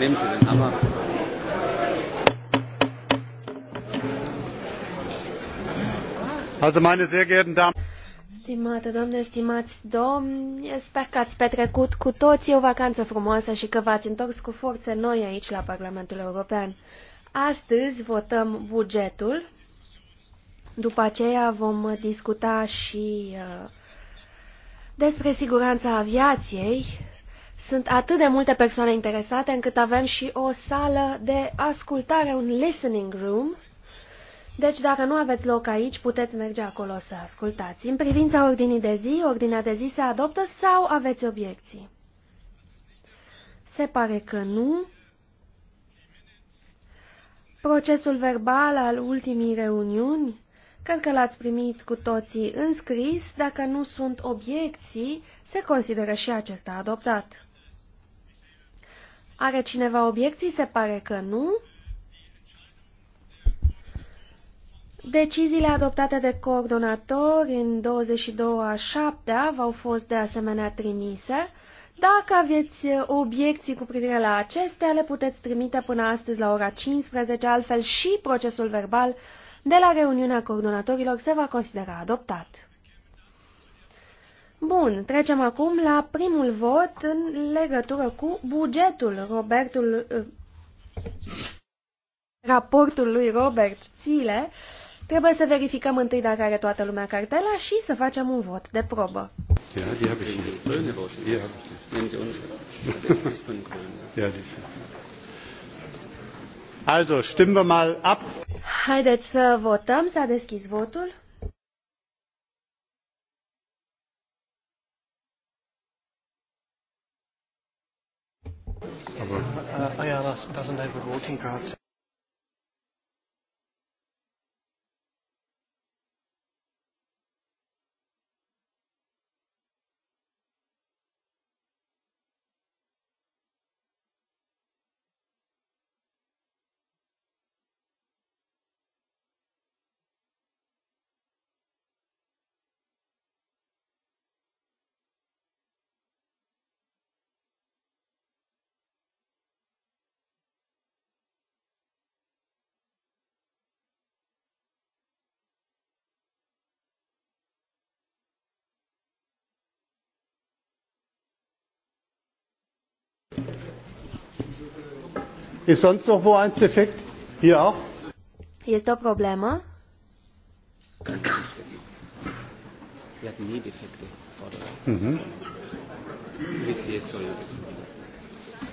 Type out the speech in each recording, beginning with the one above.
Nehmen Sie den Hammer. Also meine sehr geehrten Damen. Stimate domne, stimați domni, sper că ați petrecut cu toții o vacanță frumoasă și că v-ați întors cu forțe noi aici la Parlamentul European. Astăzi votăm bugetul, după aceea vom discuta și uh, despre siguranța aviației, sunt atât de multe persoane interesate încât avem și o sală de ascultare, un listening room. Deci dacă nu aveți loc aici, puteți merge acolo să ascultați. În privința ordinii de zi, ordinea de zi se adoptă sau aveți obiecții? Se pare că nu. Procesul verbal al ultimii reuniuni, cred că l-ați primit cu toții înscris, dacă nu sunt obiecții, se consideră și acesta adoptat. Are cineva obiecții? Se pare că nu. Deciziile adoptate de coordonatori în 22 a 7 -a au fost de asemenea trimise. Dacă aveți obiecții cu privire la acestea, le puteți trimite până astăzi la ora 15, altfel și procesul verbal de la reuniunea coordonatorilor se va considera adoptat. Bun, trecem acum la primul vot în legătură cu bugetul Robertul, uh, raportul lui Robert Țile. Trebuie să verificăm întâi dacă are toată lumea cartela și să facem un vot de probă. Also, stimmen wir mal ab. Haideți să votăm, s-a deschis votul. Ayala doesn't have a voting card. Ist sonst noch wo ein Defekt? Hier auch? Ist o Probleme? Mhm. Wir hatten nie Defekte gefordert. Bis jetzt soll das.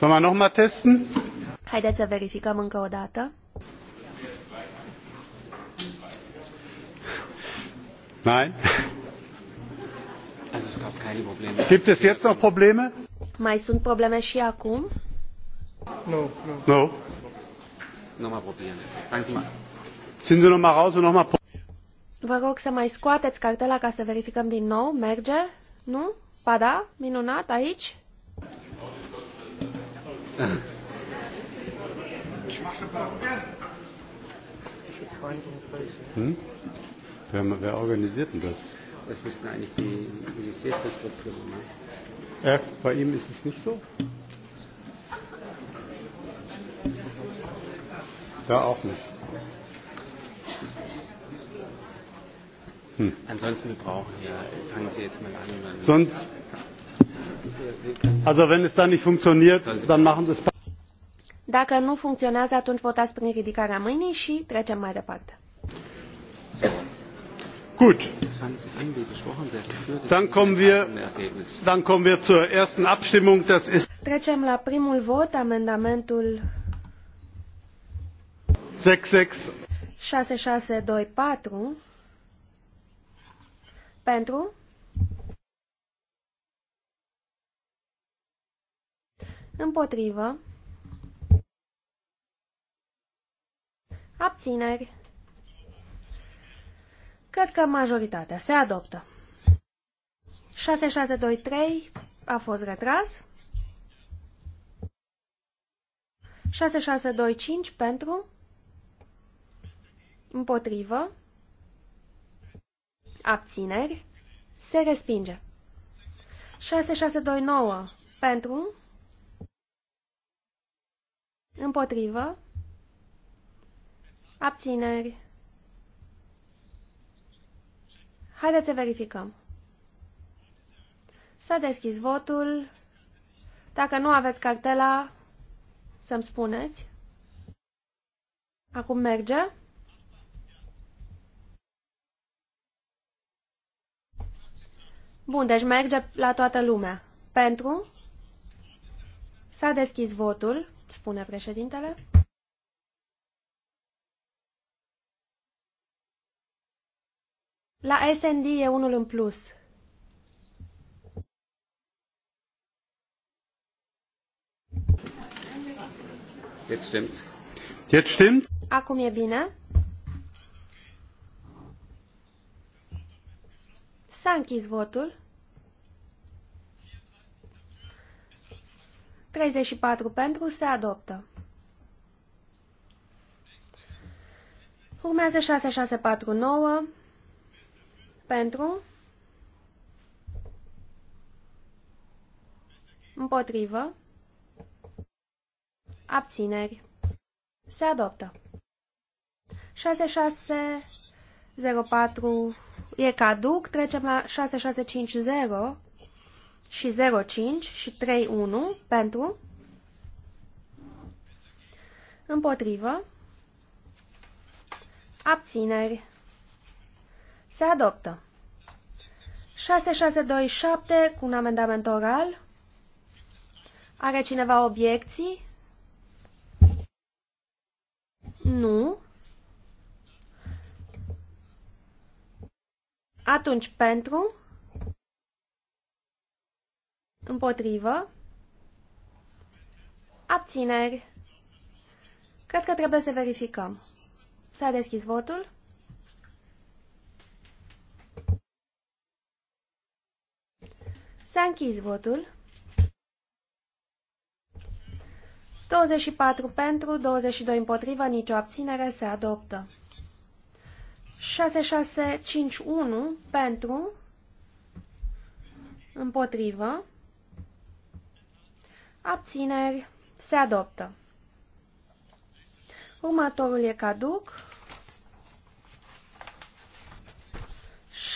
Sollen wir nochmal testen? Haideți să verificăm încă o dată. Nein. Also es gab keine Probleme. Gibt es jetzt noch Probleme? Mai sunt probleme și acum? Nu, Nu. nu. Nu? No. mai probieren. Sind Sie noch mal raus und noch Vă rog să mai scoateți cartela ca să verificăm din nou. Merge? Nu? Pa da? Minunat, aici? Hm? Wer, wer organisiert denn das? Das müssten eigentlich die Ministerien Ja, er, bei ihm ist es nicht so. Da auch nicht. Hm. Ansonsten wir brauchen ja, fangen Sie jetzt mal an. Sonst, also wenn es dann nicht funktioniert, dann machen Sie es. Dacă nu funcționează, atunci votați prin ridicarea mâinii și trecem mai departe. Gut. Dann kommen wir, dann kommen wir zur ersten Abstimmung. Das ist Trecem la primul vot, amendamentul 6624 pentru împotrivă abțineri Cred că majoritatea se adoptă. 6623 a fost retras. 6625 pentru împotrivă abțineri se respinge. 6629 pentru împotrivă abțineri Haideți să verificăm. S-a deschis votul. Dacă nu aveți cartela, să-mi spuneți. Acum merge. Bun, deci merge la toată lumea. Pentru? S-a deschis votul, spune președintele. La SND e unul în plus. Jetzt stimmt's. Jetzt stimmt's. Acum e bine. S-a închis votul. 34 pentru se adoptă. Urmează 6649. Pentru. Împotrivă. Abțineri. Se adoptă. 6604 e caduc, trecem la 6650 și 05 și 31 pentru împotrivă abțineri. Se adoptă. 6627 cu un amendament oral. Are cineva obiecții? Nu. Atunci pentru. Împotrivă. Abțineri. Cred că trebuie să verificăm. S-a deschis votul. S-a închis votul. 24 pentru, 22 împotrivă, nicio abținere se adoptă. 6651 pentru, împotrivă, abțineri se adoptă. Următorul e caduc.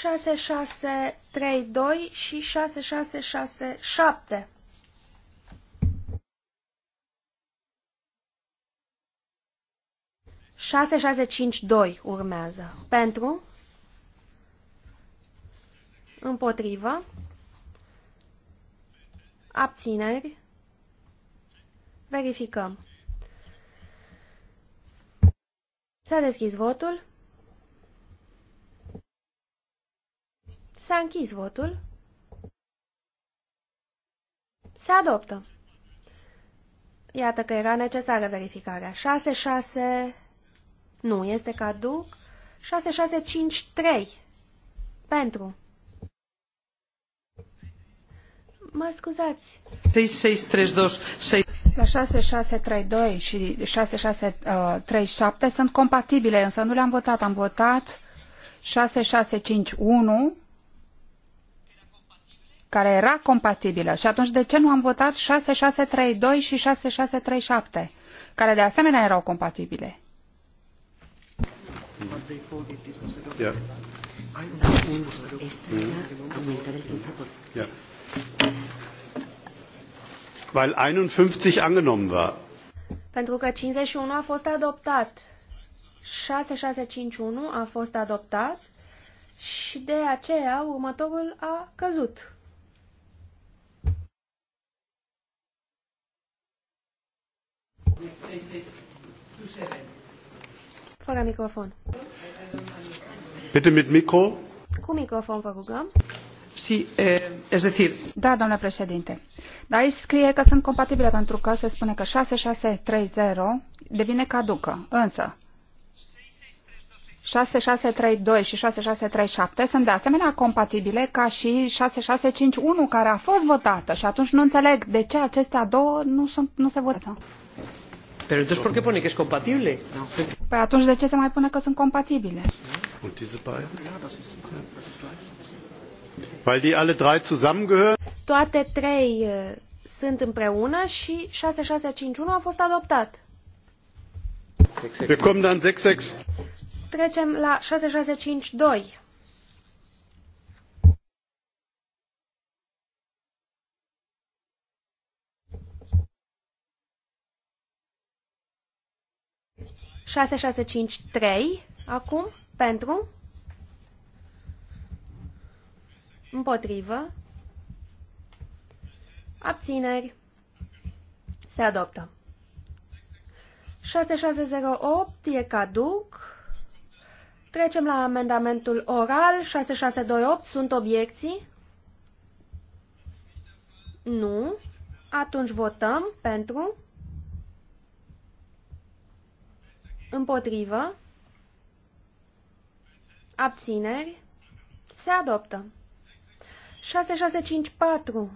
66 632 și 6667. Șase, șase, cinci, doi urmează. Pentru, împotrivă, abțineri, verificăm. S-a deschis votul. S-a închis votul. Se adoptă. Iată că era necesară verificarea. 6-6... Nu, este caduc. 6-6-5-3. Pentru. Mă scuzați. 6-6-3-2... 6 La 6632 și 6637 sunt compatibile, însă nu le-am votat. Am votat 6651 care era compatibilă. Și atunci de ce nu am votat 6632 și 6637, care de asemenea erau compatibile? Weil 51 angenommen war. Pentru că 51 a fost adoptat. 6651 a fost adoptat și de aceea următorul a căzut. Fără microfon. Bitte mit micro. Cu microfon vă rugăm. Si, eh, es decir... Da, domnule președinte. Dar aici scrie că sunt compatibile pentru că se spune că 6630 devine caducă. Însă, 6632 și 6637 sunt de asemenea compatibile ca și 6651 care a fost votată și atunci nu înțeleg de ce acestea două nu, sunt, nu se votează. Pero entonces, ¿por qué pone que es compatible? No. Păi atunci de ce se mai pune că sunt compatibile? Weil die alle drei zusammengehören. Toate trei uh, sunt împreună și 6651 a fost adoptat. Wir kommen dann 66. Trecem la 6652. 6653 acum pentru împotrivă abțineri se adoptă 6608 e caduc trecem la amendamentul oral 6628 sunt obiecții nu atunci votăm pentru Împotrivă. Abțineri. Se adoptă. 6654.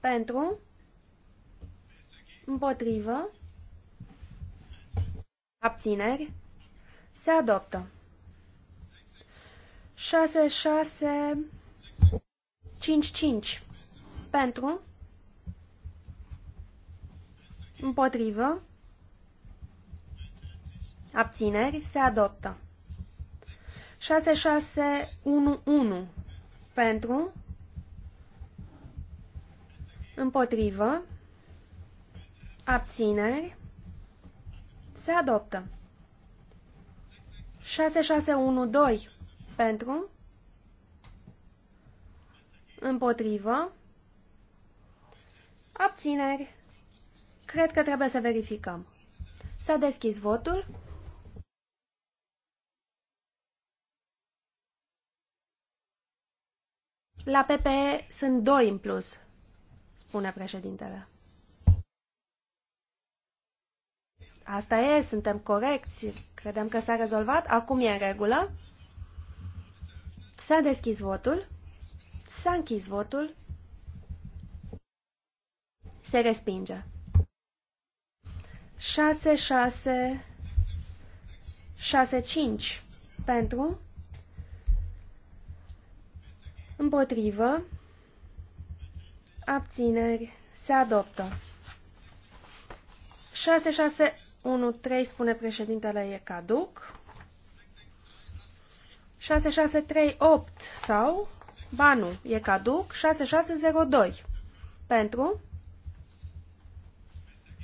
Pentru. Împotrivă. Abțineri. Se adoptă. 6655. Pentru. Împotrivă. Abțineri se adoptă. 6611 pentru împotrivă abțineri se adoptă. 6612 pentru împotrivă abțineri. Cred că trebuie să verificăm. S-a deschis votul. La PPE sunt doi în plus, spune președintele. Asta e, suntem corecți, credem că s-a rezolvat, acum e în regulă. S-a deschis votul, s-a închis votul, se respinge. 6-6-6-5 pentru Împotrivă. Abțineri. Se adoptă. 6613 spune președintele e caduc. 6638 sau ba e caduc 6602 pentru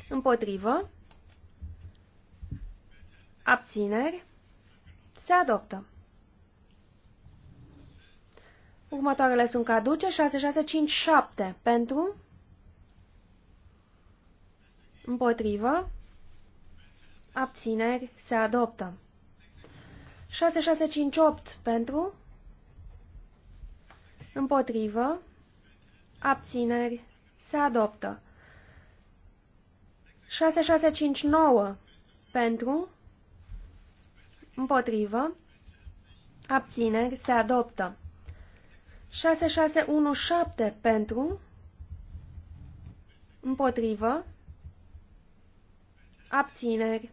împotrivă abțineri se adoptă. Următoarele sunt caduce. 6657 pentru. Împotrivă. Abțineri. Se adoptă. 6658 pentru. Împotrivă. Abțineri. Se adoptă. 6659 pentru. Împotrivă. Abțineri. Se adoptă. 6617 pentru, împotrivă, abțineri.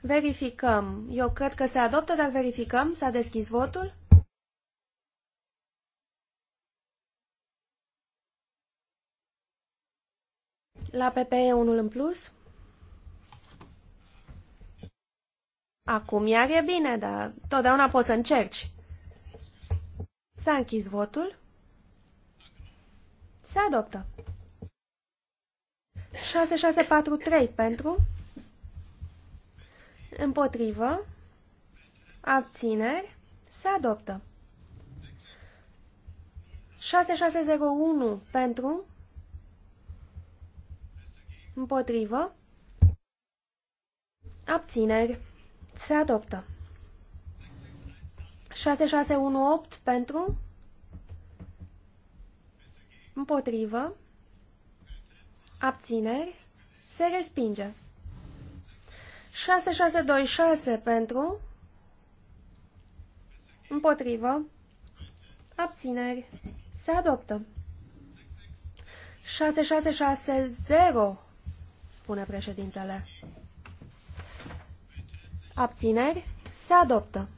Verificăm. Eu cred că se adoptă, dar verificăm. S-a deschis votul. La PPE unul în plus. Acum iar e bine, dar totdeauna poți să încerci. S-a închis votul. Se adoptă. 6643 pentru. Împotrivă. Abțineri. Se adoptă. 6601 pentru. Împotrivă. Abțineri. Se adoptă. 6618 pentru? Împotrivă. Abțineri. Se respinge. 6626 pentru? Împotrivă. Abțineri. Se adoptă. 6660 spune președintele. Abțineri? Se adoptă.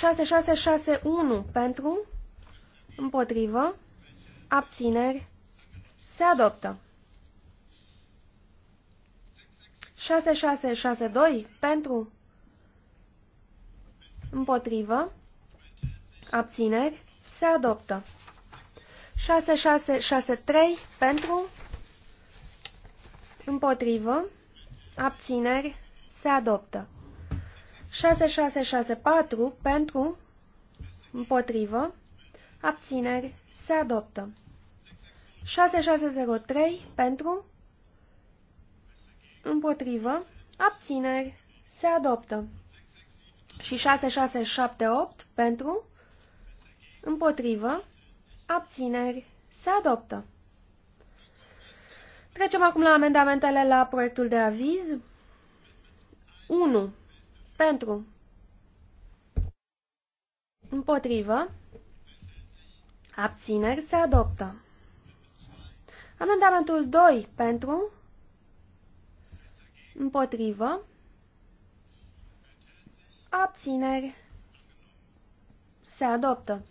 6661 pentru, împotrivă, abțineri, se adoptă. 6662 pentru, împotrivă, abțineri, se adoptă. 6663 pentru, împotrivă, abțineri, se adoptă. 6664 pentru, împotrivă, abțineri, se adoptă. 6603 pentru, împotrivă, abțineri, se adoptă. Și 6678 pentru, împotrivă, abțineri, se adoptă. Trecem acum la amendamentele la proiectul de aviz. 1. Pentru. Împotrivă. Abțineri se adoptă. Amendamentul 2 pentru. Împotrivă. Abțineri se adoptă.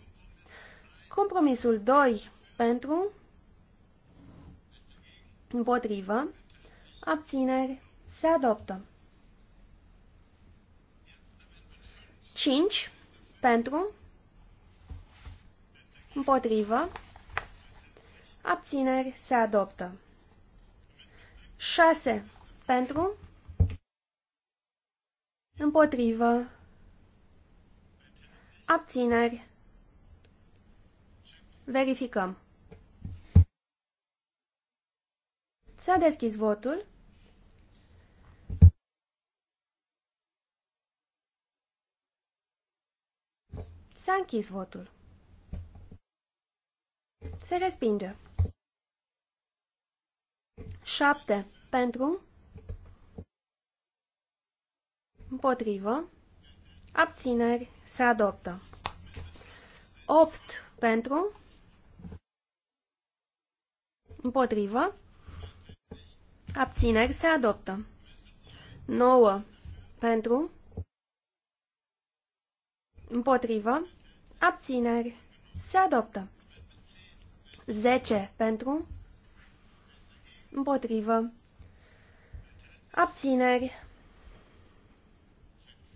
Compromisul 2 pentru. Împotrivă. Abțineri se adoptă. 5 pentru, împotrivă, abțineri se adoptă. 6 pentru, împotrivă, abțineri, verificăm. S-a deschis votul. S-a închis votul. Se respinge. 7. Pentru. Împotrivă. Abțineri. Se adoptă. 8. Pentru. Împotrivă. Abțineri. Se adoptă. 9. Pentru. Împotrivă. Abțineri. Se adoptă. 10 pentru. Împotrivă. Abțineri.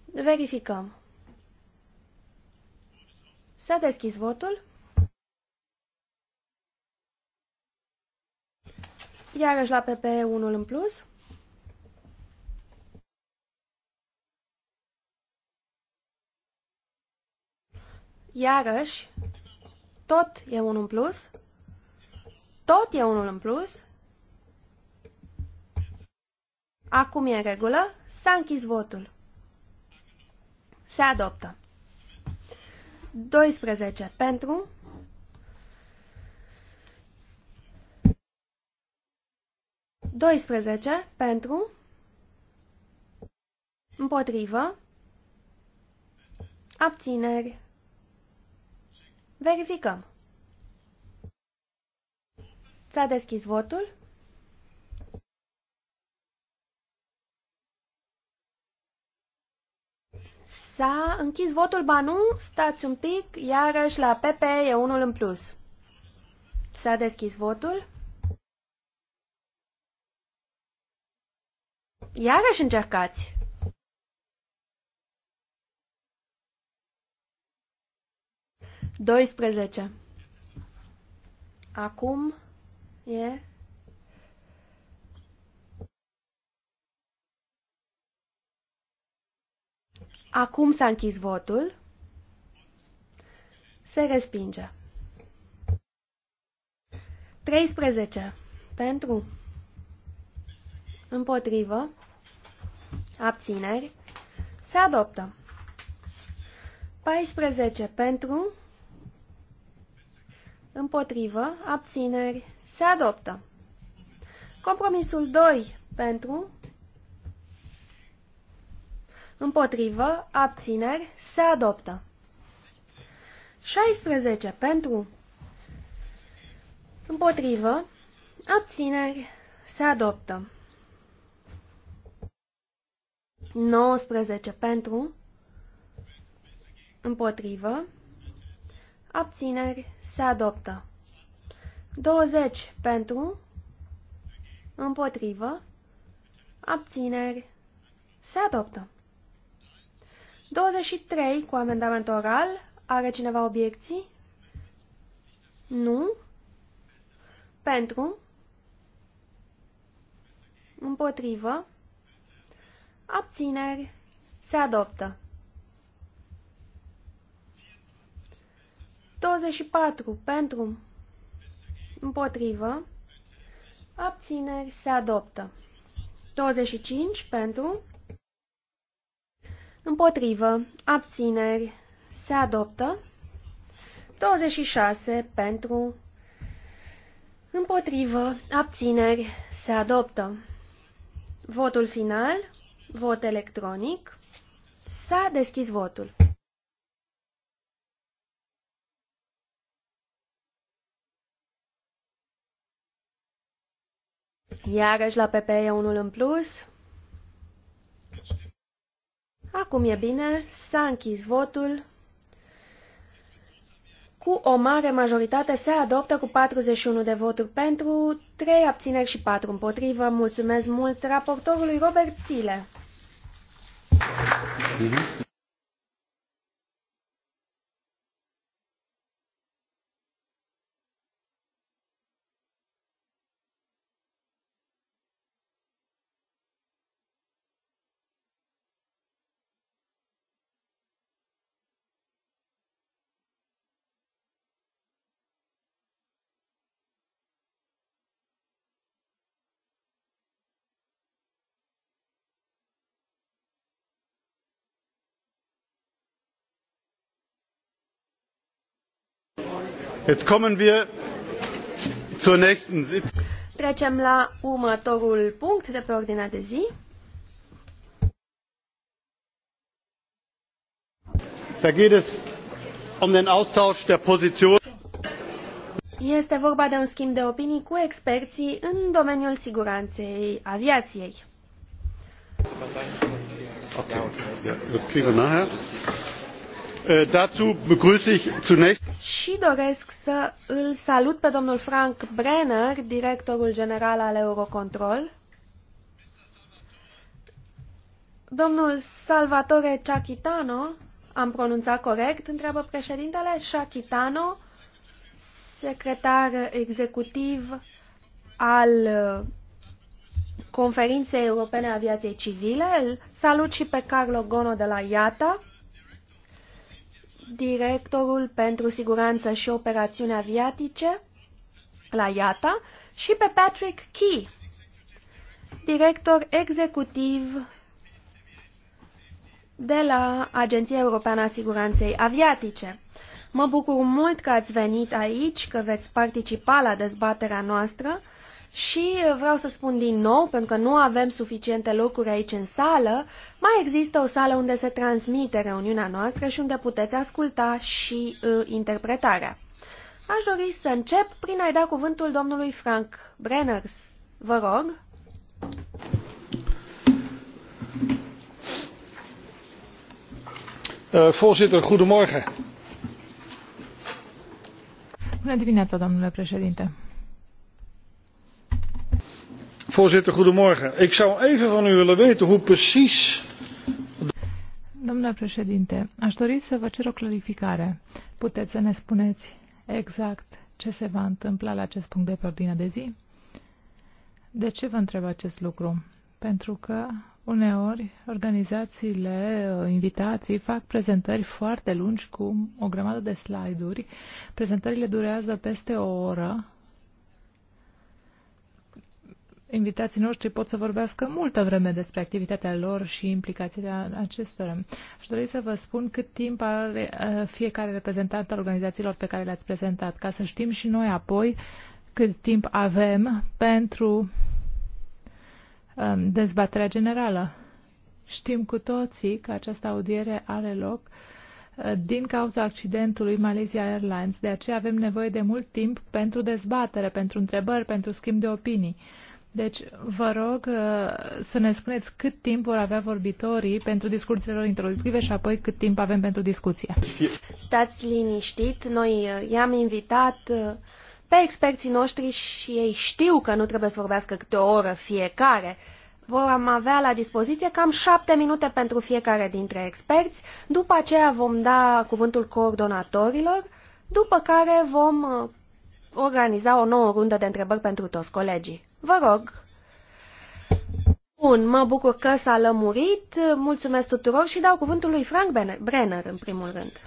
Verificăm. S-a deschis votul. Iarăși la PP 1 în plus. Iarăși, tot e unul în plus. Tot e unul în plus. Acum e în regulă. S-a închis votul. Se adoptă. 12 pentru. 12 pentru. Împotrivă. Abțineri. Verificăm. S-a deschis votul. S-a închis votul, ba nu, stați un pic, iarăși la PP e unul în plus. S-a deschis votul. Iarăși încercați. 12. Acum e... Acum s-a închis votul. Se respinge. 13. Pentru. Împotrivă. Abțineri. Se adoptă. 14. Pentru. Împotrivă. Abțineri. Se adoptă. Compromisul 2. Pentru. Împotrivă. Abțineri. Se adoptă. 16. Pentru. Împotrivă. Abțineri. Se adoptă. 19. Pentru. Împotrivă. Abțineri. Se adoptă. 20 pentru. Împotrivă. Abțineri. Se adoptă. 23 cu amendament oral. Are cineva obiecții? Nu. Pentru. Împotrivă. Abțineri. Se adoptă. 24 pentru, împotrivă, abțineri se adoptă. 25 pentru, împotrivă, abțineri se adoptă. 26 pentru, împotrivă, abțineri se adoptă. Votul final, vot electronic, s-a deschis votul. Iarăși la PP e unul în plus. Acum e bine, s-a închis votul. Cu o mare majoritate se adoptă cu 41 de voturi pentru, 3 abțineri și 4 împotrivă. Mulțumesc mult raportorului Robert Sile. Mm-hmm. Jetzt kommen wir zur nächsten Trecem la următorul punct de pe ordinea de zi. Da geht es um den Austausch der Position. Este vorba de un schimb de opinii cu experții în domeniul siguranței aviației. Okay. Ja, Äh, dazu begrüße ich zunächst și doresc să îl salut pe domnul Frank Brenner, directorul general al Eurocontrol. Domnul Salvatore Ciachitano, am pronunțat corect, întreabă președintele, Ciachitano, secretar executiv al uh, Conferinței Europene a Aviației Civile. Îl salut și pe Carlo Gono de la IATA directorul pentru siguranță și operațiuni aviatice la IATA și pe Patrick Key, director executiv de la Agenția Europeană a Siguranței Aviatice. Mă bucur mult că ați venit aici, că veți participa la dezbaterea noastră și uh, vreau să spun din nou, pentru că nu avem suficiente locuri aici în sală, mai există o sală unde se transmite reuniunea noastră și unde puteți asculta și uh, interpretarea. Aș dori să încep prin a-i da cuvântul domnului Frank Brenners. Vă rog. Uh, voorzitter, goedemorgen. Bună dimineața, domnule președinte. Voorzitter, goedemorgen. Ik zou even van u willen weten hoe precies. Domnule președinte, aș dori să vă cer o clarificare. Puteți să ne spuneți exact ce se va întâmpla la acest punct de pe ordinea de zi? De ce vă întreb acest lucru? Pentru că uneori organizațiile, invitații fac prezentări foarte lungi cu o grămadă de slide-uri. Prezentările durează peste o oră invitații noștri pot să vorbească multă vreme despre activitatea lor și implicațiile acestora. Aș dori să vă spun cât timp are uh, fiecare reprezentant al organizațiilor pe care le-ați prezentat, ca să știm și noi apoi cât timp avem pentru um, dezbaterea generală. Știm cu toții că această audiere are loc uh, din cauza accidentului Malaysia Airlines, de aceea avem nevoie de mult timp pentru dezbatere, pentru întrebări, pentru schimb de opinii. Deci, vă rog uh, să ne spuneți cât timp vor avea vorbitorii pentru discuțiile lor introductive și apoi cât timp avem pentru discuție. Stați liniștit, noi uh, i-am invitat uh, pe experții noștri și ei știu că nu trebuie să vorbească câte o oră fiecare. Vom avea la dispoziție cam șapte minute pentru fiecare dintre experți, după aceea vom da cuvântul coordonatorilor, după care vom organiza o nouă rundă de întrebări pentru toți colegii. Vă rog. Bun, mă bucur că s-a lămurit. Mulțumesc tuturor și dau cuvântul lui Frank Brenner, în primul rând.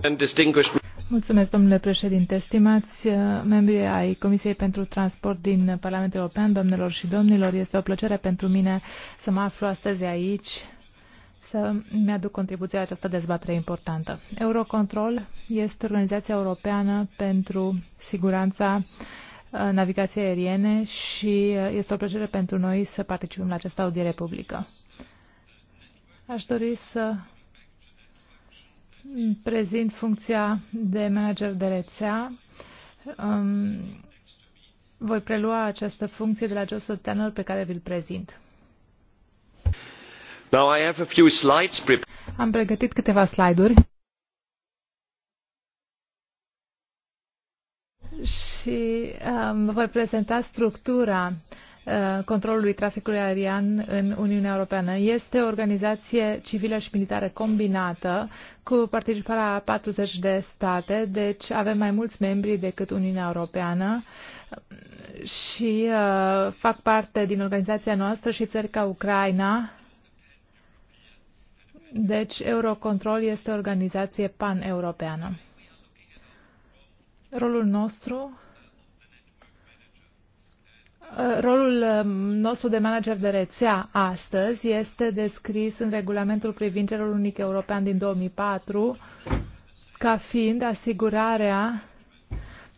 Mulțumesc, domnule președinte. Stimați uh, membri ai Comisiei pentru Transport din Parlamentul European, domnilor și domnilor, este o plăcere pentru mine să mă aflu astăzi aici să mi-aduc contribuția la această dezbatere importantă. Eurocontrol este organizația europeană pentru siguranța uh, Uh, navigației aeriene și uh, este o plăcere pentru noi să participăm la această audiere publică. Aș dori să prezint funcția de manager de rețea. Um, voi prelua această funcție de la Joseph Tanner pe care vi-l prezint. Now I have a few slides Am pregătit câteva slide-uri și um, voi prezenta structura uh, controlului traficului aerian în Uniunea Europeană. Este o organizație civilă și militară combinată cu participarea a 40 de state, deci avem mai mulți membri decât Uniunea Europeană și uh, fac parte din organizația noastră și țări ca Ucraina. Deci Eurocontrol este o organizație pan-europeană rolul nostru uh, Rolul um, nostru de manager de rețea astăzi este descris în regulamentul privind cerul unic european din 2004 ca fiind asigurarea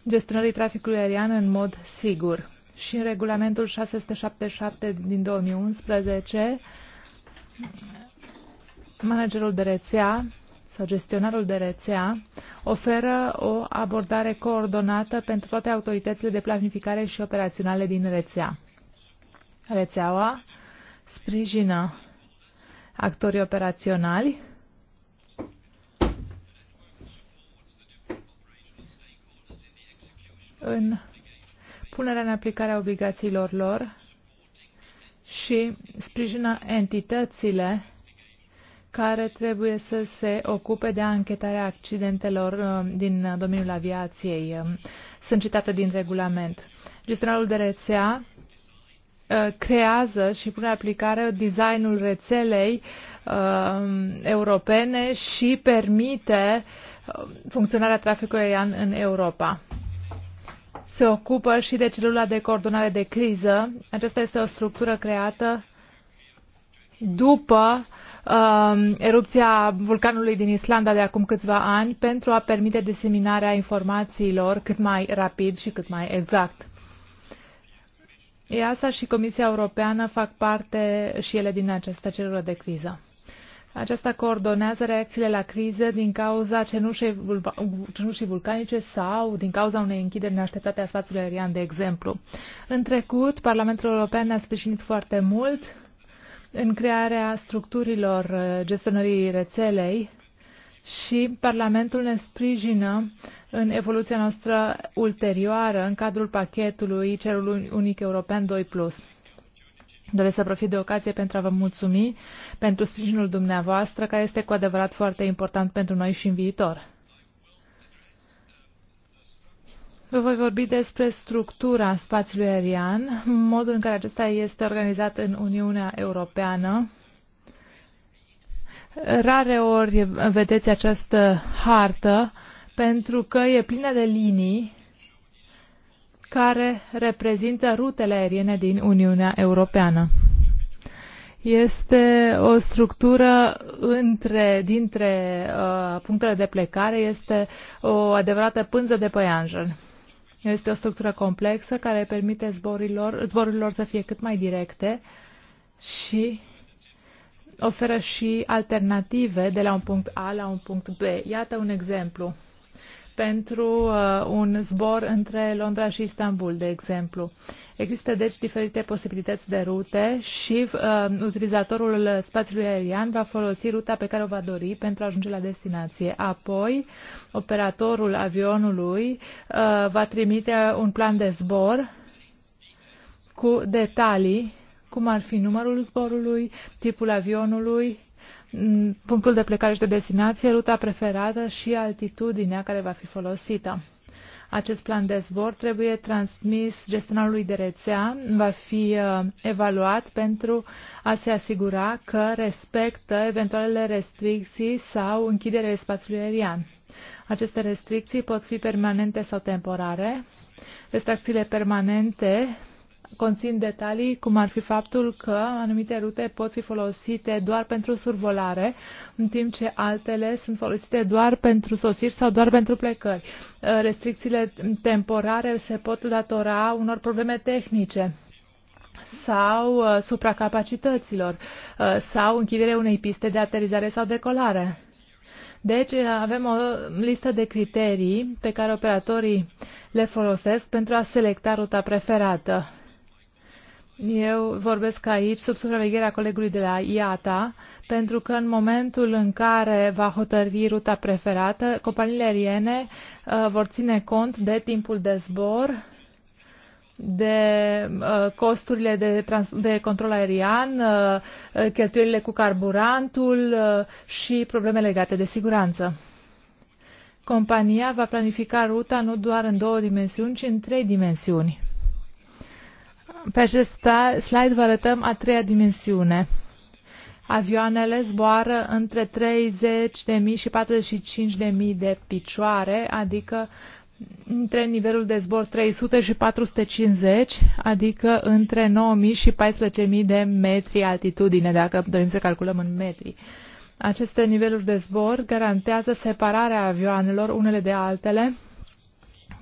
gestionării traficului aerian în mod sigur. Și în regulamentul 677 din 2011, managerul de rețea sau gestionarul de rețea oferă o abordare coordonată pentru toate autoritățile de planificare și operaționale din rețea. Rețeaua sprijină actorii operaționali în punerea în aplicare a obligațiilor lor și sprijină entitățile care trebuie să se ocupe de anchetarea accidentelor uh, din domeniul aviației. Um, sunt citate din regulament. Gestionarul de rețea uh, creează și pune aplicare designul rețelei uh, europene și permite funcționarea traficului aerian în Europa se ocupă și de celula de coordonare de criză. Aceasta este o structură creată după uh, erupția vulcanului din Islanda de acum câțiva ani pentru a permite diseminarea informațiilor cât mai rapid și cât mai exact. EASA și Comisia Europeană fac parte și ele din această celulă de criză. Aceasta coordonează reacțiile la crize din cauza cenușei, cenușii vulcanice sau din cauza unei închideri neașteptate a spațiului aerian, de exemplu. În trecut, Parlamentul European ne-a sprijinit foarte mult în crearea structurilor uh, gestionării rețelei și Parlamentul ne sprijină în evoluția noastră ulterioară în cadrul pachetului Cerul Unic European 2+. Doresc să profit de ocazie pentru a vă mulțumi pentru sprijinul dumneavoastră, care este cu adevărat foarte important pentru noi și în viitor. Vă voi vorbi despre structura spațiului aerian, modul în care acesta este organizat în Uniunea Europeană. Rare ori vedeți această hartă pentru că e plină de linii care reprezintă rutele aeriene din Uniunea Europeană. Este o structură între, dintre uh, punctele de plecare, este o adevărată pânză de păianjen. Este o structură complexă care permite zborurilor, zborurilor să fie cât mai directe și oferă și alternative de la un punct A la un punct B. Iată un exemplu pentru uh, un zbor între Londra și Istanbul, de exemplu. Există deci diferite posibilități de rute și uh, utilizatorul spațiului aerian va folosi ruta pe care o va dori pentru a ajunge la destinație. Apoi, operatorul avionului uh, va trimite un plan de zbor cu detalii, cum ar fi numărul zborului, tipul avionului, punctul de plecare și de destinație, ruta preferată și altitudinea care va fi folosită. Acest plan de zbor trebuie transmis gestionarului de rețea, va fi uh, evaluat pentru a se asigura că respectă eventualele restricții sau închiderele spațiului aerian. Aceste restricții pot fi permanente sau temporare. Restricțiile permanente conțin detalii, cum ar fi faptul că anumite rute pot fi folosite doar pentru survolare, în timp ce altele sunt folosite doar pentru sosiri sau doar pentru plecări. Uh, restricțiile temporare se pot datora unor probleme tehnice sau uh, supracapacităților uh, sau închiderea unei piste de aterizare sau decolare. Deci avem o listă de criterii pe care operatorii le folosesc pentru a selecta ruta preferată. Eu vorbesc aici sub supravegherea colegului de la IATA, pentru că în momentul în care va hotărâi ruta preferată, companiile aeriene uh, vor ține cont de timpul de zbor, de uh, costurile de, trans- de control aerian, uh, uh cheltuielile cu carburantul uh, și probleme legate de siguranță. Compania va planifica ruta nu doar în două dimensiuni, ci în trei dimensiuni pe acest slide vă arătăm a treia dimensiune. Avioanele zboară între 30.000 și 45.000 de picioare, adică între nivelul de zbor 300 și 450, adică între 9.000 și 14.000 de metri altitudine, dacă dorim să calculăm în metri. Aceste niveluri de zbor garantează separarea avioanelor unele de altele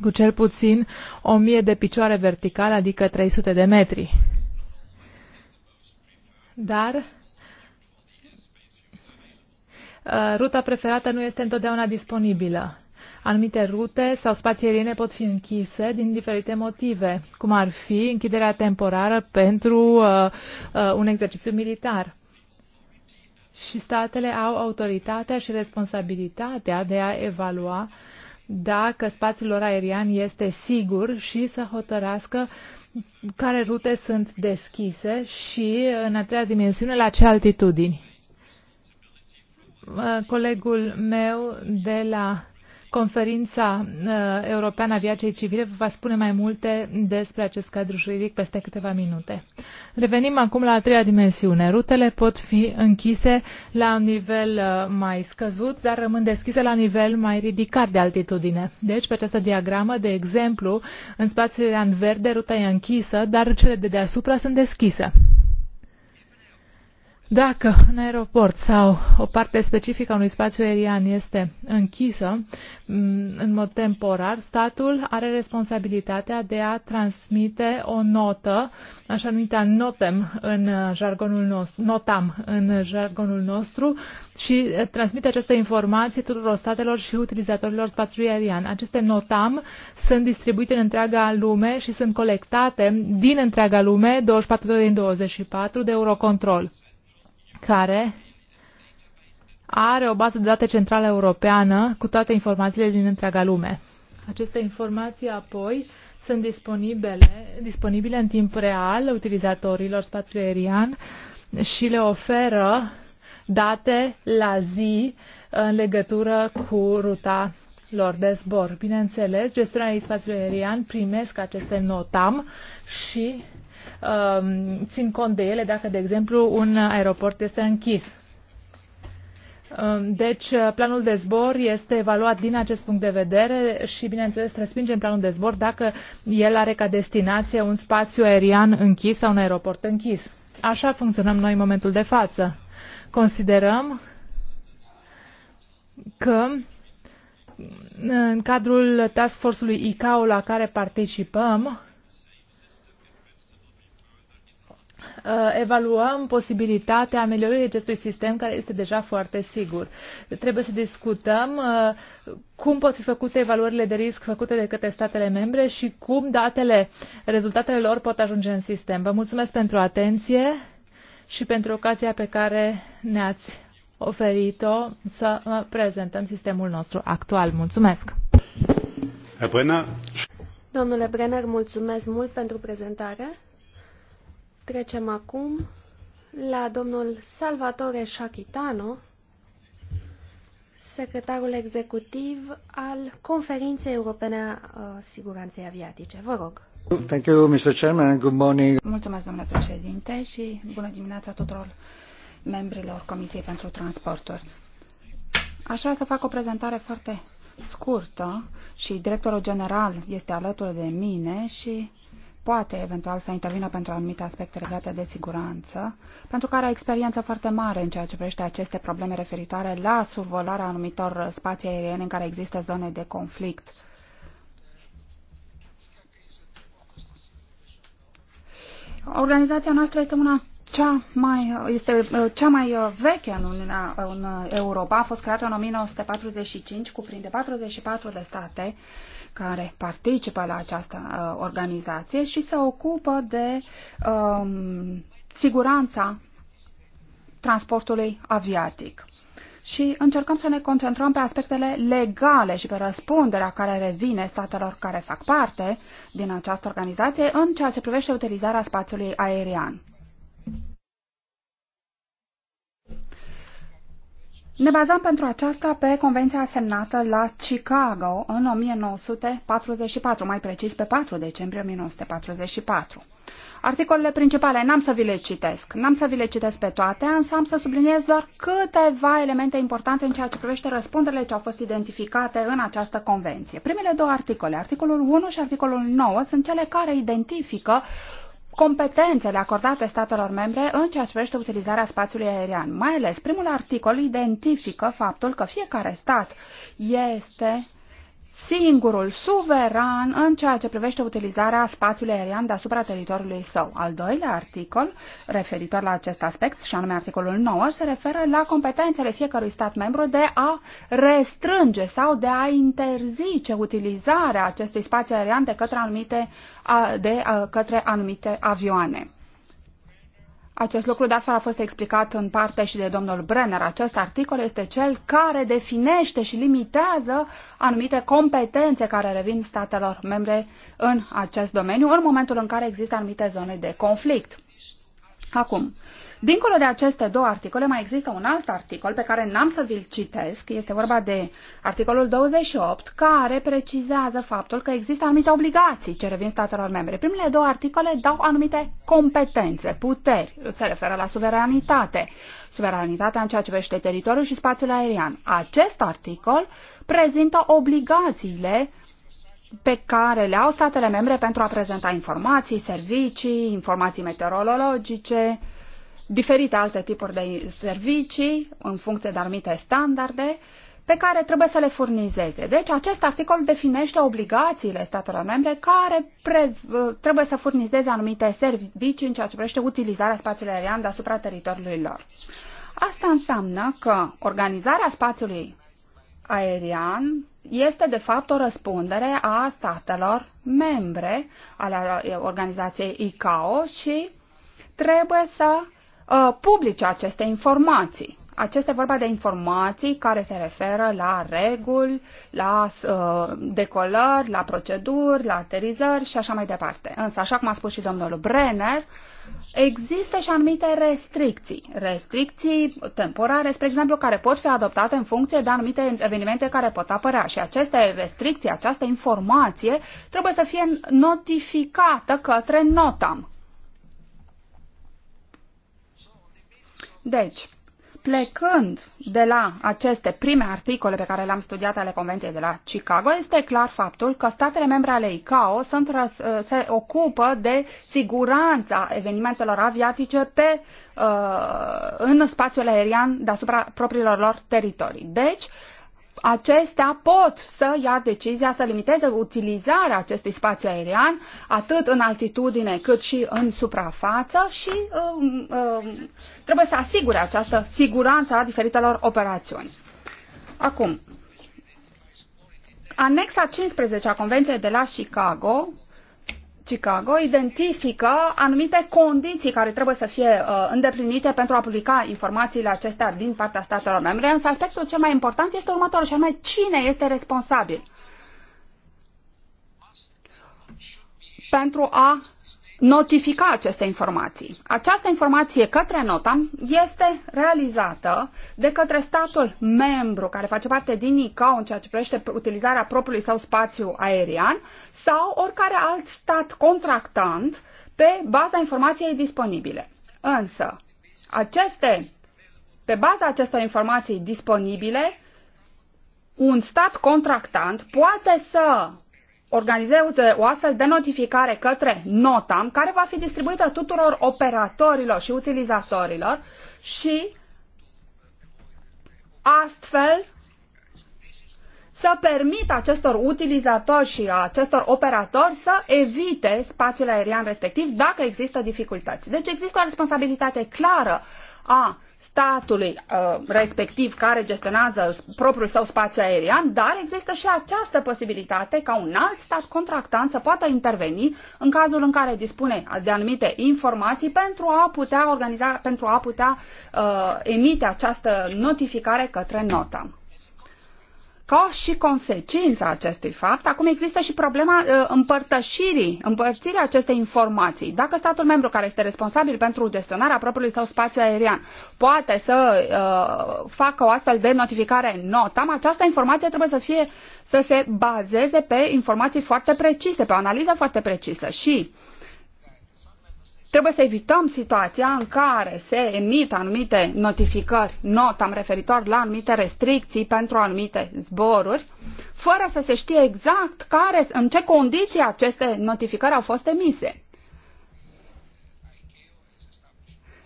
cu cel puțin 1000 de picioare verticale, adică 300 de metri. Dar uh, ruta preferată nu este întotdeauna disponibilă. Anumite rute sau spații aeriene pot fi închise din diferite motive, cum ar fi închiderea temporară pentru uh, uh, un exercițiu militar. Și statele au autoritatea și responsabilitatea de a evalua uh, dacă spațiul lor aerian este sigur și să hotărască care rute sunt deschise și, în a treia dimensiune, la ce altitudini. Colegul meu de la Conferința uh, Europeană a viaței Civile vă va spune mai multe despre acest cadru juridic peste câteva minute. Revenim acum la a treia dimensiune. Rutele pot fi închise la un nivel uh, mai scăzut, dar rămân deschise la nivel mai ridicat de altitudine. Deci, pe această diagramă, de exemplu, în spațiile în verde, ruta e închisă, dar cele de deasupra sunt deschise. Dacă un aeroport sau o parte specifică a unui spațiu aerian este închisă mm, în mod temporar, statul are responsabilitatea de a transmite o notă, așa numită notem în jargonul nostru, notam în jargonul nostru și transmite această informație tuturor statelor și utilizatorilor spațiului aerian. Aceste notam sunt distribuite în întreaga lume și sunt colectate din întreaga lume 24 din 24 de Eurocontrol care are o bază de date centrală europeană cu toate informațiile din întreaga lume. Aceste informații apoi sunt disponibile, disponibile în timp real utilizatorilor spațiului aerian și le oferă date la zi în legătură cu ruta lor de zbor. Bineînțeles, gestionarii spațiului aerian primesc aceste notam și Um, țin cont de ele dacă, de exemplu, un aeroport este închis. Um, deci, planul de zbor este evaluat din acest punct de vedere și, bineînțeles, respingem planul de zbor dacă el are ca destinație un spațiu aerian închis sau un aeroport închis. Așa funcționăm noi în momentul de față. Considerăm că în cadrul task force-ului ICAO la care participăm, Uh, evaluăm posibilitatea ameliorării acestui sistem care este deja foarte sigur. Trebuie să discutăm uh, cum pot fi făcute evaluările de risc făcute de către statele membre și cum datele, rezultatele lor pot ajunge în sistem. Vă mulțumesc pentru atenție și pentru ocazia pe care ne-ați oferit-o să uh, prezentăm sistemul nostru actual. Mulțumesc! Domnule Brenner, mulțumesc mult pentru prezentare. Trecem acum la domnul Salvatore Shakitano, secretarul executiv al Conferinței Europene a uh, Siguranței Aviatice. Vă rog. Thank you, Mr. Chairman. Good morning. Mulțumesc, domnule președinte, și bună dimineața tuturor membrilor Comisiei pentru Transporturi. Aș vrea să fac o prezentare foarte scurtă și directorul general este alături de mine și poate eventual să intervină pentru anumite aspecte legate de siguranță, pentru că are experiență foarte mare în ceea ce privește aceste probleme referitoare la survolarea anumitor spații aeriene în care există zone de conflict. Organizația noastră este una cea mai, este uh, cea mai uh, veche în, Uniunea, uh, în Europa, a fost creată în 1945, cuprinde 44 de state care participă la această uh, organizație și se ocupă de um, siguranța transportului aviatic. Și încercăm să ne concentrăm pe aspectele legale și pe răspunderea care revine statelor care fac parte din această organizație în ceea ce privește utilizarea spațiului aerian. Ne bazăm pentru aceasta pe convenția semnată la Chicago în 1944, mai precis pe 4 decembrie 1944. Articolele principale n-am să vi le citesc, n-am să vi le citesc pe toate, însă am să subliniez doar câteva elemente importante în ceea ce privește răspunderile ce au fost identificate în această convenție. Primele două articole, articolul 1 și articolul 9, sunt cele care identifică competențele acordate statelor membre în ceea ce privește utilizarea spațiului aerian. Mai ales, primul articol identifică faptul că fiecare stat este singurul suveran în ceea ce privește utilizarea spațiului aerian deasupra teritoriului său. Al doilea articol, referitor la acest aspect, și anume articolul 9, se referă la competențele fiecărui stat membru de a restrânge sau de a interzice utilizarea acestui spațiu aerian de către anumite, de către anumite avioane. Acest lucru de altfel a fost explicat în parte și de domnul Brenner. Acest articol este cel care definește și limitează anumite competențe care revin statelor membre în acest domeniu în momentul în care există anumite zone de conflict. Acum, dincolo de aceste două articole, mai există un alt articol pe care n-am să vi-l citesc. Este vorba de articolul 28, care precizează faptul că există anumite obligații ce revin statelor membre. Primele două articole dau anumite competențe, puteri, se referă la suveranitate, suveranitatea în ceea ce privește teritoriul și spațiul aerian. Acest articol prezintă obligațiile uh, pe care le au statele membre pentru a prezenta informații, servicii, informații meteorologice, diferite alte tipuri de servicii în funcție de anumite standarde pe care trebuie să le furnizeze. Deci acest articol definește obligațiile statelor membre care pre, trebuie să furnizeze anumite servicii în ceea ce privește utilizarea spațiului aerian deasupra teritoriului lor. Asta înseamnă că organizarea spațiului aerian este de fapt o răspundere a statelor membre ale uh, organizației ICAO și trebuie să uh, publice aceste informații. Acesta e vorba de informații care se referă la reguli, la uh, decolări, la proceduri, la aterizări și așa mai departe. Însă, așa cum a spus și domnul Brenner, există și anumite restricții. Restricții temporare, spre exemplu, care pot fi adoptate în funcție de anumite evenimente care pot apărea. Și aceste restricții, această informație, trebuie să fie notificată către NOTAM. Deci, plecând de la aceste prime articole pe care le-am studiat ale Convenției de la Chicago, este clar faptul că statele membre ale ICAO sunt, ă, se ocupă de siguranța evenimentelor aviatice pe, ă, în spațiul aerian deasupra propriilor lor teritorii. Deci, acestea pot să ia decizia să limiteze utilizarea acestui spațiu aerian, atât în altitudine cât și în suprafață și um, um, trebuie să asigure această siguranță a diferitelor operațiuni. Acum, anexa 15 a Convenției de la Chicago Chicago identifică anumite condiții care trebuie să fie uh, îndeplinite pentru a publica informațiile acestea din partea statelor membre, însă aspectul cel mai important este următorul, și anume cine este responsabil pentru a notifica aceste informații. Această informație către NOTAM este realizată de către statul membru care face parte din ICAO în ceea ce privește utilizarea propriului sau spațiu aerian sau oricare alt stat contractant pe baza informației disponibile. Însă, aceste, pe baza acestor informații disponibile, un stat contractant poate să organizează o astfel de notificare către NOTAM, care va fi distribuită tuturor operatorilor și utilizatorilor și astfel să permită acestor utilizatori și acestor operatori să evite spațiul aerian respectiv dacă există dificultăți. Deci există o responsabilitate clară a statului uh, respectiv care gestionează propriul său spațiu aerian, dar există și această posibilitate ca un alt stat contractant să poată interveni în cazul în care dispune de anumite informații pentru a putea organiza, pentru a putea uh, emite această notificare către nota. Ca și consecința acestui fapt, acum există și problema uh, împărtășirii, împărțirii acestei informații. Dacă statul membru care este responsabil pentru gestionarea propriului său spațiu aerian poate să uh, facă o astfel de notificare notam, această informație trebuie să fie să se bazeze pe informații foarte precise, pe o analiză foarte precisă și uh, Trebuie să evităm situația în care se emit anumite notificări, am referitor la anumite restricții pentru anumite zboruri, fără să se știe exact care, în ce condiții aceste notificări au fost emise.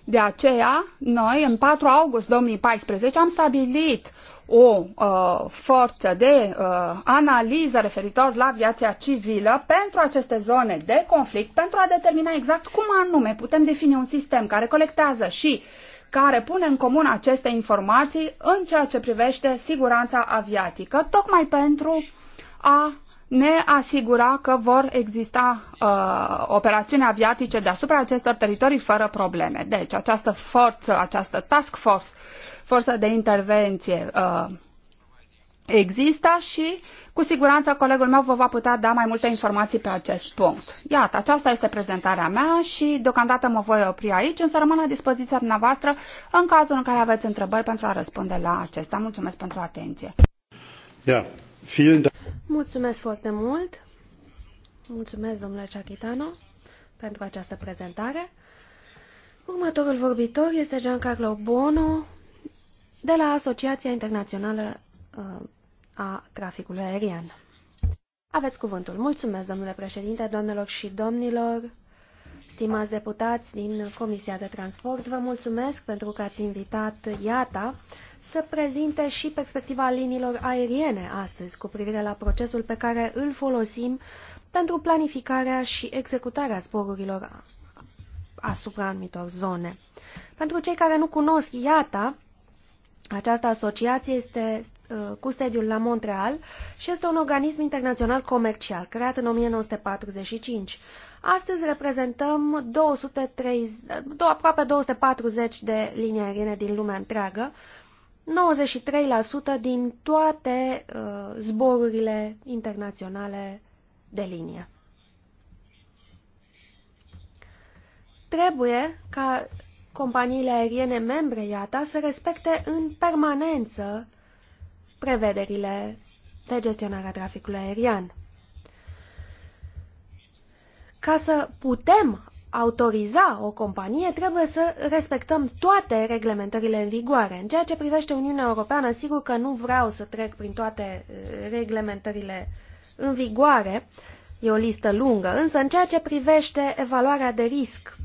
De aceea, noi, în 4 august 2014, am stabilit o uh, forță de uh, analiză referitor la viața civilă pentru aceste zone de conflict, pentru a determina exact cum anume putem defini un sistem care colectează și care pune în comun aceste informații în ceea ce privește siguranța aviatică, tocmai pentru a ne asigura că vor exista uh, operațiuni aviatice deasupra acestor teritorii fără probleme. Deci această forță, această task force forță de intervenție uh, există și cu siguranță colegul meu vă va putea da mai multe informații pe acest punct. Iată, aceasta este prezentarea mea și deocamdată mă voi opri aici, însă rămân la dispoziția dumneavoastră în cazul în care aveți întrebări pentru a răspunde la acestea. Mulțumesc pentru atenție. Yeah. Mulțumesc foarte mult. Mulțumesc, domnule Ciachitano, pentru această prezentare. Următorul vorbitor este Giancarlo Bono, de la Asociația Internațională uh, a Traficului Aerian. Aveți cuvântul. Mulțumesc, domnule președinte, doamnelor și domnilor, stimați deputați din Comisia de Transport. Vă mulțumesc pentru că ați invitat IATA să prezinte și perspectiva liniilor aeriene astăzi cu privire la procesul pe care îl folosim pentru planificarea și executarea zborurilor asupra anumitor zone. Pentru cei care nu cunosc IATA, această asociație este uh, cu sediul la Montreal și este un organism internațional comercial, creat în 1945. Astăzi reprezentăm 230, aproape 240 de linii aeriene din lumea întreagă, 93% din toate uh, zborurile internaționale de linie. Trebuie ca companiile aeriene membre IATA să respecte în permanență prevederile de gestionare a traficului aerian. Ca să putem autoriza o companie, trebuie să respectăm toate reglementările în vigoare. În ceea ce privește Uniunea Europeană, sigur că nu vreau să trec prin toate eh, reglementările în vigoare, e o listă lungă, însă în ceea ce privește evaluarea de risc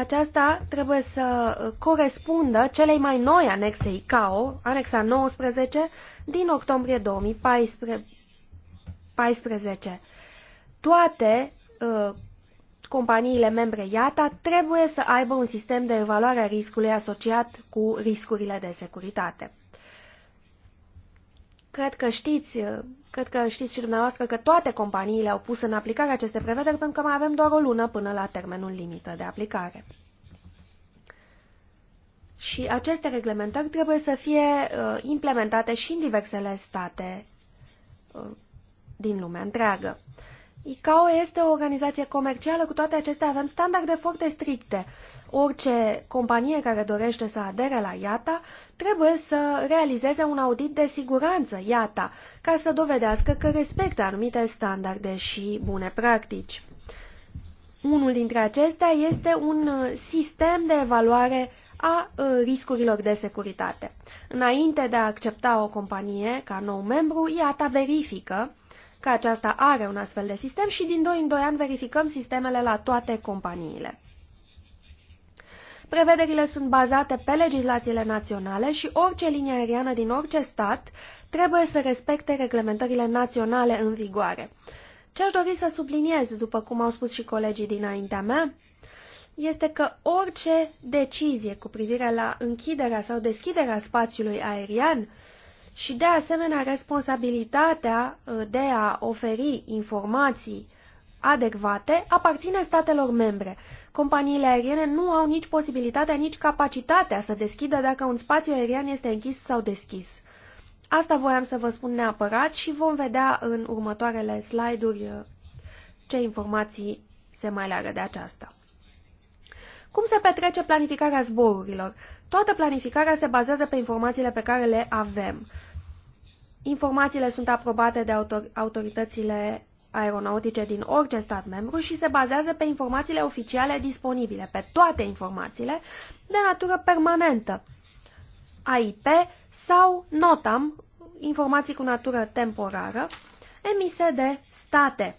aceasta trebuie să uh, corespundă celei mai noi anexe ICAO, anexa 19, din octombrie 2014. Toate uh, companiile membre IATA trebuie să aibă un sistem de evaluare a riscului asociat cu riscurile de securitate. Cred că știți uh, Cred că știți și dumneavoastră că toate companiile au pus în aplicare aceste prevederi pentru că mai avem doar o lună până la termenul limită de aplicare. Și aceste reglementări trebuie să fie uh, implementate și în diversele state uh, din lumea întreagă. Uh, ICAO este o organizație comercială, cu toate acestea avem standarde foarte stricte. Orice companie care dorește să adere la IATA trebuie să realizeze un audit de siguranță IATA ca să dovedească că respectă anumite standarde și bune practici. Unul dintre acestea este un sistem de evaluare a ă, riscurilor de securitate. Înainte de a accepta o companie ca nou membru, IATA verifică că aceasta are un astfel de sistem și din 2 în 2 ani verificăm sistemele la toate companiile. Prevederile sunt bazate pe legislațiile naționale și orice linie aeriană din orice stat trebuie să respecte reglementările naționale în vigoare. Ce aș dori să subliniez, după cum au spus și colegii dinaintea mea, este că orice decizie cu privire la închiderea sau deschiderea spațiului aerian și de asemenea responsabilitatea uh, de a oferi informații adecvate aparține statelor membre. Companiile aeriene nu au nici posibilitatea, nici capacitatea să deschidă dacă un spațiu aerian este închis sau deschis. Asta voiam să vă spun neapărat și vom vedea în următoarele slide-uri uh, ce informații se mai leagă de aceasta. Cum se petrece planificarea zborurilor? Toată planificarea se bazează pe informațiile pe care le avem. Informațiile sunt aprobate de autor autoritățile aeronautice din orice stat membru și se bazează pe informațiile oficiale disponibile, pe toate informațiile de natură permanentă, AIP sau NOTAM, informații cu natură temporară, emise de state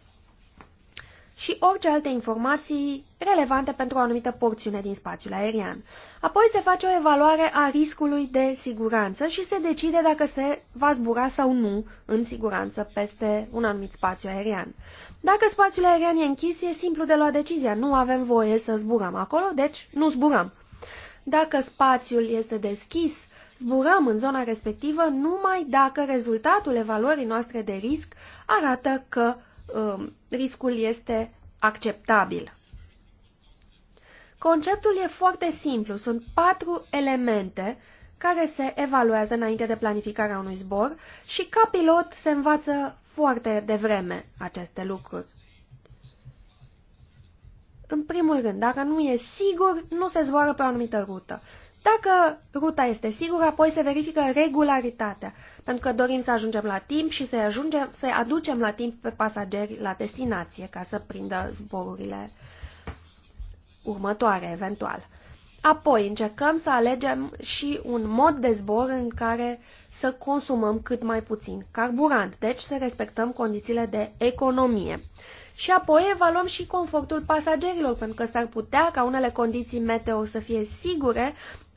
și orice alte informații relevante pentru o anumită porțiune din spațiul aerian. Apoi se face o evaluare a riscului de siguranță și se decide dacă se va zbura sau nu în siguranță peste un anumit spațiu aerian. Dacă spațiul aerian e închis, e simplu de luat decizia. Nu avem voie să zburăm acolo, deci nu zburăm. Dacă spațiul este deschis, zburăm în zona respectivă numai dacă rezultatul evaluării noastre de risc arată că Um, riscul este acceptabil. Conceptul e foarte simplu. Sunt patru elemente care se evaluează înainte de planificarea unui zbor și ca pilot se învață foarte devreme aceste lucruri. În primul rând, dacă nu e sigur, nu se zboară pe o anumită rută. Dacă ruta este sigură, apoi se verifică regularitatea, pentru că dorim să ajungem la timp și să ajungem, să aducem la timp pe pasageri la destinație, ca să prindă zborurile următoare, eventual. Apoi încercăm să alegem și un mod de zbor în care să consumăm cât mai puțin carburant, deci să respectăm condițiile de economie. Și apoi evaluăm și confortul pasagerilor, pentru că s-ar putea ca unele condiții meteo să fie sigure,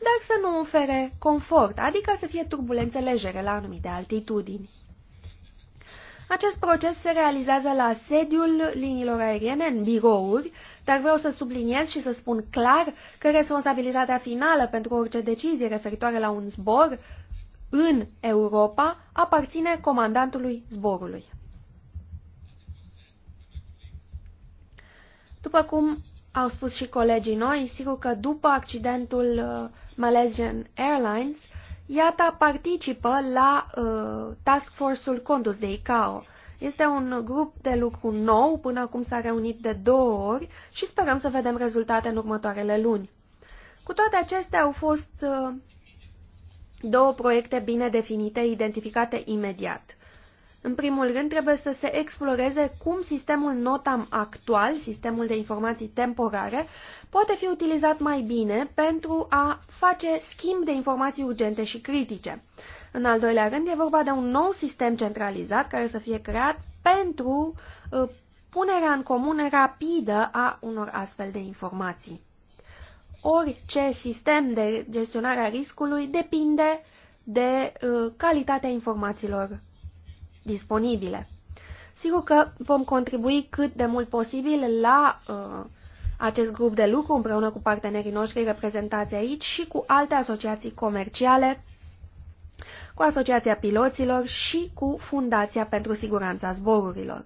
dar să nu ofere confort, adică să fie turbulențe legere la anumite altitudini. Acest proces se realizează la sediul liniilor aeriene, în birouri, dar vreau să subliniez și să spun clar că responsabilitatea finală pentru orice decizie referitoare la un zbor în Europa aparține comandantului zborului. După cum au spus și colegii noi, sigur că după accidentul uh, Malaysian Airlines, IATA participă la uh, task force-ul condus de ICAO. Este un grup de lucru nou, până acum s-a reunit de două ori și sperăm să vedem rezultate în următoarele luni. Cu toate acestea au fost uh, două proiecte bine definite, identificate imediat. În primul rând, trebuie să se exploreze cum sistemul NOTAM actual, sistemul de informații temporare, poate fi utilizat mai bine pentru a face schimb de informații urgente și critice. În al doilea rând, e vorba de un nou sistem centralizat care să fie creat pentru uh, punerea în comun rapidă a unor astfel de informații. Orice sistem de gestionare a riscului depinde de uh, calitatea informațiilor disponibile. Sigur că vom contribui cât de mult posibil la uh, acest grup de lucru împreună cu partenerii noștri reprezentați aici și cu alte asociații comerciale, cu Asociația Piloților și cu Fundația pentru Siguranța Zborurilor.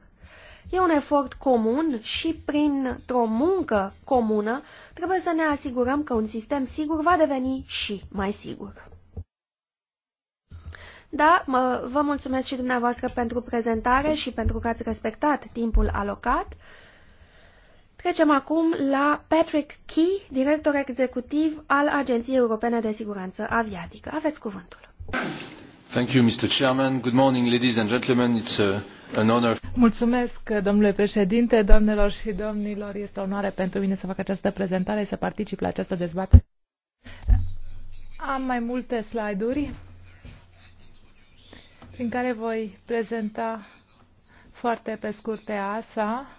E un efort comun și printr-o muncă comună trebuie să ne asigurăm că un sistem sigur va deveni și mai sigur. Da, mă, vă mulțumesc și dumneavoastră pentru prezentare și pentru că ați respectat timpul alocat. Trecem acum la Patrick Key, director executiv al Agenției Europene de Siguranță Aviatică. Aveți cuvântul. Thank you, Mr. Chairman. Good morning, ladies and gentlemen. It's a, uh, an honor. Mulțumesc, domnule președinte, doamnelor și domnilor. Este o onoare pentru mine să fac această prezentare și să particip la această dezbatere. Am mai multe slide-uri prin care voi prezenta foarte pe scurt EASA,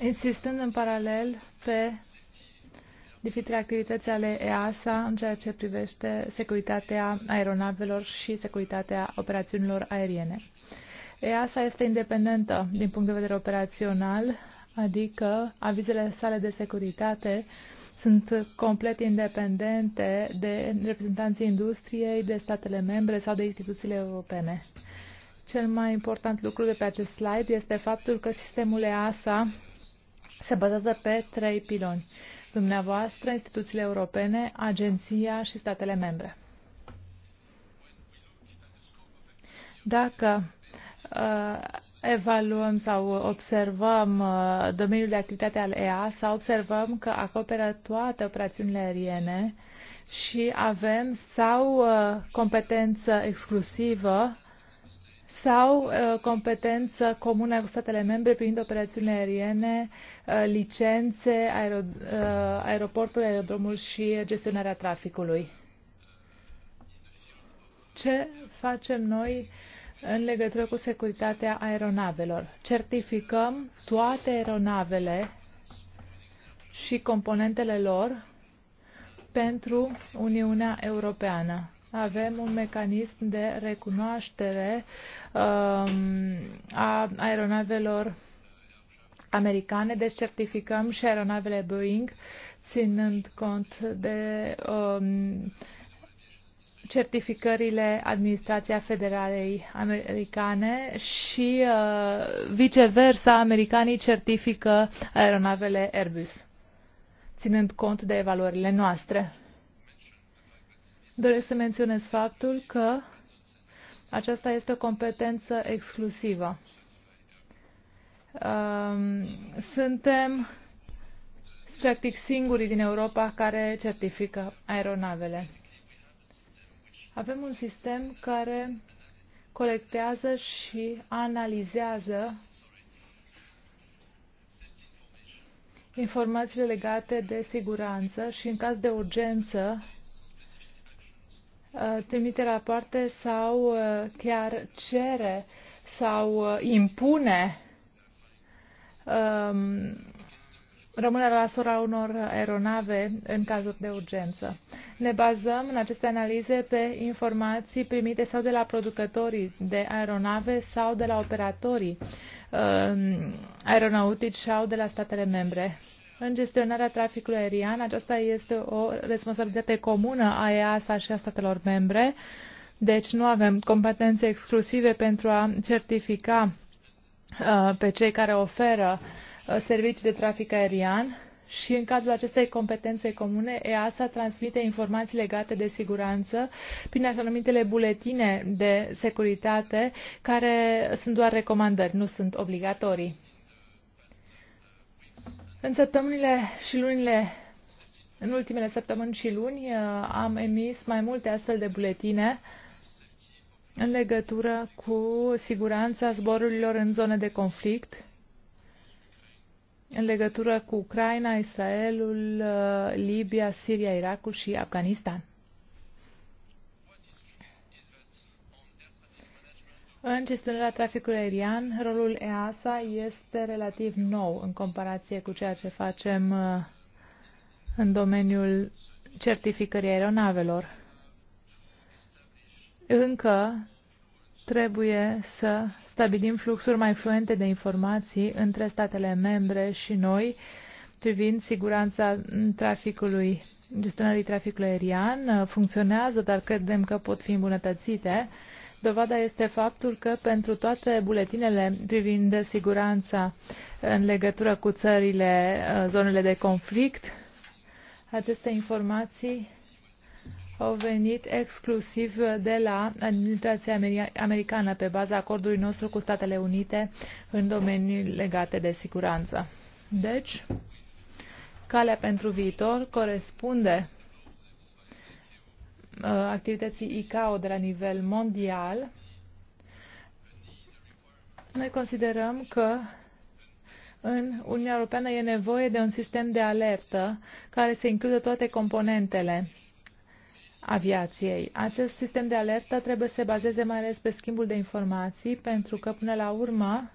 insistând în paralel pe diferite activități ale EASA în ceea ce privește securitatea aeronavelor și securitatea operațiunilor aeriene. EASA este independentă din punct de vedere operațional, adică avizele sale de securitate uh, sunt complet independente de reprezentanții industriei, de statele membre sau de instituțiile europene. Cel mai important lucru de pe acest slide este faptul că sistemul EASA se bazează pe trei piloni. Dumneavoastră, instituțiile europene, agenția și statele membre. Dacă uh, evaluăm sau observăm uh, domeniul de activitate al EA. sau observăm că acoperă toate operațiunile aeriene și avem sau uh, competență exclusivă sau uh, competență comună cu statele membre privind operațiunile aeriene, licențe, aer aeroportul, aerodromul și gestionarea traficului. Ce facem noi uh, în legătură cu securitatea aeronavelor. Certificăm toate aeronavele și componentele lor pentru Uniunea Europeană. Avem un mecanism de recunoaștere um, a aeronavelor americane, deci certificăm și aeronavele Boeing, ținând cont de um, certificările administrația federalei americane și uh, viceversa, americanii certifică aeronavele Airbus, ținând cont de evaluările noastre. Doresc să menționez faptul că aceasta este o competență exclusivă. Uh, suntem practic singurii din Europa care certifică aeronavele. Avem un sistem care colectează și analizează informațiile legate de siguranță și în caz de urgență uh, trimite rapoarte sau uh, chiar cere sau uh, impune um, rămânerea la sora unor aeronave în cazuri de urgență. Ne bazăm în aceste analize pe informații primite sau de la producătorii de aeronave sau de la operatorii uh, aeronautici sau de la statele membre. În gestionarea traficului aerian, aceasta este o responsabilitate comună a EASA și a statelor membre, deci nu avem competențe exclusive pentru a certifica uh, pe cei care oferă uh, Uh, servicii de trafic aerian și în cadrul acestei competențe comune, EASA transmite informații legate de siguranță prin așa numitele buletine de securitate, care sunt doar recomandări, nu sunt obligatorii. În săptămânile și lunile în ultimele săptămâni și luni uh, am emis mai multe astfel de buletine în legătură cu siguranța zborurilor în zone de conflict în legătură cu Ucraina, Israelul, uh, Libia, Siria, Irakul și Afganistan. În gestionarea traficului aerian, rolul EASA este relativ nou în comparație cu ceea ce facem uh, în domeniul certificării aeronavelor. Încă trebuie să stabilim fluxuri mai fluente de informații între statele membre și noi privind siguranța traficului, gestionării traficului aerian. Funcționează, dar credem că pot fi îmbunătățite. Dovada este faptul că pentru toate buletinele privind siguranța în legătură cu țările, zonele de conflict, aceste informații au venit exclusiv de la administrația americană pe baza acordului nostru cu Statele Unite în domenii legate de siguranță. Deci, calea pentru viitor corespunde uh, activității ICAO de la nivel mondial. Noi considerăm că în Uniunea Europeană e nevoie de un sistem de alertă care să includă toate componentele aviației. Acest sistem de alertă trebuie să se bazeze mai ales pe schimbul de informații, pentru că, până la urmă,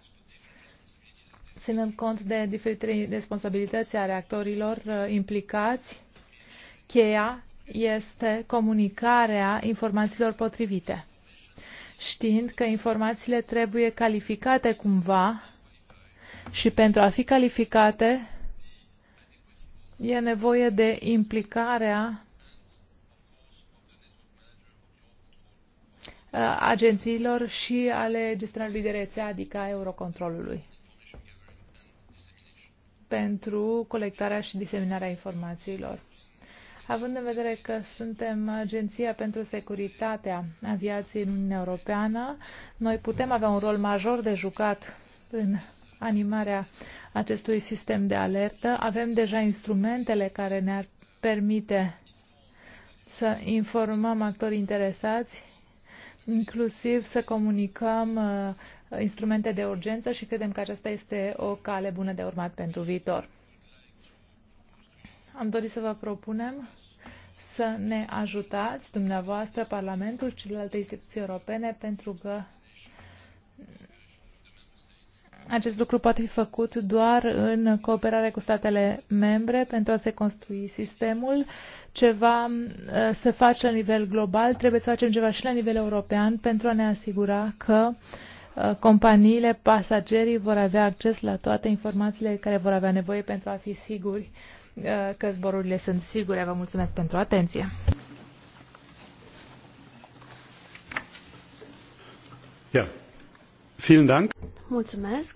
ținând cont de diferite responsabilități ale reactorilor uh, implicați, cheia este comunicarea informațiilor potrivite, știind că informațiile trebuie calificate cumva și pentru a fi calificate e nevoie de implicarea Uh, agențiilor și ale gestionarului de rețea, adică a Eurocontrolului, pentru colectarea și diseminarea informațiilor. Având în vedere că suntem Agenția pentru Securitatea Aviației în Uniunea Europeană, noi putem avea un rol major de jucat în animarea acestui sistem de alertă. Avem deja instrumentele care ne-ar permite să informăm actorii interesați inclusiv să comunicăm uh, instrumente de urgență și credem că aceasta este o cale bună de urmat pentru viitor. Am dorit să vă propunem să ne ajutați, dumneavoastră, Parlamentul, și celelalte instituții europene, pentru că acest lucru poate fi făcut doar în cooperare cu statele membre pentru a se construi sistemul. Ceva uh, se face la nivel global, trebuie să facem ceva și la nivel european pentru a ne asigura că uh, companiile, pasagerii vor avea acces la toate informațiile care vor avea nevoie pentru a fi siguri uh, că zborurile sunt sigure. Vă mulțumesc pentru atenție. Yeah. Vielen Dank. Mulțumesc.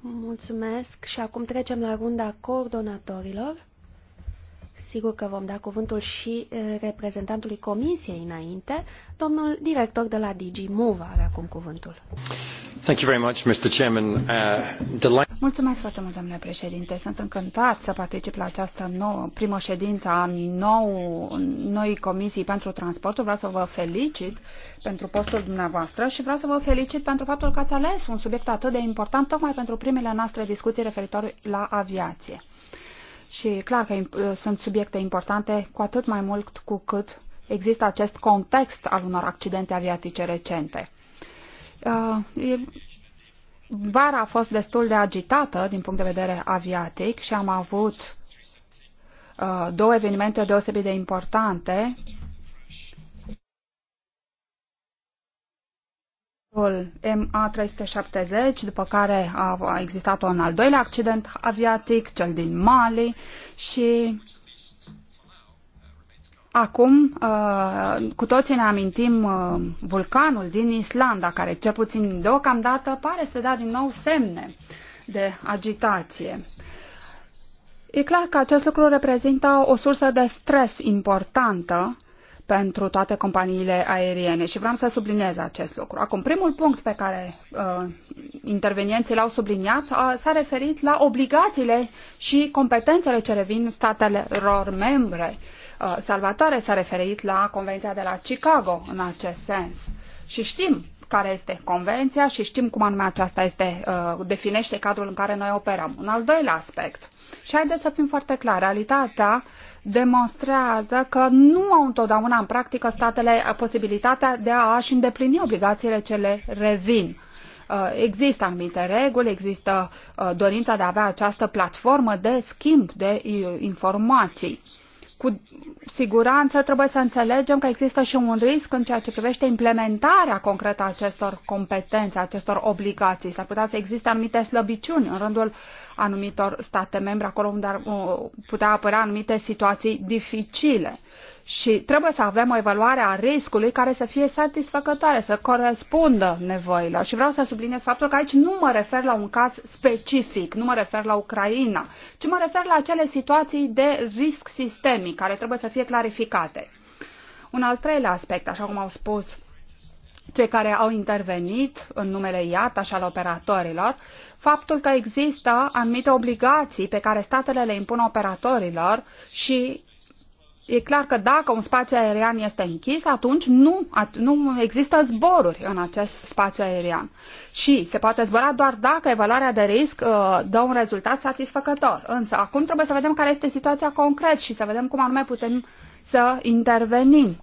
Mulțumesc și acum trecem la runda coordonatorilor. Sigur că vom da cuvântul și reprezentantului comisiei înainte. Domnul director de la DG Move are acum cuvântul. Thank you very much, Mr. Chairman. Uh, Mulțumesc foarte mult, domnule președinte. Sunt încântat să particip la această nouă, primă ședință a nou, noi comisii pentru transportul. Vreau să vă felicit pentru postul dumneavoastră și vreau să vă felicit pentru faptul că ați ales un subiect atât de important tocmai pentru primele noastre discuții referitor la aviație. Și e clar că uh, sunt subiecte importante, cu atât mai mult cu cât există acest context al unor accidente aviatice recente. Uh, vara a fost destul de agitată din punct de vedere aviatic și am avut uh, două evenimente deosebit de importante MA370, după care a existat un al doilea accident aviatic, cel din Mali, și acum cu toții ne amintim vulcanul din Islanda, care cel puțin deocamdată pare să da din nou semne de agitație. E clar că acest lucru reprezintă o sursă de stres importantă pentru toate companiile aeriene și vreau să subliniez acest lucru. Acum, primul punct pe care uh, intervenienții l-au subliniat uh, s-a referit la obligațiile și competențele ce revin statelor membre. Uh, Salvatore s-a referit la Convenția de la Chicago în acest sens. Și știm care este convenția și știm cum anume aceasta este, uh, definește cadrul în care noi operăm. Un al doilea aspect. Și haideți să fim foarte clari, realitatea demonstrează că nu au întotdeauna în practică statele uh, posibilitatea de a-și îndeplini obligațiile ce le revin. Uh, există anumite reguli, există uh, dorința de a avea această platformă de schimb de informații cu siguranță trebuie să înțelegem că există și un risc în ceea ce privește implementarea concretă a acestor competențe, a acestor obligații. S-ar putea să existe anumite slăbiciuni în rândul anumitor state membre, acolo unde ar uh, putea apărea anumite situații dificile. Și trebuie să avem o evaluare a riscului care să fie satisfăcătoare, să corespundă nevoilor. Și vreau să subliniez faptul că aici nu mă refer la un caz specific, nu mă refer la Ucraina, ci mă refer la acele situații de risc sistemic care trebuie să fie clarificate. Un al treilea aspect, așa cum au spus cei care au intervenit în numele IATA și al operatorilor, faptul că există anumite obligații pe care statele le impun operatorilor și e clar că dacă un spațiu aerian este închis, atunci nu, nu există zboruri în acest spațiu aerian. Și se poate zbura doar dacă evaluarea de risc uh, dă un rezultat satisfăcător. Însă acum trebuie să vedem care este situația concret și să vedem cum anume putem să intervenim.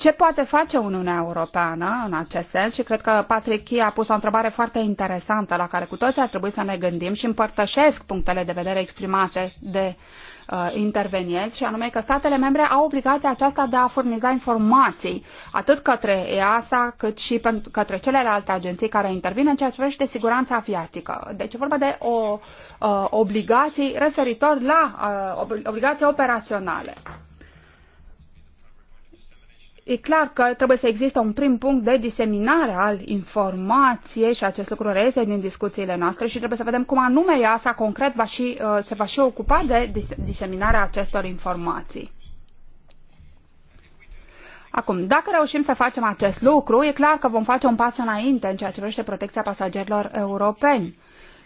Ce poate face Uniunea Europeană în acest sens? Și cred că Patrick Key a pus o întrebare foarte interesantă la care cu toții ar trebui să ne gândim și împărtășesc punctele de vedere exprimate de uh, intervenienți și anume că statele membre au obligația aceasta de a furniza informații atât către EASA cât și către celelalte agenții care intervin în ceea ce privește siguranța aviatică. Deci e vorba de o uh, obligații referitor la uh, obligații operaționale e clar că trebuie să existe un prim punct de diseminare al informației și acest lucru reiese din discuțiile noastre și trebuie să vedem cum anume EASA concret va și, uh, se va și ocupa de diseminarea acestor informații. Acum, dacă reușim să facem acest lucru, e clar că vom face un pas înainte în ceea ce privește protecția pasagerilor europeni.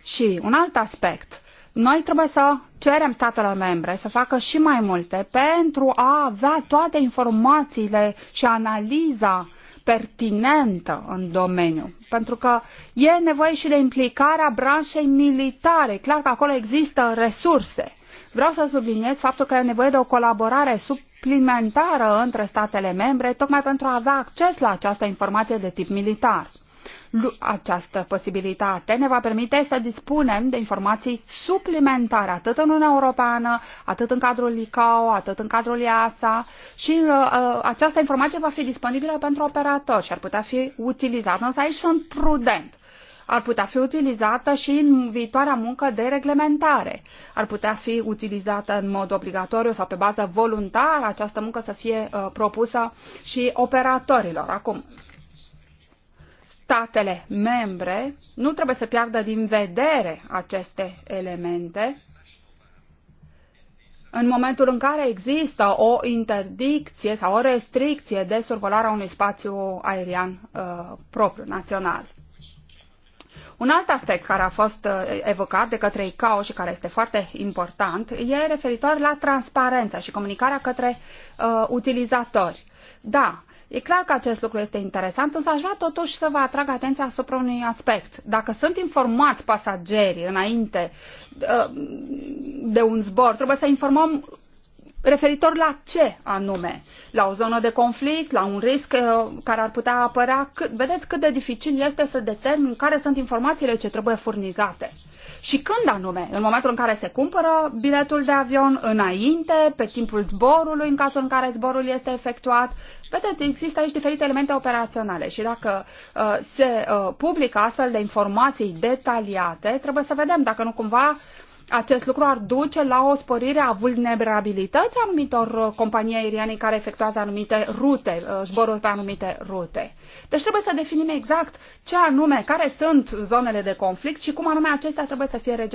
Și un alt aspect noi trebuie să cerem statelor membre să facă și mai multe pentru a avea toate informațiile și analiza pertinentă în domeniu. Pentru că e nevoie și de implicarea branșei militare. Clar că acolo există resurse. Vreau să subliniez faptul că e nevoie de o colaborare suplimentară între statele membre, tocmai pentru a avea acces la această informație de tip militar. Această posibilitate ne va permite să dispunem de informații suplimentare, atât în Uniunea Europeană, atât în cadrul ICAO, atât în cadrul IASA și uh, uh, această informație va fi disponibilă pentru operator și ar putea fi utilizată. Însă aici sunt prudent ar putea fi utilizată și în viitoarea muncă de reglementare. Ar putea fi utilizată în mod obligatoriu sau pe bază voluntară această muncă să fie uh, propusă și operatorilor. Acum, statele membre nu trebuie să piardă din vedere aceste elemente în momentul în care există o interdicție sau o restricție de survolare a unui spațiu aerian uh, propriu, național. Un alt aspect care a fost uh, evocat de către ICAO și care este foarte important e referitor la transparența și comunicarea către uh, utilizatori. Da, E clar că acest lucru este interesant, însă aș vrea totuși să vă atrag atenția asupra unui aspect. Dacă sunt informați pasagerii înainte uh, de un zbor, trebuie să informăm referitor la ce anume? La o zonă de conflict, la un risc uh, care ar putea apărea? Vedeți cât de dificil este să determin care sunt informațiile ce trebuie furnizate și când anume, în momentul în care se cumpără biletul de avion, înainte, pe timpul zborului, în cazul în care zborul este efectuat. Vedeți, există aici diferite elemente operaționale și dacă uh, se uh, publică astfel de informații detaliate, trebuie să vedem dacă nu cumva uh, acest lucru ar duce la o sporire a vulnerabilității anumitor uh, companii aeriene care efectuează anumite rute, uh, zboruri pe anumite rute. Deci trebuie să definim exact ce anume, care sunt zonele de conflict și cum anume acestea trebuie să fie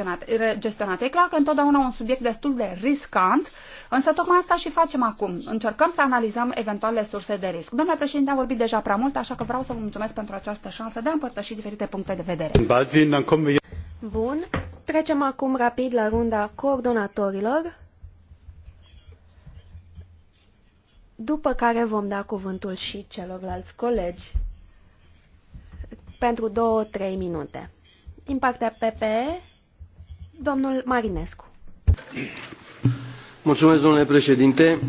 gestionate. E clar că întotdeauna un subiect destul de riscant Însă tocmai asta și facem acum. Încercăm să analizăm eventuale surse de risc. Domnule președinte, am vorbit deja prea mult, așa că vreau să vă mulțumesc pentru această șansă de a împărtăși diferite puncte de vedere. Bun. Trecem acum rapid la runda coordonatorilor, după care vom da cuvântul și celorlalți colegi pentru două-trei minute. Din partea PPE, domnul Marinescu. Mulțumesc, domnule președinte.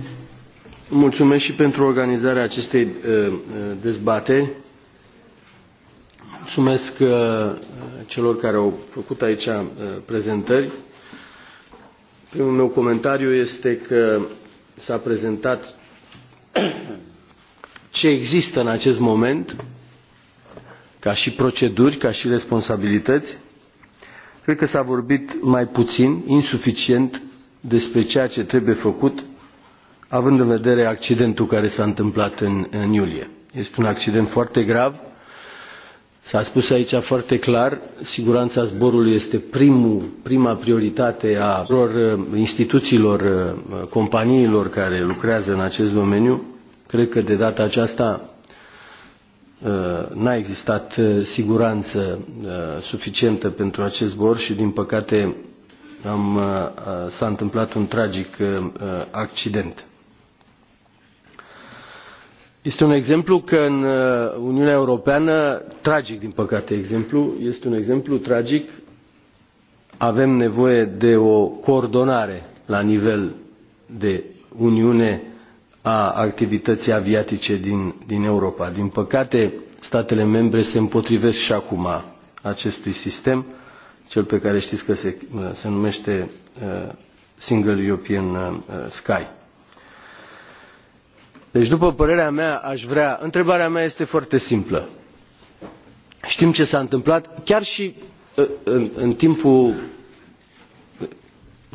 Mulțumesc și pentru organizarea acestei uh, uh, dezbateri. Mulțumesc uh, celor care au făcut aici prezentări. Primul meu comentariu este că s-a prezentat ce există în acest moment, ca și proceduri, ca și responsabilități. Cred că s-a vorbit mai puțin, insuficient, despre ceea ce trebuie făcut, având în vedere accidentul care s-a întâmplat în, în iulie. Este un accident foarte grav. S-a spus aici foarte clar, siguranța zborului este primul, prima prioritate a uh, instituțiilor, uh, companiilor care lucrează în acest domeniu. Cred că de data aceasta uh, n-a existat siguranță suficientă pentru acest zbor și, din păcate, am, uh, uh, s-a întâmplat un tragic uh, accident. Este un exemplu că în Uniunea Europeană, tragic din păcate exemplu, este un exemplu tragic, avem nevoie de o coordonare la nivel de Uniune a activității aviatice din, din Europa. Din păcate, statele membre se împotrivesc și acum acestui sistem cel pe care știți că se, se numește uh, Single European uh, Sky. Deci, după părerea mea, aș vrea... Întrebarea mea este foarte simplă. Știm ce s-a întâmplat chiar și uh, în, în timpul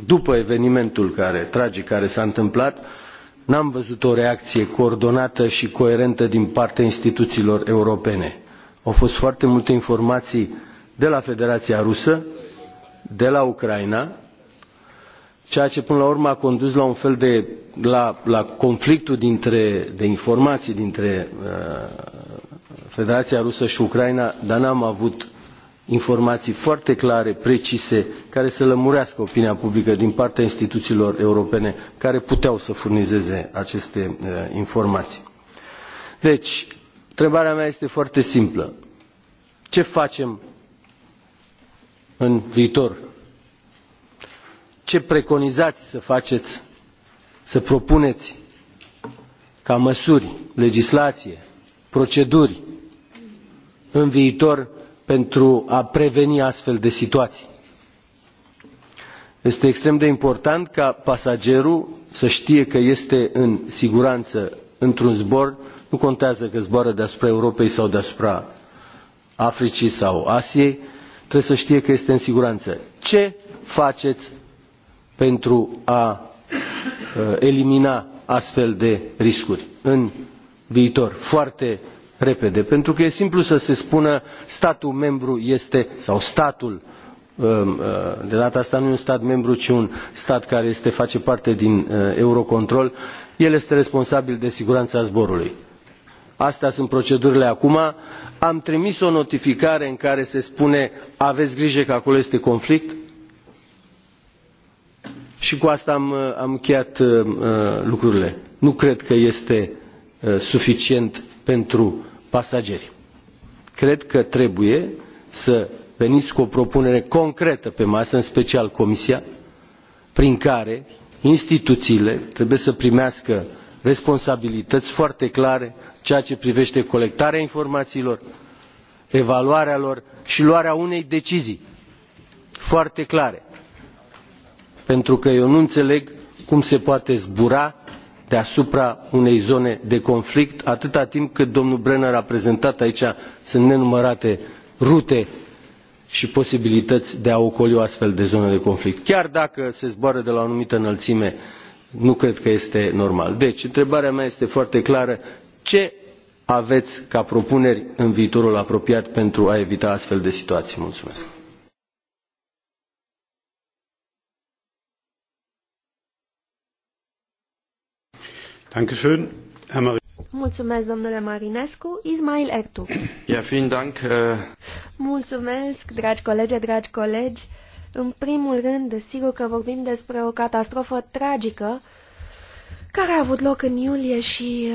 după evenimentul care, tragic care s-a întâmplat, n-am văzut o reacție coordonată și coerentă din partea instituțiilor europene. Au fost foarte multe informații de la Federația Rusă, de la Ucraina, ceea ce până la urmă a condus la un fel de la, la conflictul dintre, de informații dintre uh, Federația Rusă și Ucraina, dar n-am avut informații foarte clare, precise, care să lămurească opinia publică din partea instituțiilor europene care puteau să furnizeze aceste uh, informații. Deci, întrebarea mea este foarte simplă. Ce facem în viitor. Ce preconizați să faceți, să propuneți ca măsuri, legislație, proceduri în viitor pentru a preveni astfel de situații? Este extrem de important ca pasagerul să știe că este în siguranță într-un zbor, nu contează că zboară deasupra Europei sau deasupra Africii sau Asiei, trebuie să știe că este în siguranță. Ce faceți pentru a uh, elimina astfel de riscuri în viitor foarte repede pentru că e simplu să se spună statul membru este sau statul um, uh, de data asta nu e un stat membru ci un stat care este, face parte din uh, eurocontrol el este responsabil de siguranța zborului. astea sunt procedurile acum am trimis o notificare în care se spune aveți grijă că acolo este conflict? și cu asta am, am încheiat uh, uh, lucrurile. Nu cred că este uh, suficient pentru pasageri. Cred că trebuie să veniți cu o propunere concretă pe masă, în special Comisia, prin care instituțiile trebuie să primească responsabilități foarte clare ceea ce privește colectarea informațiilor evaluarea lor și luarea unei decizii foarte clare pentru că eu nu înțeleg cum se poate zbura deasupra unei zone de conflict atâta timp cât domnul Brenner a prezentat aici sunt nenumărate rute și posibilități de a ocoli o astfel de zonă de conflict. Chiar dacă se zboară de la o anumită înălțime, nu cred că este normal. Deci, întrebarea mea este foarte clară ce aveți ca propuneri în viitorul apropiat pentru a evita astfel de situații? Mulțumesc! Mulțumesc, domnule Marinescu. Ismail Ertu. Ja, vielen Dank. Äh, Mulțumesc, dragi colegi, dragi colegi. În primul rând, sigur că vorbim despre o catastrofă tragică care a avut loc în iulie și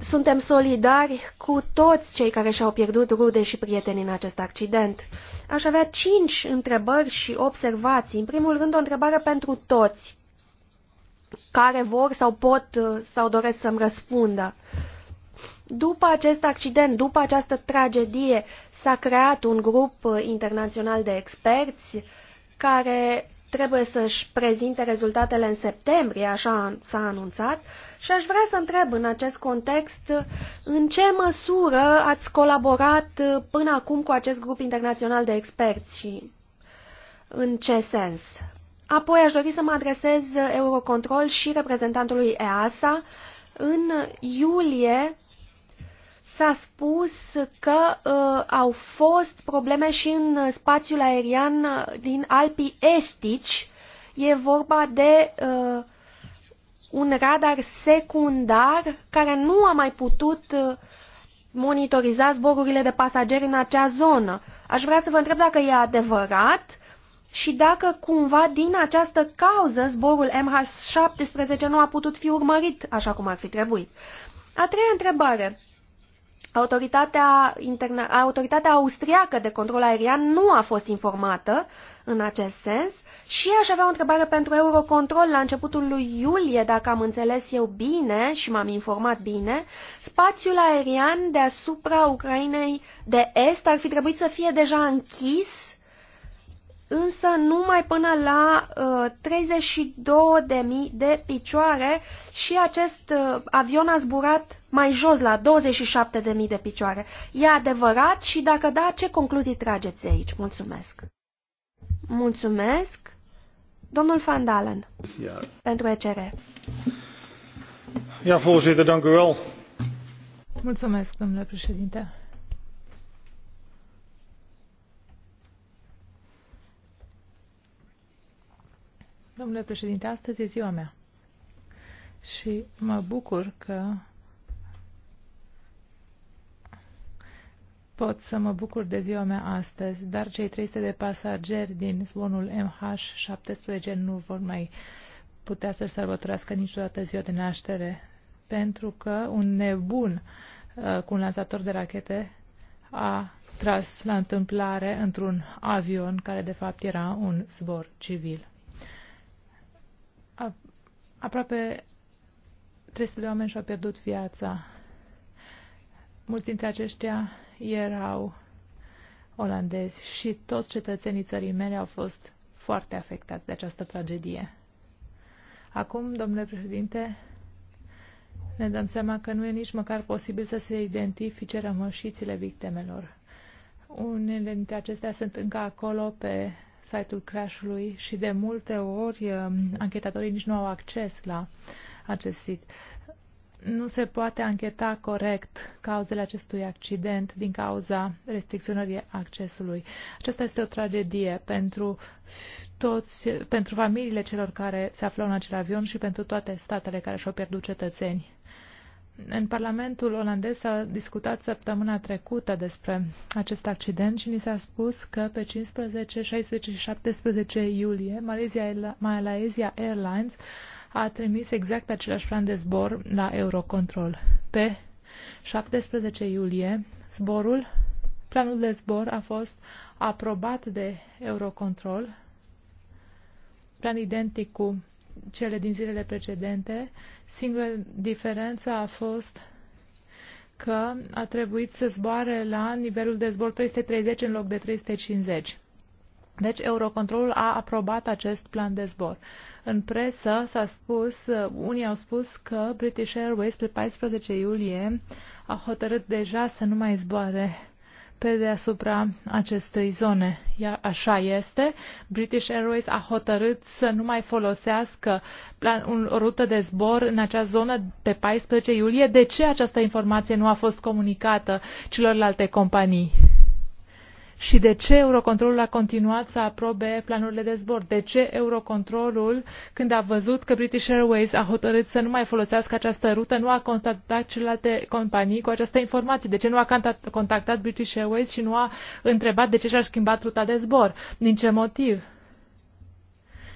suntem solidari cu toți cei care și-au pierdut rude și prieteni în acest accident. Aș avea cinci întrebări și observații. În primul rând, o întrebare pentru toți care vor sau pot sau doresc să-mi răspundă. După acest accident, după această tragedie, s-a creat un grup internațional de experți care trebuie să-și prezinte rezultatele în septembrie, așa s-a anunțat, și aș vrea să întreb în acest context în ce măsură ați colaborat uh, până acum cu acest grup internațional de experți și în ce sens. Apoi aș dori să mă adresez Eurocontrol și reprezentantului EASA. În iulie s-a spus că uh, au fost probleme și în spațiul aerian din Alpii Estici. E vorba de uh, un radar secundar care nu a mai putut uh, monitoriza zborurile de pasageri în acea zonă. Aș vrea să vă întreb dacă e adevărat și dacă cumva din această cauză zborul MH17 nu a putut fi urmărit așa cum ar fi trebuit. A treia întrebare. Autoritatea, interna- autoritatea austriacă de control aerian nu a fost informată în acest sens și aș avea o întrebare pentru Eurocontrol la începutul lui iulie, dacă am înțeles eu bine și m-am informat bine, spațiul aerian deasupra Ucrainei de est ar fi trebuit să fie deja închis însă numai până la uh, 32.000 de picioare și acest uh, avion a zburat mai jos la 27.000 de picioare. E adevărat și dacă da, ce concluzii trageți de aici? Mulțumesc! Mulțumesc! Domnul Van Dalen, ja. pentru ECR. Ja, voorzitter, dank u wel. Mulțumesc, domnule președinte. Domnule președinte, astăzi e ziua mea și mă bucur că pot să mă bucur de ziua mea astăzi, dar cei 300 de pasageri din zvonul MH17 nu vor mai putea să-și sărbătorească niciodată ziua de naștere, pentru că un nebun uh, cu un lansator de rachete a tras la întâmplare într-un avion care de fapt era un zbor civil. Aproape 300 de oameni și-au pierdut viața. Mulți dintre aceștia erau olandezi și toți cetățenii țării mele au fost foarte afectați de această tragedie. Acum, domnule președinte, ne dăm seama că nu e nici măcar posibil să se identifice rămășițile victimelor. Unele dintre acestea sunt încă acolo pe site-ul crashului și de multe ori um, anchetatorii nici nu au acces la acest site. Nu se poate ancheta corect cauzele acestui accident din cauza restricționării accesului. Aceasta este o tragedie pentru toți, pentru familiile celor care se aflau în acel avion și pentru toate statele care și-au pierdut cetățeni. În Parlamentul olandez s-a discutat săptămâna trecută despre acest accident și ni s-a spus că pe 15, 16 și 17 iulie Malaysia, Malaysia Airlines a trimis exact același plan de zbor la Eurocontrol. Pe 17 iulie zborul, planul de zbor a fost aprobat de Eurocontrol, plan identic cu cele din zilele precedente. Singura diferență a fost că a trebuit să zboare la nivelul de zbor 330 în loc de 350. Deci Eurocontrolul a aprobat acest plan de zbor. În presă s-a spus, unii au spus că British Airways pe 14 iulie a hotărât deja să nu mai zboare pe deasupra acestei zone. Iar așa este, British Airways a hotărât să nu mai folosească plan, un, o rută de zbor în acea zonă pe 14 iulie. De ce această informație nu a fost comunicată celorlalte companii? și de ce Eurocontrolul a continuat să aprobe planurile de zbor? De ce Eurocontrolul, când a văzut că British Airways a hotărât să nu mai folosească această rută, nu a contactat celelalte companii cu această informație? De ce nu a contactat British Airways și nu a întrebat de ce și-a schimbat ruta de zbor? Din ce motiv?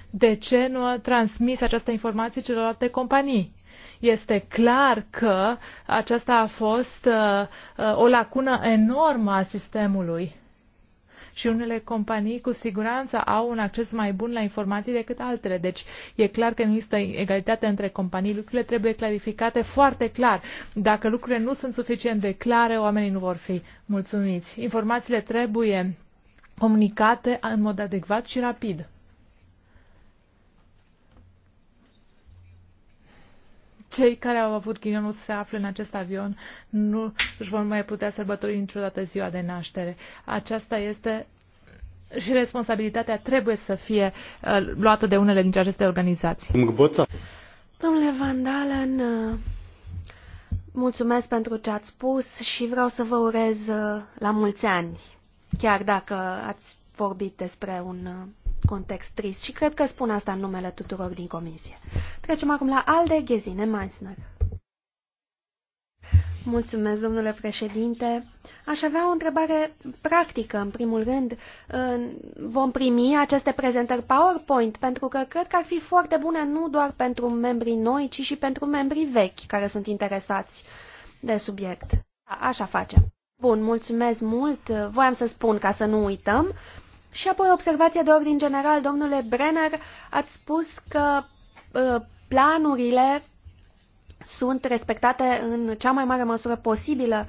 De ce nu a transmis această informație celorlalte companii? este clar că aceasta a fost uh, uh o lacună enormă a sistemului și unele companii cu siguranță au un acces mai bun la informații decât altele. Deci e clar că nu există egalitate între companii. Lucrurile trebuie clarificate foarte clar. Dacă lucrurile nu sunt suficient de clare, oamenii nu vor fi mulțumiți. Informațiile trebuie comunicate în mod adecvat și rapid. cei care au avut ghinionul să se afle în acest avion nu își vor mai putea sărbători niciodată ziua de naștere. Aceasta este și responsabilitatea trebuie să fie uh, luată de unele dintre aceste organizații. Domnule Vandalen, uh, mulțumesc pentru ce ați spus și vreau să vă urez uh, la mulți ani, chiar dacă ați vorbit despre un uh, context trist și cred că spun asta în numele tuturor din comisie. Trecem acum la Alde Ghezine Meissner. Mulțumesc, domnule președinte. Aș avea o întrebare practică, în primul rând. Vom primi aceste prezentări PowerPoint, pentru că cred că ar fi foarte bune nu doar pentru membrii noi, ci și pentru membrii vechi care sunt interesați de subiect. Așa facem. Bun, mulțumesc mult. Voiam să spun ca să nu uităm. Și apoi observație de ordin general, domnule Brenner, ați spus că ă, planurile sunt respectate în cea mai mare măsură posibilă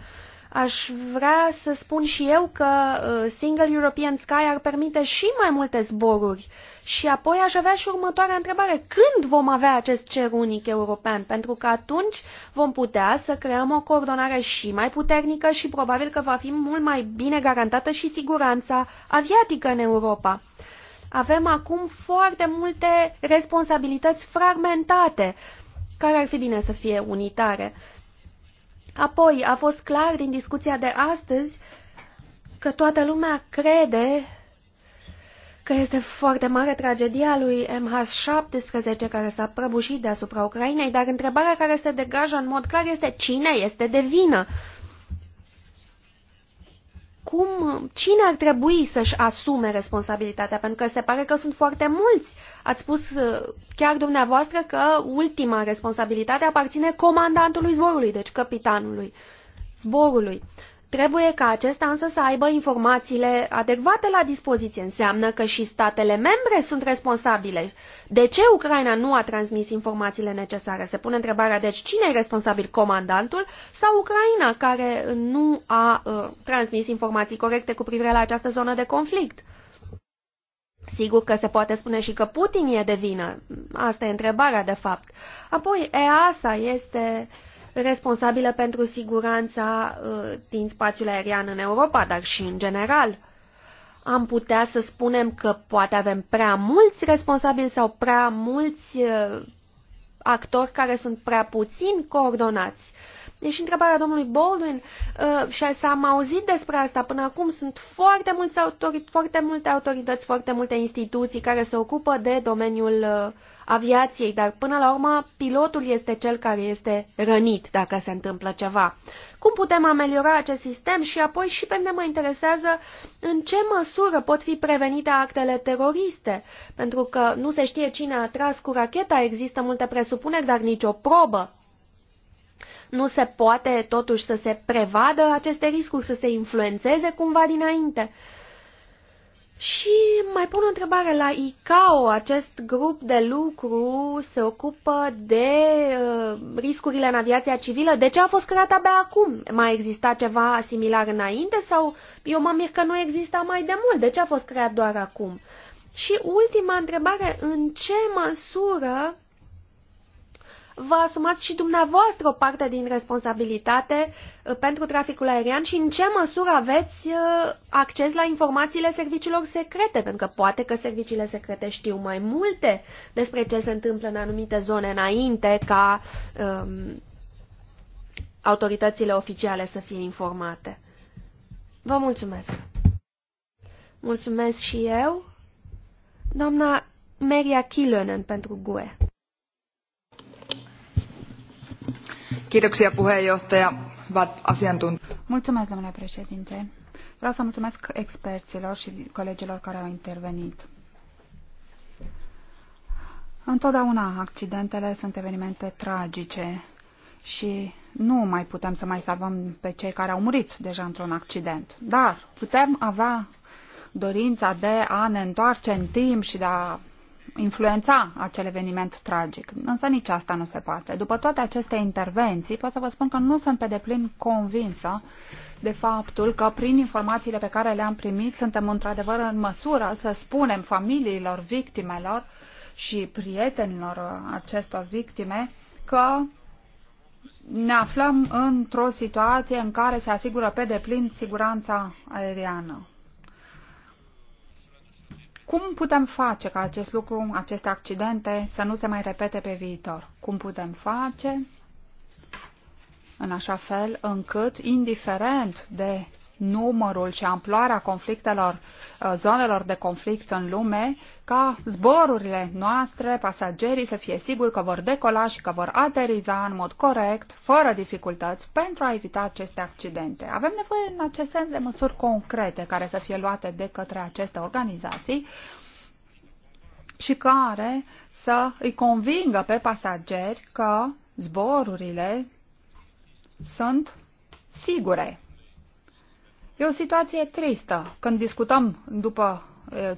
Aș vrea să spun și eu că uh, Single European Sky ar permite și mai multe zboruri. Și apoi aș avea și următoarea întrebare. Când vom avea acest cer unic european? Pentru că atunci vom putea să creăm o coordonare și mai puternică și probabil că va fi mult mai bine garantată și siguranța aviatică în Europa. Avem acum foarte multe responsabilități fragmentate care ar fi bine să fie unitare. Apoi, a fost clar din discuția de astăzi că toată lumea crede că este foarte mare tragedia lui MH17 care s-a prăbușit deasupra Ucrainei, dar întrebarea care se degajă în mod clar este cine este de vină cum, cine ar trebui să-și asume responsabilitatea? Pentru că se pare că sunt foarte mulți. Ați spus uh, chiar dumneavoastră că ultima responsabilitate aparține comandantului zborului, deci capitanului zborului. Trebuie ca acesta însă să aibă informațiile adecvate la dispoziție. Înseamnă că și statele membre sunt responsabile. De ce Ucraina nu a transmis informațiile necesare? Se pune întrebarea, deci, cine e responsabil, comandantul sau Ucraina, care nu a uh, transmis informații corecte cu privire la această zonă de conflict? Sigur că se poate spune și că Putin e de vină. Asta e întrebarea, de fapt. Apoi, EASA este... Uh, responsabilă pentru siguranța uh, din spațiul aerian în Europa, dar și în general. Am putea să spunem că poate avem prea mulți responsabili sau prea mulți uh, actori care sunt prea puțin coordonați Deși întrebarea domnului Baldwin, uh, și să am auzit despre asta până acum, sunt foarte, mulți autori, foarte multe autorități, foarte multe instituții care se ocupă de domeniul uh, aviației, dar până la urmă pilotul este cel care este rănit dacă se întâmplă ceva. Cum putem ameliora acest sistem și apoi și pe mine mă interesează în ce măsură pot fi prevenite actele teroriste, pentru că nu se știe cine a tras cu racheta, există multe presupuneri, dar nicio probă nu se poate totuși să se prevadă aceste riscuri, să se influențeze cumva dinainte. Și mai pun o întrebare la ICAO. Acest grup de lucru se ocupă de uh, riscurile în aviația civilă. De ce a fost creat abia acum? Mai exista ceva similar înainte sau eu mă mir că nu exista mai de mult? De ce a fost creat doar acum? Și ultima întrebare, în ce măsură vă asumați și dumneavoastră o parte din responsabilitate uh, pentru traficul aerian și în ce măsură aveți uh, acces la informațiile serviciilor secrete, pentru că poate că serviciile secrete știu mai multe despre ce se întâmplă în anumite zone înainte ca um, autoritățile oficiale să fie informate. Vă mulțumesc! Mulțumesc și eu, doamna Meria Kilonen pentru GUE. Mulțumesc, domnule președinte. Vreau să mulțumesc experților și colegilor care au intervenit. Întotdeauna accidentele sunt evenimente tragice și nu mai putem să mai salvăm pe cei care au murit deja într-un accident. Dar putem avea dorința de a ne întoarce în timp și de a influența acel eveniment tragic. Însă nici asta nu se poate. După toate aceste intervenții, pot să vă spun că nu sunt pe deplin convinsă de faptul că prin informațiile pe care le-am primit suntem într-adevăr în măsură să spunem familiilor victimelor și prietenilor acestor victime că ne aflăm într-o situație în care se asigură pe deplin siguranța aeriană. Cum putem face ca acest lucru, aceste accidente, să nu se mai repete pe viitor? Cum putem face în așa fel încât, indiferent de numărul și amploarea conflictelor, uh, zonelor de conflict în lume, ca zborurile noastre, pasagerii să fie siguri că vor decola și că vor ateriza în mod corect, fără dificultăți, pentru a evita aceste accidente. Avem nevoie în acest sens de măsuri concrete care să fie luate de către aceste organizații și care să îi convingă pe pasageri că zborurile sunt sigure E o situație tristă. Când discutăm după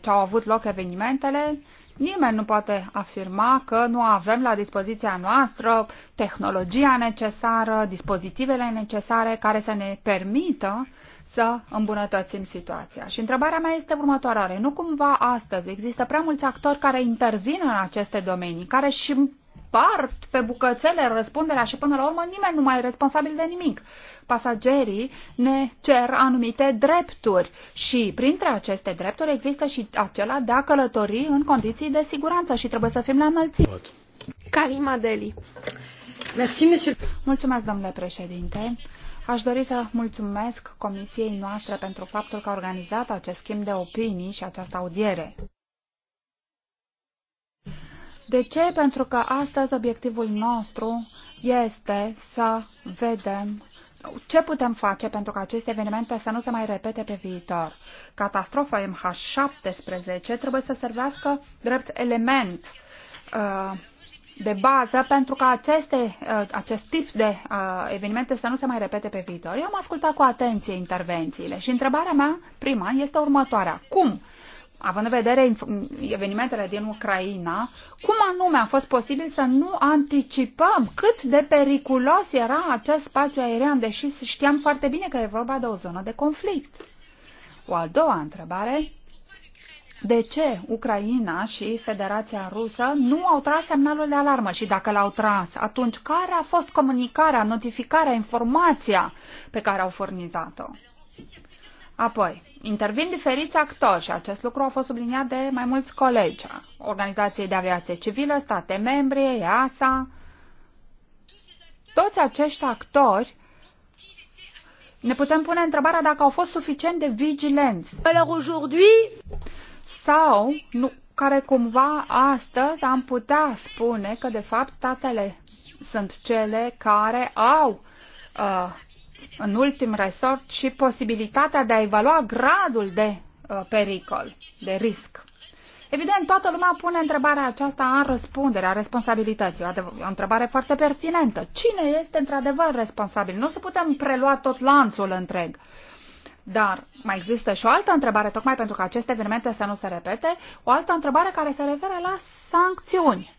ce au avut loc evenimentele, nimeni nu poate afirma că nu avem la dispoziția noastră tehnologia necesară, dispozitivele necesare care să ne permită să îmbunătățim situația. Și întrebarea mea este următoarea. Nu cumva astăzi există prea mulți actori care intervin în aceste domenii, care și spart pe bucățele răspunderea și până la urmă nimeni nu mai e responsabil de nimic. Pasagerii ne cer anumite drepturi și printre aceste drepturi există și acela de a călători în condiții de siguranță și trebuie să fim la înălțime. Karima Deli. Mulțumesc, domnule președinte. Aș dori să mulțumesc comisiei noastre pentru faptul că a organizat acest schimb de opinii și această audiere. De ce? Pentru că astăzi obiectivul nostru este să vedem ce putem face pentru ca aceste evenimente să nu se mai repete pe viitor. Catastrofa MH17 trebuie să servească drept element uh, de bază pentru ca aceste, uh, acest tip de uh, evenimente să nu se mai repete pe viitor. Eu am ascultat cu atenție intervențiile și întrebarea mea prima este următoarea. Cum având în vedere evenimentele din Ucraina, cum anume a fost posibil să nu anticipăm cât de periculos era acest spațiu aerian, deși știam foarte bine că e vorba de o zonă de conflict? O a doua întrebare. De ce Ucraina și Federația Rusă nu au tras semnalul de alarmă? Și dacă l-au tras, atunci care a fost comunicarea, notificarea, informația pe care au furnizat-o? Apoi, intervin diferiți actori și acest lucru a fost subliniat de mai mulți colegi, organizații de aviație civilă, state membre, EASA. Toți acești actori ne putem pune întrebarea dacă au fost suficient de vigilenți. sau nu, care cumva astăzi am putea spune că de fapt statele sunt cele care au uh, în ultim resort, și posibilitatea de a evalua gradul de uh, pericol, de risc. Evident, toată lumea pune întrebarea aceasta în răspundere, a responsabilității. O întrebare foarte pertinentă. Cine este într-adevăr responsabil? Nu se putem prelua tot lanțul întreg. Dar mai există și o altă întrebare, tocmai pentru că aceste evenimente să nu se repete, o altă întrebare care se referă la sancțiuni.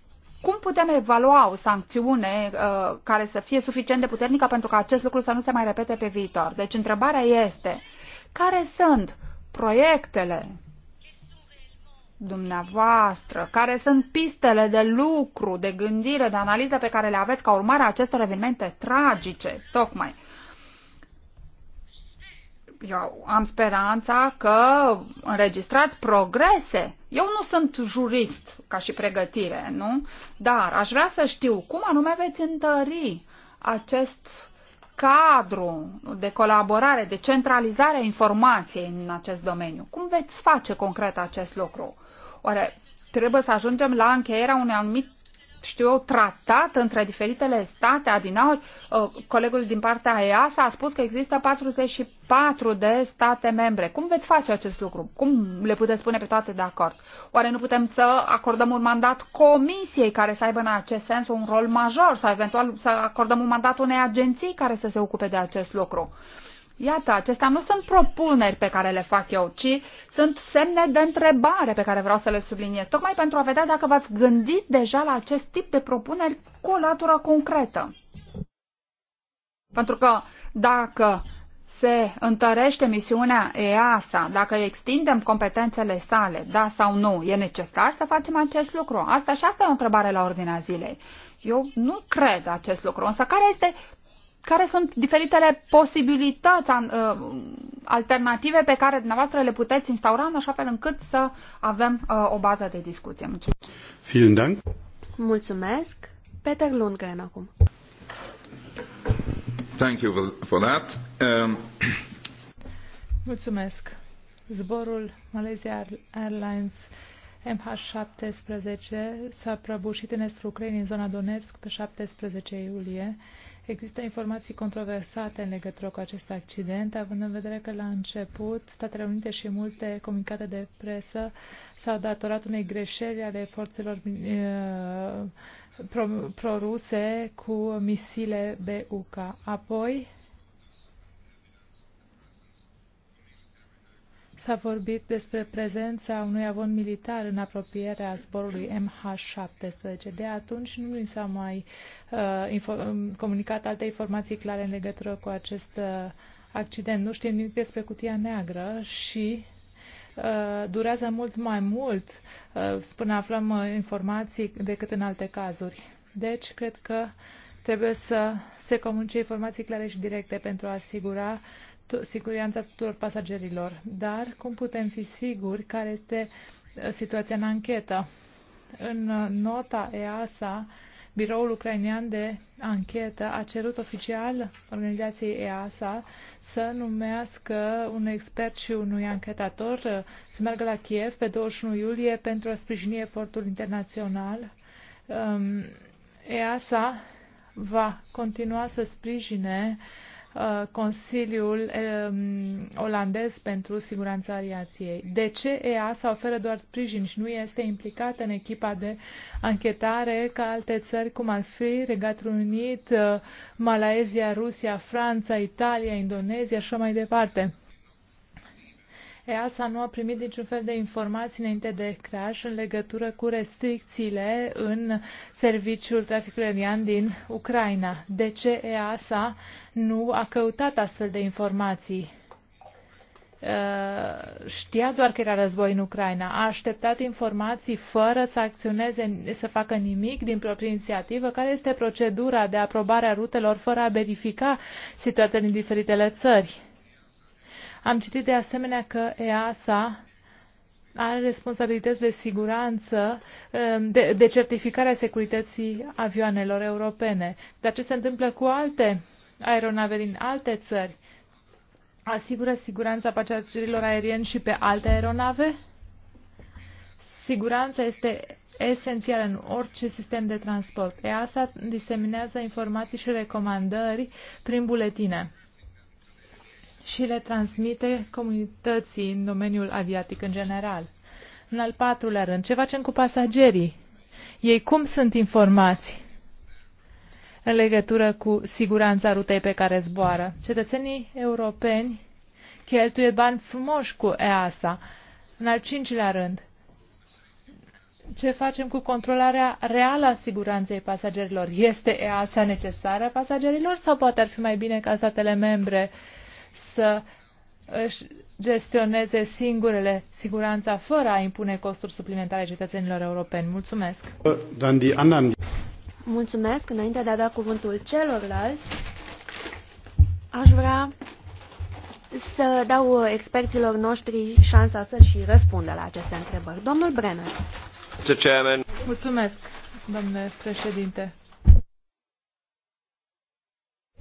Cum putem evalua o sancțiune uh, care să fie suficient de puternică pentru ca acest lucru să nu se mai repete pe viitor? Deci întrebarea este, care sunt proiectele dumneavoastră, care sunt pistele de lucru, de gândire, de analiză pe care le aveți ca urmare a acestor evenimente tragice, tocmai. Eu am speranța că înregistrați progrese eu nu sunt jurist ca și pregătire, nu? Dar aș vrea să știu cum anume veți întări acest cadru de colaborare, de centralizare a informației în acest domeniu. Cum veți face concret acest lucru? Oare trebuie să ajungem la încheierea unui anumit știu eu, tratat între diferitele state, adinauri, uh, colegul din partea EASA a spus că există 44 de state membre. Cum veți face acest lucru? Cum le puteți spune pe toate de acord? Oare nu putem să acordăm un mandat comisiei care să aibă în acest sens un rol major sau eventual să acordăm un mandat unei agenții care să se ocupe de acest lucru? Uh, Iată, acestea nu sunt propuneri pe care le fac eu, ci sunt semne de întrebare pe care vreau să le subliniez, tocmai pentru a vedea dacă v-ați gândit deja la acest tip de propuneri cu o latură concretă. Pentru că dacă se întărește misiunea EASA, dacă extindem competențele sale, da sau nu, e necesar să facem acest lucru? Asta și asta e o întrebare la ordinea zilei. Eu nu cred acest lucru, însă care este care sunt diferitele posibilități uh, alternative pe care dumneavoastră le puteți instaura în așa fel încât să avem uh, o bază de discuție. Mulțumesc. Mulțumesc. Peter Lundgren acum. Thank you for that. Um... Mulțumesc. Zborul Malaysia Airlines MH17 s-a prăbușit în estul Ucrainei, în zona Donetsk, pe 17 iulie Există informații controversate în legătură cu acest accident, având în vedere că la început Statele Unite și multe comunicate de presă s-au datorat unei greșeli ale forțelor uh, proruse cu misile BUK. Apoi, S-a vorbit despre prezența unui avon militar în apropierea zborului MH17. De atunci nu mi s-a mai uh, um, comunicat alte informații clare în legătură cu acest uh, accident. Nu știm nimic despre cutia neagră și uh, durează mult mai mult uh, până aflăm uh, informații decât în alte cazuri. Deci, cred că trebuie să se comunice informații clare și directe pentru a asigura siguranța tuturor pasagerilor. Dar cum putem fi siguri care este uh, situația în anchetă? În uh, nota EASA, biroul ucrainean de anchetă a cerut oficial organizației EASA să numească un expert și unui anchetator uh, să meargă la Kiev pe 21 iulie pentru a sprijini efortul internațional. Um, EASA va continua să sprijine uh, Uh, Consiliul um, olandez pentru siguranța aviației. De ce EASA oferă doar sprijin și nu este implicată în echipa de anchetare ca alte țări, cum ar fi Regatul Unit, uh, Malaezia, Rusia, Franța, Italia, Indonezia și așa mai departe? EASA nu a primit niciun fel de informații înainte de crash în legătură cu restricțiile în serviciul traficului aerian din Ucraina. De ce EASA nu a căutat astfel de informații? Uh, știa doar că era război în Ucraina, a așteptat informații fără să acționeze, să facă nimic din proprie inițiativă, care este procedura de aprobare a rutelor fără a verifica situația din diferitele țări. Am citit de asemenea că EASA are responsabilități de siguranță, um, de, de certificarea securității avioanelor europene. Dar ce se întâmplă cu alte aeronave din alte țări? Asigură siguranța pasagerilor aerieni și pe alte aeronave? Siguranța este esențială în orice sistem de transport. EASA diseminează informații și recomandări prin buletine și le transmite comunității în domeniul aviatic în general. În al patrulea rând, ce facem cu pasagerii? Ei cum sunt informați în legătură cu siguranța rutei pe care zboară? Cetățenii europeni cheltuie bani frumoși cu EASA. În al cincilea rând, ce facem cu controlarea reală a siguranței pasagerilor? Este EASA necesară pasagerilor sau poate ar fi mai bine ca statele membre uh, să își gestioneze singurele siguranța fără a impune costuri suplimentare cetățenilor europeni. Mulțumesc! Mulțumesc! Înainte de a da cuvântul celorlalți, aș vrea să dau experților noștri șansa să și răspundă la aceste întrebări. Domnul Brenner. Mulțumesc, domnule președinte.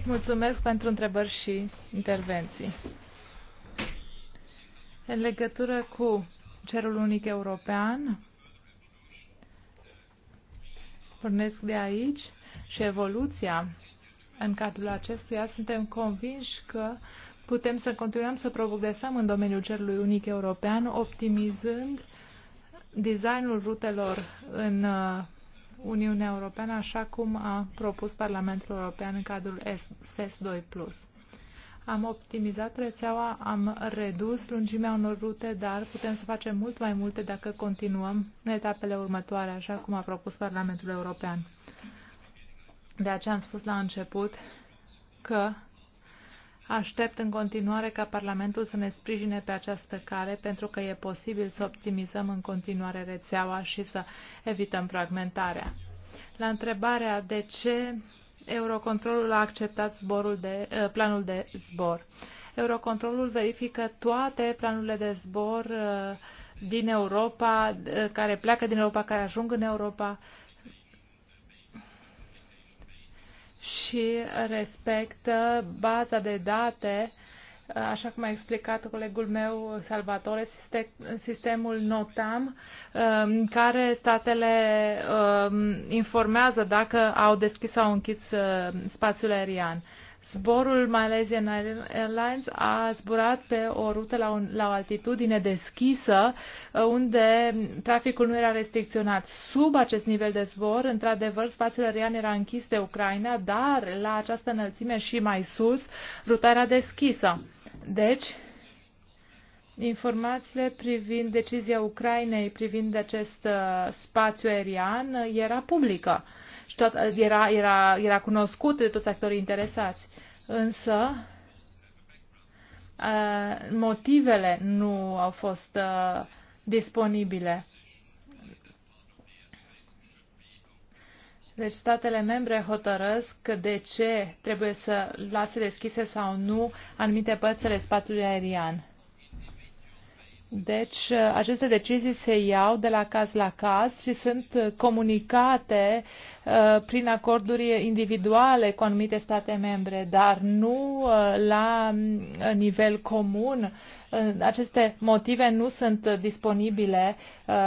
Mulțumesc pentru întrebări și intervenții. În legătură cu cerul unic european, pornesc de aici și evoluția în cadrul acestuia, suntem convinși că putem să continuăm să progresăm în domeniul cerului unic european, optimizând designul rutelor în uh, Uniunea Europeană, așa cum a propus Parlamentul European în cadrul SES2+. Am optimizat rețeaua, am redus lungimea unor rute, dar putem să facem mult mai multe dacă continuăm în etapele următoare, așa cum a propus Parlamentul European. De aceea am spus la început că Aștept în continuare ca Parlamentul să ne sprijine pe această cale pentru că e posibil să optimizăm în continuare rețeaua și să evităm fragmentarea. La întrebarea de ce Eurocontrolul a acceptat zborul de, eh, planul de zbor. Eurocontrolul verifică toate planurile de zbor eh, din Europa, eh, care pleacă din Europa, care ajung în Europa și respectă baza de date, așa cum a explicat colegul meu Salvatore, sistemul NOTAM, în um, care statele um, informează dacă au deschis sau închis uh, spațiul aerian. Zborul Malaysian Airlines a zburat pe o rută la, un, la o altitudine deschisă, uh, unde traficul nu era restricționat. Sub acest nivel de zbor, într-adevăr, spațiul aerian era închis de Ucraina, dar la această înălțime și mai sus, ruta era deschisă. Deci, Informațiile privind decizia Ucrainei privind acest uh, spațiu aerian era publică și era, era, era cunoscut de toți actorii interesați însă motivele nu au fost disponibile. Deci statele membre hotărăsc de ce trebuie să lase deschise sau nu anumite părți ale spațiului aerian. Deci, uh, aceste decizii se iau de la caz la caz și sunt uh, comunicate uh, prin acorduri individuale cu anumite state membre, dar nu la nivel comun. aceste motive nu sunt disponibile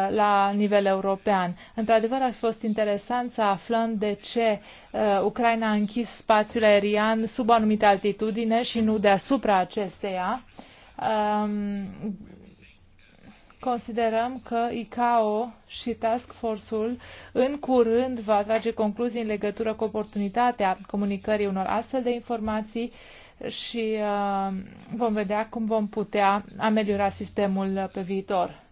la nivel european. Într-adevăr, ar fi fost interesant să aflăm de ce Ucraina a închis spațiul aerian sub anumite altitudine și nu deasupra acesteia um, Considerăm că ICAO și Task Force-ul în curând va trage concluzii în legătură cu oportunitatea comunicării unor astfel de informații și uh, vom vedea cum vom putea ameliora sistemul pe viitor.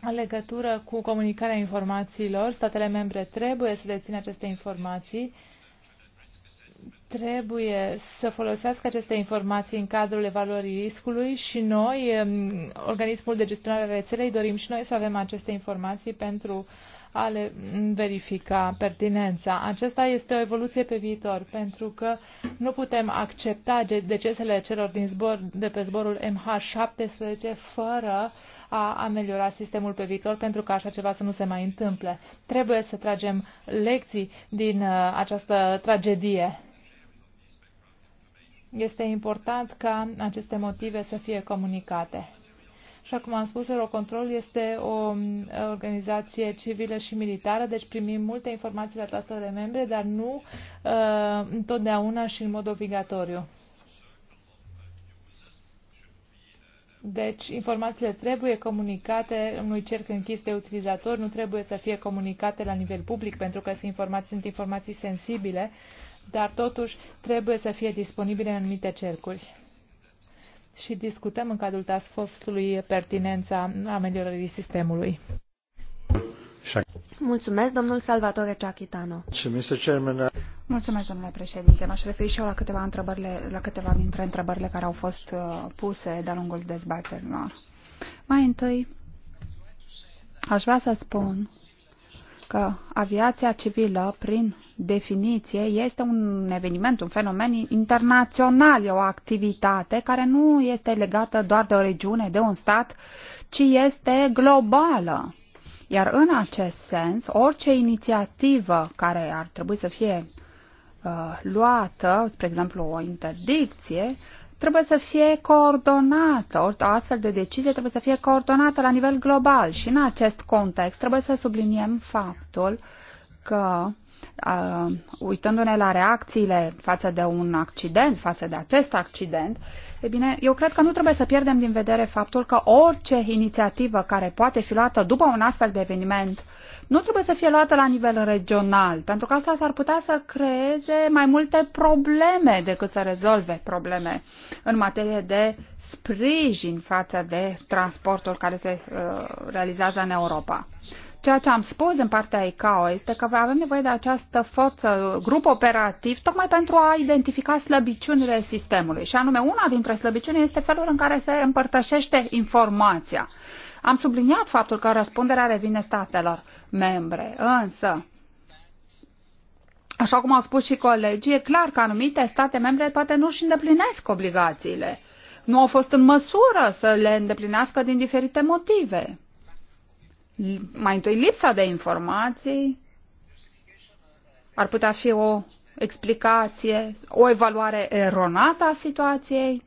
În legătură cu comunicarea informațiilor, statele membre trebuie să dețină aceste informații uh, trebuie să folosească aceste informații în cadrul evaluării riscului și noi, um, organismul de gestionare a rețelei, dorim și noi să avem aceste informații pentru a le verifica pertinența. Aceasta este o evoluție pe viitor, pentru că nu putem accepta decesele celor din zbor, de pe zborul MH17 fără a ameliora sistemul pe viitor, pentru că așa ceva să nu se mai întâmple. Trebuie să tragem lecții din uh, această tragedie este important ca aceste motive să fie comunicate. Așa cum am spus, Eurocontrol este o mm, organizație civilă și militară, deci primim multe informații la de membre, dar nu uh, întotdeauna și în mod obligatoriu. Deci, informațiile trebuie comunicate unui cerc închis de utilizatori, nu trebuie să fie comunicate la nivel public, pentru că sunt informații, sunt informații sensibile. Uh, dar totuși trebuie să fie disponibile în anumite cercuri. Și discutăm în cadrul task force-ului pertinența ameliorării sistemului. Mulțumesc, domnul Salvatore Ciachitano. Mulțumesc, domnule președinte. M-aș referi și eu la câteva, întrebările, la câteva dintre întrebările care au fost uh, puse de-a lungul dezbaterilor. Mai întâi, aș vrea să spun că aviația civilă, prin definiție, este un eveniment, un fenomen internațional, e o activitate care nu este legată doar de o regiune, de un stat, ci este globală. Iar în acest sens, orice inițiativă care ar trebui să fie uh, luată, spre exemplu o interdicție, trebuie să fie coordonată, o astfel de decizie trebuie să fie coordonată la nivel global și în acest context trebuie să subliniem faptul că uh, uitându-ne la reacțiile față de un accident, față de acest accident, e bine, eu cred că nu trebuie să pierdem din vedere faptul că orice inițiativă care poate fi luată după un astfel de eveniment nu trebuie să fie luată la nivel regional, pentru că asta s-ar putea să creeze mai multe probleme decât să rezolve probleme în materie de sprijin față de transportul care se uh, realizează în Europa. Ceea ce am spus din partea ICAO este că avem nevoie de această forță, grup operativ, tocmai pentru a identifica slăbiciunile sistemului. Și anume, una dintre slăbiciuni este felul în care se împărtășește informația. Am subliniat faptul că răspunderea revine statelor membre, însă Așa cum au spus și colegii, e clar că anumite state membre poate nu își îndeplinesc obligațiile. Nu au fost în măsură să le îndeplinească din diferite motive mai întâi lipsa de informații ar putea fi o explicație, o evaluare eronată a situației.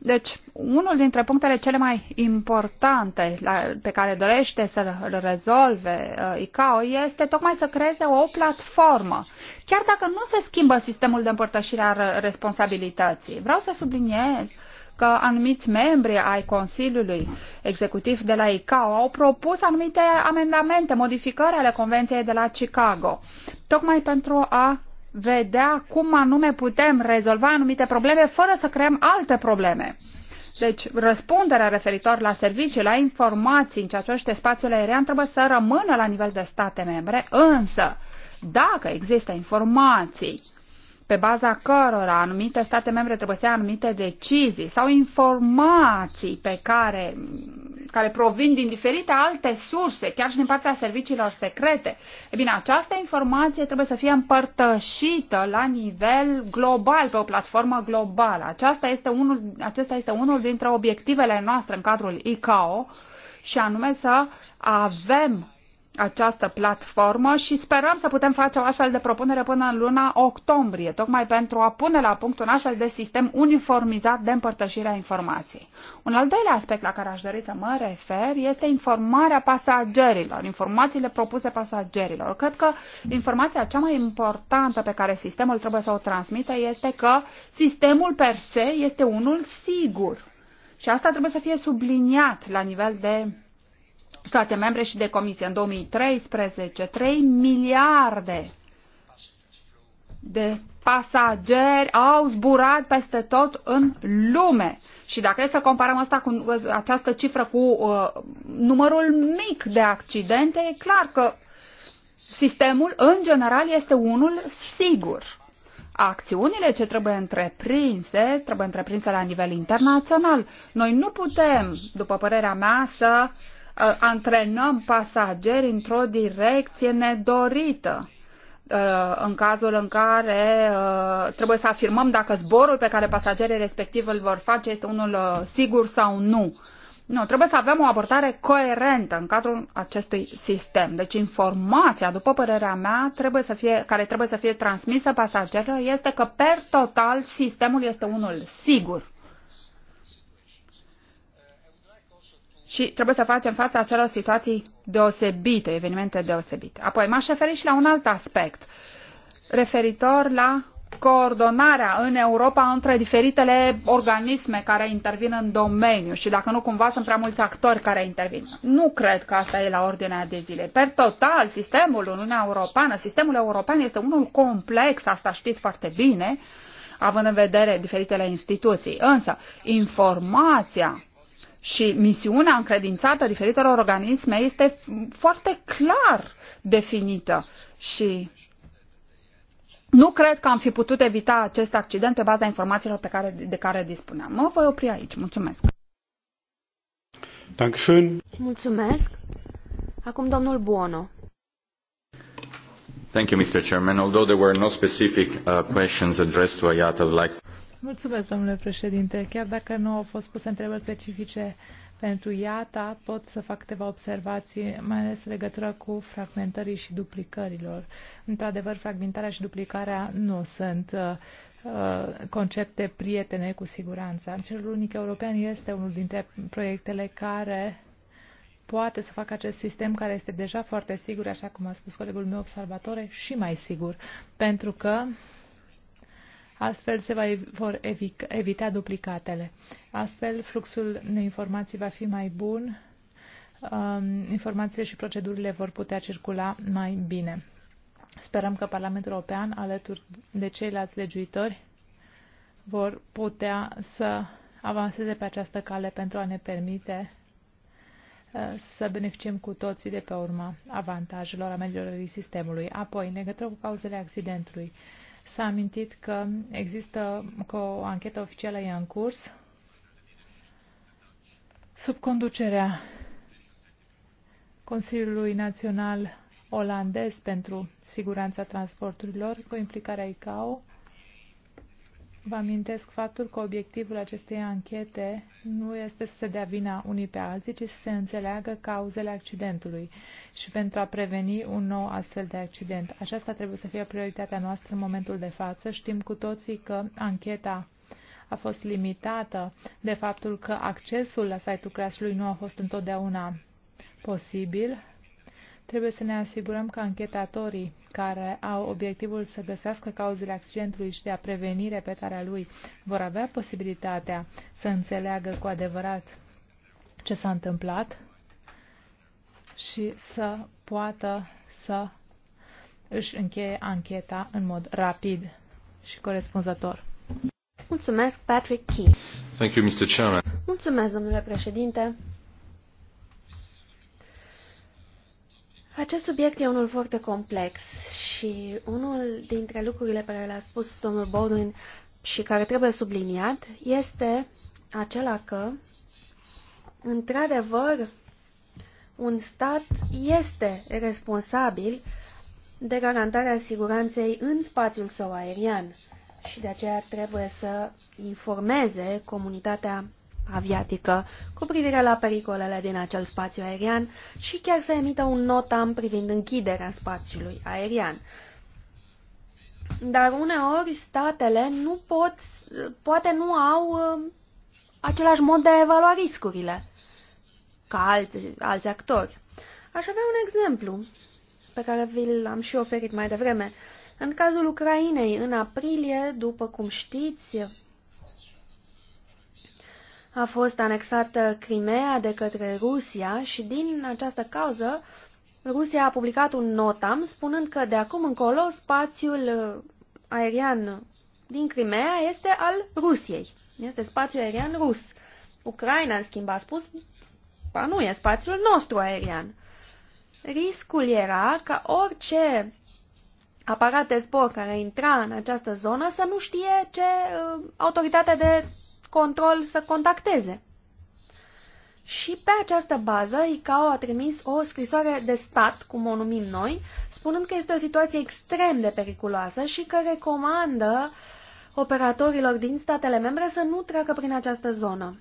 Deci, unul dintre punctele cele mai importante la, pe care dorește să le rezolve uh, ICAO este tocmai să creeze o platformă, chiar dacă nu se schimbă sistemul de împărtășire a responsabilității. Vreau să subliniez că anumiți membri ai Consiliului Executiv de la ICAO au propus anumite amendamente, modificări ale Convenției de la Chicago, tocmai pentru a vedea cum anume putem rezolva anumite probleme fără să creăm alte probleme. Deci, răspunderea referitor la servicii, la informații în ceea ce privește spațiul aerian trebuie să rămână la nivel de state membre, însă, dacă există informații pe baza cărora anumite state membre trebuie să ia anumite decizii sau informații pe care, care provin din diferite alte surse, chiar și din partea serviciilor secrete, e bine, această informație trebuie să fie împărtășită la nivel global, pe o platformă globală. Aceasta este unul, acesta este unul dintre obiectivele noastre în cadrul ICAO și anume să avem această platformă și sperăm să putem face o astfel de propunere până în luna octombrie, tocmai pentru a pune la punct un astfel de sistem uniformizat de împărtășire a informației. Un al doilea aspect la care aș dori să mă refer este informarea pasagerilor, informațiile propuse pasagerilor. Cred că informația cea mai importantă pe care sistemul trebuie să o transmită este că sistemul per se este unul sigur. Și asta trebuie să fie subliniat la nivel de state membre și de comisie. În 2013, 3 miliarde de pasageri au zburat peste tot în lume. Și dacă e să comparăm asta cu această cifră cu uh, numărul mic de accidente, e clar că sistemul, în general, este unul sigur. Acțiunile ce trebuie întreprinse, trebuie întreprinse la nivel internațional. Noi nu putem, după părerea mea, să uh, Uh, antrenăm pasageri într-o direcție nedorită uh, în cazul în care uh, trebuie să afirmăm dacă zborul pe care pasagerii respectiv îl vor face este unul sigur sau nu. Nu, trebuie să avem o abordare coerentă în cadrul acestui sistem. Deci informația, după părerea mea, trebuie să fie, care trebuie să fie transmisă pasagerilor este că, per total, sistemul este unul sigur. și trebuie să facem față acelor situații deosebite, evenimente deosebite. Apoi m-aș referi și la un alt aspect, referitor la coordonarea în Europa între diferitele organisme care intervin în domeniu și dacă nu cumva sunt prea mulți actori care intervin. Nu cred că asta e la ordinea de zile. Per total, sistemul Uniunea Europeană, sistemul european este unul complex, asta știți foarte bine, având în vedere diferitele instituții. Însă, informația și misiunea încredințată diferitelor organisme este foarte clar definită și nu cred că am fi putut evita acest accident pe baza informațiilor pe care, de care dispuneam. Mă voi opri aici. Mulțumesc. Dankeschön. Mulțumesc. Acum domnul Buono. Thank you, Mr. Chairman. Although there were no specific uh, questions addressed to IATA, I'd would like Mulțumesc, domnule președinte. Chiar dacă nu au fost puse întrebări specifice pentru IATA, pot să fac câteva observații, mai ales în legătură cu fragmentării și duplicărilor. Într-adevăr, fragmentarea și duplicarea nu sunt uh, uh, concepte prietene cu siguranță. Cerul unic european este unul dintre proiectele care poate să facă acest sistem care este deja foarte sigur, așa cum a spus colegul meu observatore, și mai sigur, pentru că Astfel se va, vor evita duplicatele. Astfel, fluxul de informații va fi mai bun, um, informațiile și procedurile vor putea circula mai bine. Sperăm că Parlamentul European, alături de ceilalți legiuitori, vor putea să avanseze pe această cale pentru a ne permite uh, să beneficiem cu toții de pe urma avantajelor ameliorării sistemului. Apoi, în legătură cu cauzele accidentului, S-a amintit că există că o anchetă oficială e în curs sub conducerea Consiliului Național Olandez pentru Siguranța Transporturilor cu implicarea ICAO Vă amintesc faptul că obiectivul acestei anchete nu este să se dea vina unii pe alții, ci să se înțeleagă cauzele accidentului și pentru a preveni un nou astfel de accident. Aceasta trebuie să fie prioritatea noastră în momentul de față. Știm cu toții că ancheta a fost limitată de faptul că accesul la site-ul crash nu a fost întotdeauna posibil Trebuie să ne asigurăm că anchetatorii care au obiectivul să găsească cauzele accidentului și de a preveni repetarea lui vor avea posibilitatea să înțeleagă cu adevărat ce s-a întâmplat și să poată să își încheie ancheta în mod rapid și corespunzător. Mulțumesc, Patrick Key. Thank you, Mr. Chairman. Mulțumesc, domnule președinte. Acest subiect e unul foarte complex și unul dintre lucrurile pe care le-a spus domnul Baldwin și care trebuie subliniat este acela că, într-adevăr, un stat este responsabil de garantarea siguranței în spațiul său aerian și de aceea trebuie să informeze comunitatea aviatică cu privire la pericolele din acel spațiu aerian și chiar să emită un notam privind închiderea spațiului aerian. Dar uneori statele nu pot, poate nu au uh, același mod de a evalua riscurile ca alți, alți actori. Aș avea un exemplu pe care vi l-am și oferit mai devreme. În cazul Ucrainei, în aprilie, după cum știți, a fost anexată Crimea de către Rusia și din această cauză Rusia a publicat un notam spunând că de acum încolo spațiul uh, aerian din Crimea este al Rusiei. Este spațiul aerian rus. Ucraina, în schimb, a spus, ba nu, e spațiul nostru aerian. Riscul era ca orice aparat de zbor care intra în această zonă să nu știe ce uh, autoritatea de control să contacteze. Și pe această bază, ICAO a trimis o scrisoare de stat, cum o numim noi, spunând că este o situație extrem de periculoasă și că recomandă operatorilor din statele membre să nu treacă prin această zonă.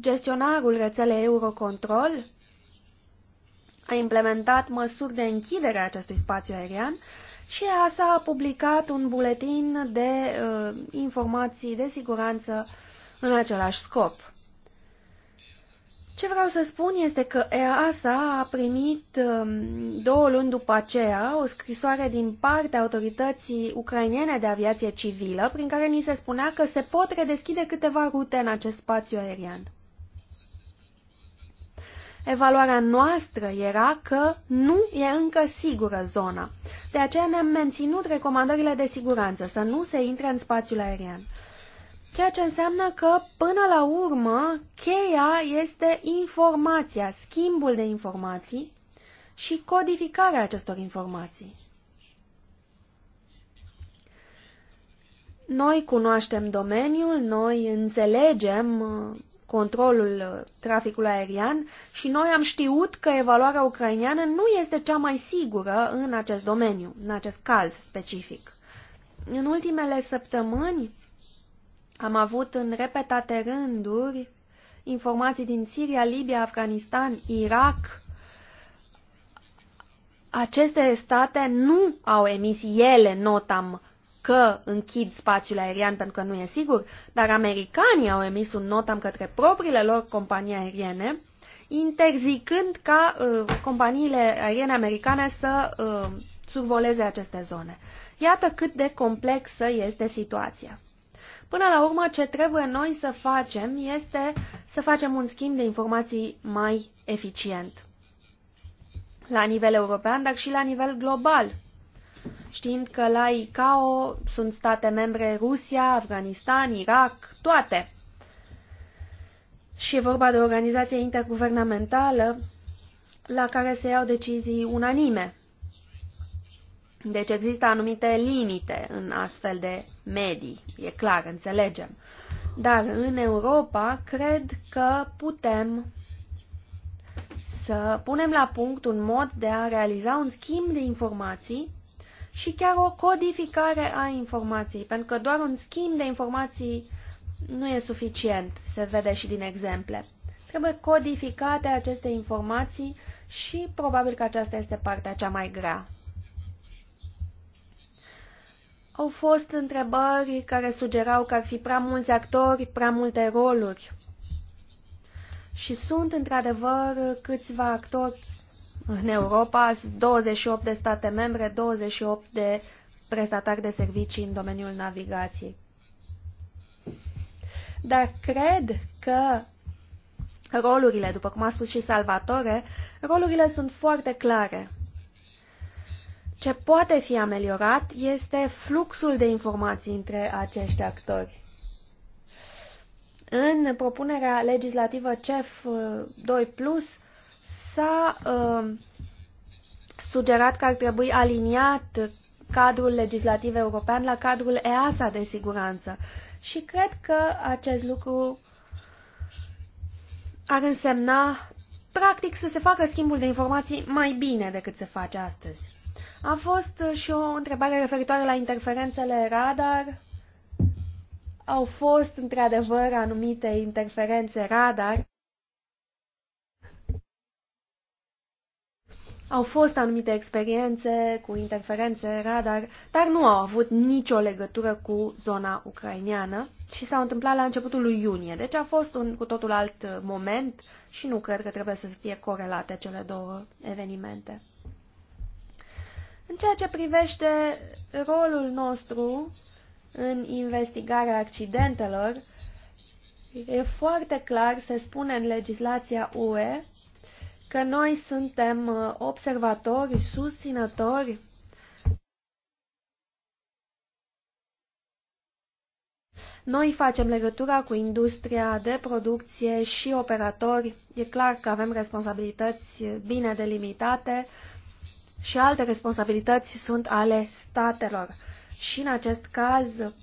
Gestionarul rețelei Eurocontrol a implementat măsuri de închidere a acestui spațiu aerian și EASA a publicat un buletin de uh, informații de siguranță în același scop. Ce vreau să spun este că EASA a primit um, două luni după aceea o scrisoare din partea autorității ucrainene de aviație civilă prin care ni se spunea că se pot redeschide câteva rute în acest spațiu aerian. Evaluarea noastră era că nu e încă sigură zona. De aceea ne-am menținut recomandările de siguranță, să nu se intre în spațiul aerian. Ceea ce înseamnă că, până la urmă, cheia este informația, schimbul de informații și codificarea acestor informații. Noi cunoaștem domeniul, noi înțelegem uh, controlul uh, traficului aerian și noi am știut că evaluarea ucraineană nu este cea mai sigură în acest domeniu, în acest caz specific. În ultimele săptămâni am avut în repetate rânduri informații din Siria, Libia, Afganistan, Irak. Aceste state nu au emis ele notam că închid spațiul aerian pentru că nu e sigur, dar americanii au emis un notam către propriile lor companii aeriene, interzicând ca uh, companiile aeriene americane să uh, survoleze aceste zone. Iată cât de complexă este situația. Până la urmă, ce trebuie noi să facem este să facem un schimb de informații mai eficient. La nivel european, dar și la nivel global știind că la ICAO sunt state membre Rusia, Afganistan, Irak, toate. Și e vorba de o organizație interguvernamentală la care se iau decizii unanime. Deci există anumite limite în astfel de medii, e clar, înțelegem. Dar în Europa cred că putem să punem la punct un mod de a realiza un schimb de informații și chiar o codificare a informației, pentru că doar un schimb de informații nu e suficient, se vede și din exemple. Trebuie codificate aceste informații și probabil că aceasta este partea cea mai grea. Au fost întrebări care sugerau că ar fi prea mulți actori, prea multe roluri. Și sunt într-adevăr câțiva actori în Europa, 28 de state membre, 28 de prestatari de servicii în domeniul navigației. Dar cred că rolurile, după cum a spus și Salvatore, rolurile sunt foarte clare. Ce poate fi ameliorat este fluxul de informații între acești actori. În propunerea legislativă CEF 2+, S-a uh, sugerat că ar trebui aliniat cadrul legislativ european la cadrul EASA de siguranță și cred că acest lucru ar însemna practic să se facă schimbul de informații mai bine decât se face astăzi. A fost și o întrebare referitoare la interferențele radar. Au fost într-adevăr anumite interferențe radar Au fost anumite experiențe cu interferențe radar, dar nu au avut nicio legătură cu zona ucraineană și s-au întâmplat la începutul lui iunie. Deci a fost un cu totul alt moment și nu cred că trebuie să fie corelate cele două evenimente. În ceea ce privește rolul nostru în investigarea accidentelor, e foarte clar, se spune în legislația UE, că noi suntem uh, observatori, susținători Noi facem legătura cu industria de producție și operatori. E clar că avem responsabilități bine delimitate și alte responsabilități sunt ale statelor. Și în acest caz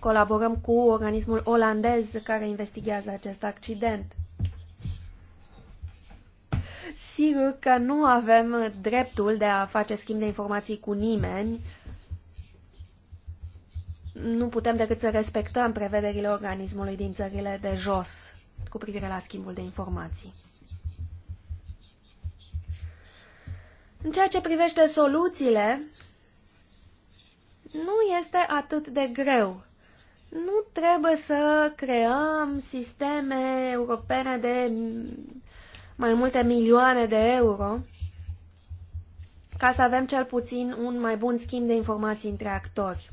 colaborăm cu organismul olandez care investigează acest accident. Sigur că nu avem dreptul de a face schimb de informații cu nimeni. Nu putem decât să respectăm prevederile organismului din țările de jos cu privire la schimbul de informații. În ceea ce privește soluțiile, nu este atât de greu. Nu trebuie să creăm sisteme europene de mai multe milioane de euro ca să avem cel puțin un mai bun schimb de informații între actori.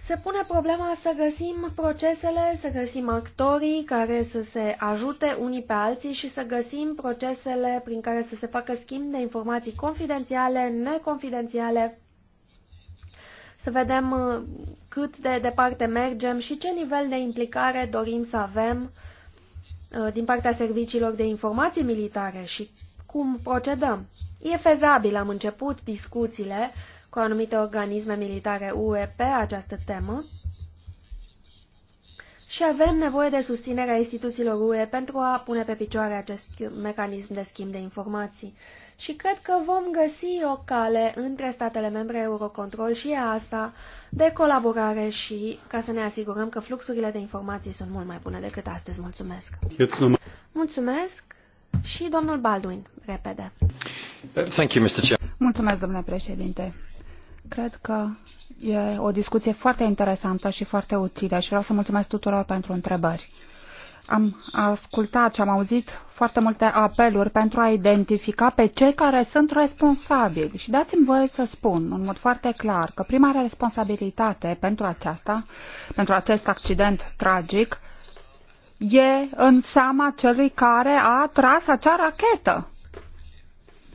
Se pune problema să găsim procesele, să găsim actorii care să se ajute unii pe alții și să găsim procesele prin care să se facă schimb de informații confidențiale, neconfidențiale, să vedem uh, cât de departe mergem și ce nivel de implicare dorim să avem Uh, din partea serviciilor de informații militare și cum procedăm. E fezabil, am început discuțiile cu anumite organisme militare UE pe această temă și avem nevoie de susținerea instituțiilor UE pentru a pune pe picioare acest mecanism de schimb de informații. Și cred că vom găsi o cale între statele membre Eurocontrol și EASA de colaborare și ca să ne asigurăm că fluxurile de informații sunt mult mai bune decât astăzi. Mulțumesc! Mulțumesc și domnul Baldwin, repede. Thank you, Mr. Mulțumesc, domnule președinte. Cred că e o discuție foarte interesantă și foarte utilă și vreau să mulțumesc tuturor pentru întrebări. Am ascultat și am auzit foarte multe apeluri pentru a identifica pe cei care sunt responsabili. Și dați-mi voie să spun în mod foarte clar că prima responsabilitate pentru aceasta, pentru acest accident tragic, e în seama celui care a tras acea rachetă.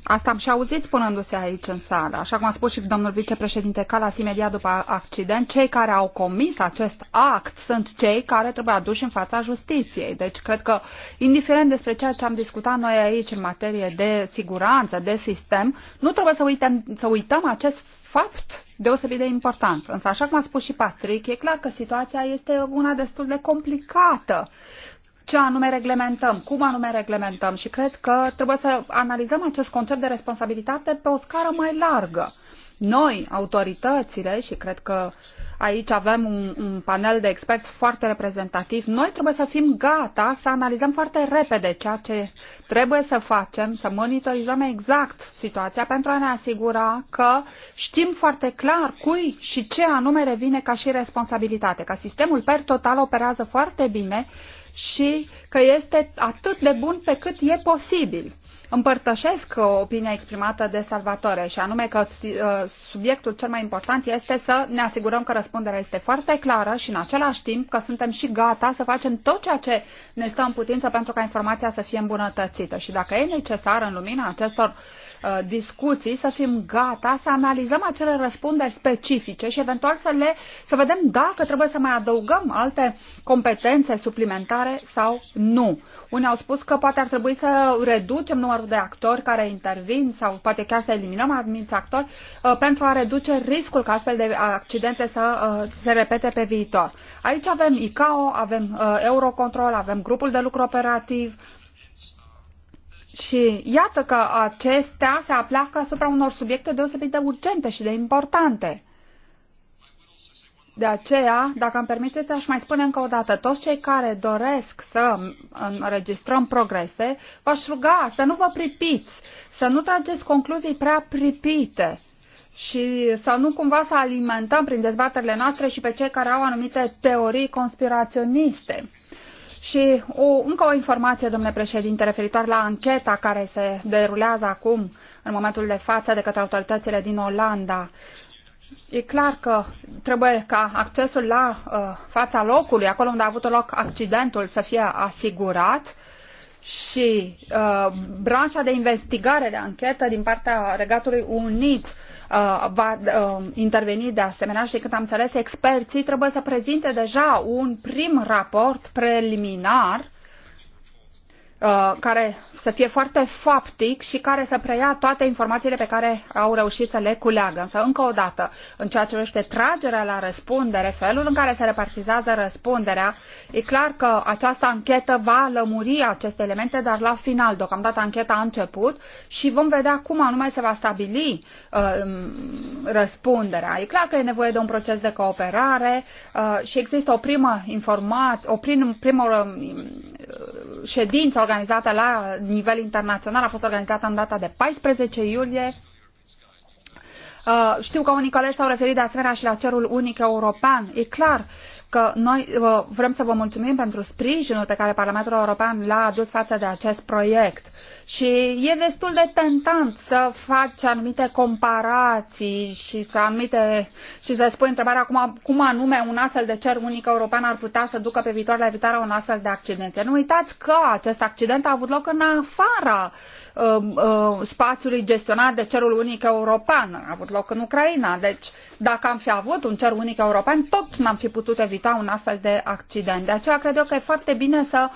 Asta am și auzit spunându-se aici în sală. Așa cum a spus și domnul vicepreședinte Calas imediat după accident, cei care au comis acest act sunt cei care trebuie aduși în fața justiției. Deci cred că, indiferent despre ceea ce am discutat noi aici în materie de siguranță, de sistem, nu trebuie să uităm, să uităm acest fapt deosebit de important. Însă, așa cum a spus și Patrick, e clar că situația este una destul de complicată ce anume reglementăm, cum anume reglementăm și cred că trebuie să analizăm acest concept de responsabilitate pe o scară mai largă. Noi, autoritățile, și cred că aici avem un, un panel de experți foarte reprezentativ, noi trebuie să fim gata să analizăm foarte repede ceea ce trebuie să facem, să monitorizăm exact situația pentru a ne asigura că știm foarte clar cui și ce anume revine ca și responsabilitate, că sistemul per total operează foarte bine și că este atât de bun pe cât e posibil. Împărtășesc opinia exprimată de Salvatore și anume că uh, subiectul cel mai important este să ne asigurăm că răspunderea este foarte clară și în același timp că suntem și gata să facem tot ceea ce ne stă în putință pentru ca informația să fie îmbunătățită. Și dacă e necesar în lumina acestor uh, Uh, discuții să fim gata să analizăm acele răspunderi specifice și eventual să, le, să vedem dacă trebuie să mai adăugăm alte competențe suplimentare sau nu. Unii au spus că poate ar trebui să reducem numărul de actori care intervin sau poate chiar să eliminăm anumiți actori uh, pentru a reduce riscul ca astfel de accidente să uh, se repete pe viitor. Aici avem ICAO, avem Eurocontrol, avem grupul de lucru operativ, și iată că acestea se aplacă asupra unor subiecte deosebit de urgente și de importante. De aceea, dacă îmi permiteți, aș mai spune încă o dată, toți cei care doresc să înregistrăm progrese, v-aș ruga să nu vă pripiți, să nu trageți concluzii prea pripite și să nu cumva să alimentăm prin dezbaterile noastre și pe cei care au anumite teorii conspiraționiste. Și o, încă o informație, domnule președinte, referitor la ancheta care se derulează acum, în momentul de față, de către autoritățile din Olanda. E clar că trebuie ca accesul la uh, fața locului, acolo unde a avut loc accidentul, să fie asigurat și uh, branșa de investigare, de anchetă din partea Regatului Unit uh, Uh, va uh, interveni de asemenea și cât am înțeles, experții trebuie să prezinte deja un prim raport preliminar Uh, care să fie foarte faptic și care să preia toate informațiile pe care au reușit să le culeagă. Însă, încă o dată, în ceea ce privește tragerea la răspundere, felul în care se repartizează răspunderea, e clar că această anchetă va lămuri aceste elemente, dar la final, deocamdată ancheta a început și vom vedea cum anume se va stabili uh, răspunderea. E clar că e nevoie de un proces de cooperare uh, și există o primă informație, o prim, primă uh, ședință organizată la nivel internațional, a fost organizată în data de 14 iulie. Uh, știu că unii colegi s-au referit de asemenea și la cerul unic european. E clar că noi vrem să vă mulțumim pentru sprijinul pe care Parlamentul European l-a adus față de acest proiect. Și e destul de tentant să faci anumite comparații și să, anumite, și să spui întrebarea cum, cum anume un astfel de cer unic european ar putea să ducă pe viitor la evitarea unui astfel de accidente. Nu uitați că acest accident a avut loc în afara uh, Um, um, spațiului gestionat de cerul unic european. A avut loc în Ucraina. Deci, dacă am fi avut un cer unic european, tot n-am fi putut evita un astfel de accident. De aceea cred eu că e foarte bine să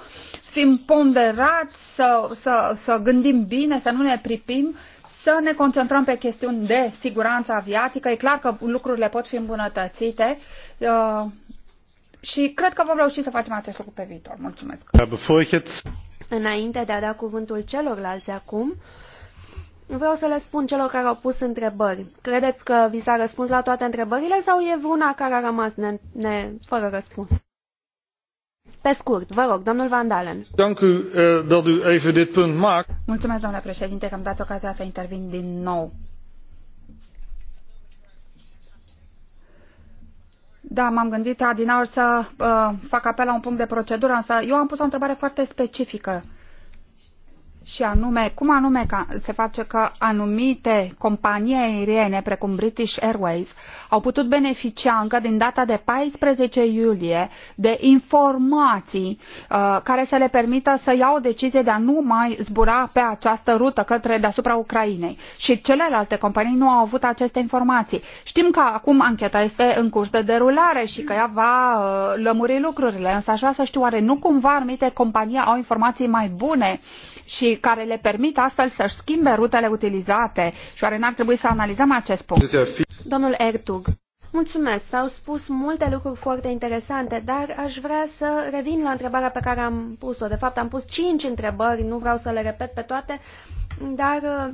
fim ponderați, să, să, să gândim bine, să nu ne pripim să ne concentrăm pe chestiuni de siguranță aviatică. E clar că lucrurile pot fi îmbunătățite uh, și cred că vom reuși să facem acest lucru pe viitor. Mulțumesc! Înainte de a da cuvântul celorlalți acum, vreau să le spun celor care au pus întrebări. Credeți că vi s-a răspuns la toate întrebările sau e vreuna care a rămas ne, ne, fără răspuns? Pe scurt, vă rog, domnul Van Dalen. Eh, Mulțumesc, domnule președinte, că am dat ocazia să intervin din nou. Da, m-am gândit adinaur să uh, fac apel la un punct de procedură, însă eu am pus o întrebare foarte specifică și anume cum anume se face că anumite companii aeriene, precum British Airways, au putut beneficia încă din data de 14 iulie de informații uh, care să le permită să ia o decizie de a nu mai zbura pe această rută către deasupra Ucrainei. Și celelalte companii nu au avut aceste informații. Știm că acum ancheta este în curs de derulare și că ea va uh, lămuri lucrurile, însă aș vrea să știu oare nu cumva anumite companii au informații mai bune uh, și care le permit astfel să-și schimbe rutele utilizate și oare n-ar trebui să analizăm acest punct? Domnul Ertug. Mulțumesc, s-au spus multe lucruri foarte interesante, dar aș vrea să revin la întrebarea pe care am pus-o. De fapt, am pus cinci întrebări, nu vreau să le repet pe toate, dar uh,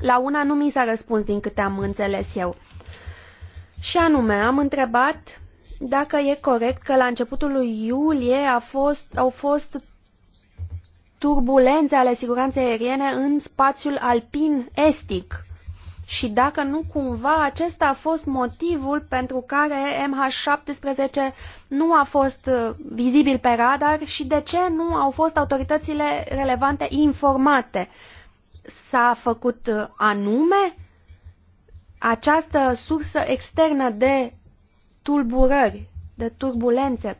la una nu mi s-a răspuns din câte am înțeles eu. Și anume, am întrebat dacă e corect că la începutul lui iulie a fost, au fost turbulențe ale siguranței aeriene în spațiul alpin estic. Și dacă nu cumva acesta a fost motivul pentru care MH17 nu a fost uh, vizibil pe radar și de ce nu au fost autoritățile relevante informate. S-a făcut uh, anume această sursă externă de tulburări, de turbulențe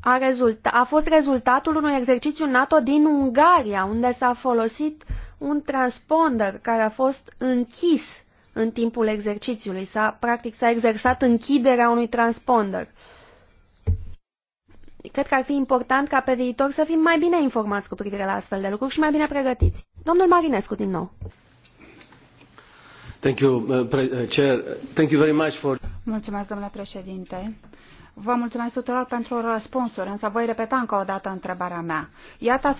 a, a fost rezultatul unui exercițiu NATO din Ungaria, unde s-a folosit un transponder care a fost închis în timpul exercițiului. S-a, practic s-a exersat închiderea unui transponder. Cred că ar fi important ca pe viitor să fim mai bine informați cu privire la astfel de lucruri și mai bine pregătiți. Domnul Marinescu, din nou. Thank you, uh, uh Chair. Thank you very much for... Mulțumesc, domnule președinte. Vă mulțumesc tuturor pentru răspunsuri, însă voi repeta încă o dată întrebarea mea. Iată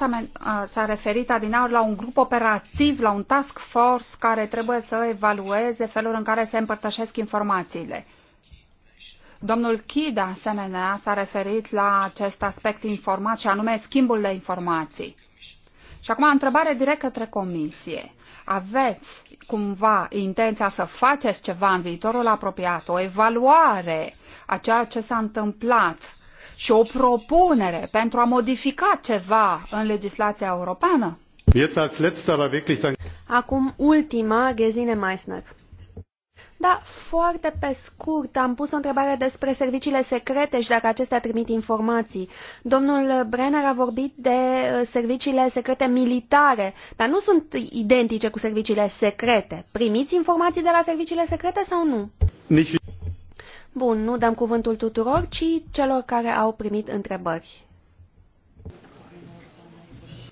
s-a, referit adinaur la un grup operativ, la un task force care trebuie să evalueze felul în care se împărtășesc informațiile. Domnul Chi, de asemenea, s-a referit la acest aspect informat și anume schimbul de informații. Și acum, întrebare direct către comisie aveți cumva intenția să faceți ceva în viitorul apropiat, o evaluare a ceea ce s-a întâmplat și o propunere pentru a modifica ceva în legislația europeană? Acum ultima, Gesine Meissner. Da, foarte pe scurt, am pus o întrebare despre serviciile secrete și dacă acestea trimit informații. Domnul Brenner a vorbit de uh, serviciile secrete militare, dar nu sunt identice cu serviciile secrete. Primiți informații de la serviciile secrete sau nu? Nici... Bun, nu dăm cuvântul tuturor, ci celor care au primit întrebări.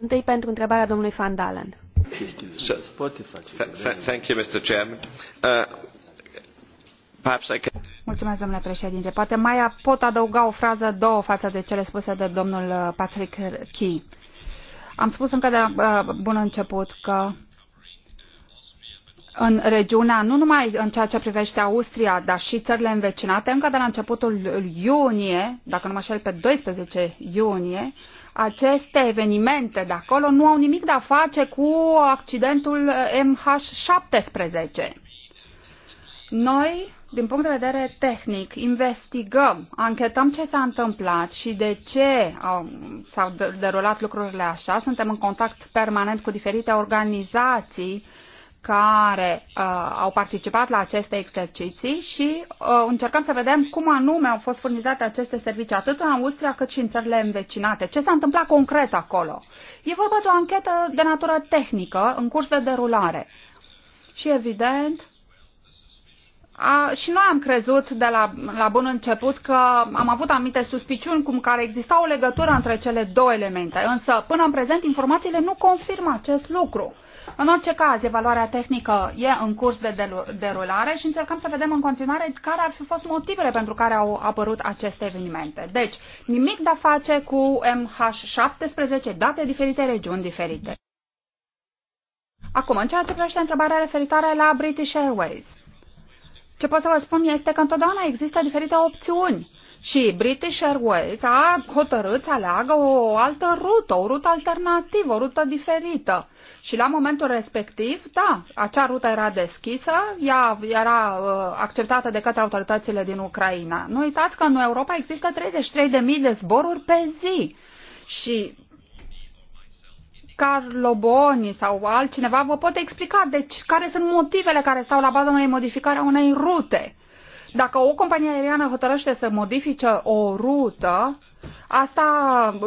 Întâi pentru întrebarea domnului Van Dalen. Thank you, Mr. Chairman. Uh, Mulțumesc, domnule președinte. Poate mai pot adăuga o frază, două, față de cele spuse de domnul uh, Patrick Key. Am spus încă de la uh, bun început că în regiunea, nu numai în ceea ce privește Austria, dar și țările învecinate, încă de la începutul iunie, dacă nu mă șel pe 12 iunie, aceste evenimente de acolo nu au nimic de a face cu accidentul uh, MH17. Noi din punct de vedere tehnic, investigăm, anchetăm ce s-a întâmplat și de ce s-au derulat lucrurile așa. Suntem în contact permanent cu diferite organizații care uh, au participat la aceste exerciții și uh, încercăm să vedem cum anume au fost furnizate aceste servicii, atât în Austria cât și în țările învecinate. Ce s-a întâmplat concret acolo? E vorba de o anchetă de natură tehnică, în curs de derulare. Și, evident, a, și noi am crezut de la, la bun început că am avut anumite suspiciuni cum care exista o legătură între cele două elemente, însă până în prezent informațiile nu confirmă acest lucru. În orice caz, evaluarea tehnică e în curs de derulare și încercăm să vedem în continuare care ar fi fost motivele pentru care au apărut aceste evenimente. Deci, nimic de a face cu MH17, date diferite, regiuni diferite. Acum, în ceea ce privește întrebarea referitoare la British Airways. Ce pot să vă spun este că întotdeauna există diferite opțiuni și British Airways a hotărât să aleagă o altă rută, o rută alternativă, o rută diferită. Și la momentul respectiv, da, acea rută era deschisă, ea era uh, acceptată de către autoritățile din Ucraina. Nu uitați că în Europa există 33.000 de zboruri pe zi. Și Carlo Boni sau altcineva vă pot explica deci, care sunt motivele care stau la baza unei modificări a unei rute. Dacă o companie aeriană hotărăște să modifice o rută, Asta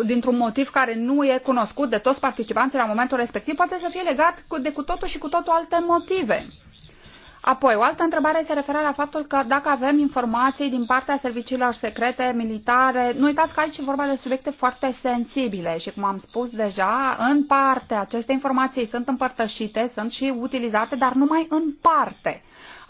dintr-un motiv care nu e cunoscut de toți participanții la momentul respectiv poate să fie legat de cu totul și cu totul alte motive. Apoi, o altă întrebare se referă la faptul că dacă avem informații din partea serviciilor secrete, militare, nu uitați că aici e vorba de subiecte foarte sensibile și, cum am spus deja, în parte aceste informații sunt împărtășite, sunt și utilizate, dar numai în parte.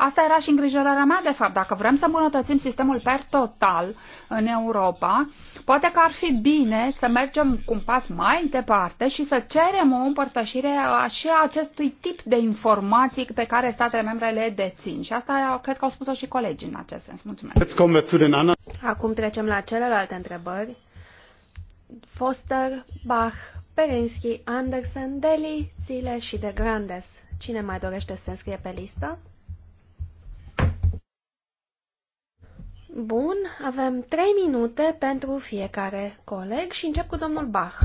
Asta era și îngrijorarea mea, de fapt. Dacă vrem să îmbunătățim sistemul per total în Europa, poate că ar fi bine să mergem cu un pas mai departe și să cerem o împărtășire a și a acestui tip de informații pe care statele membre le dețin. Și asta cred că au spus-o și colegii în acest sens. Mulțumesc. Acum trecem la celelalte întrebări. Foster, Bach, Perinsky, Andersen, Deli, Zile și De Grandes. Cine mai dorește să se înscrie pe listă? Bun, avem trei minute pentru fiecare coleg și încep cu domnul Bach.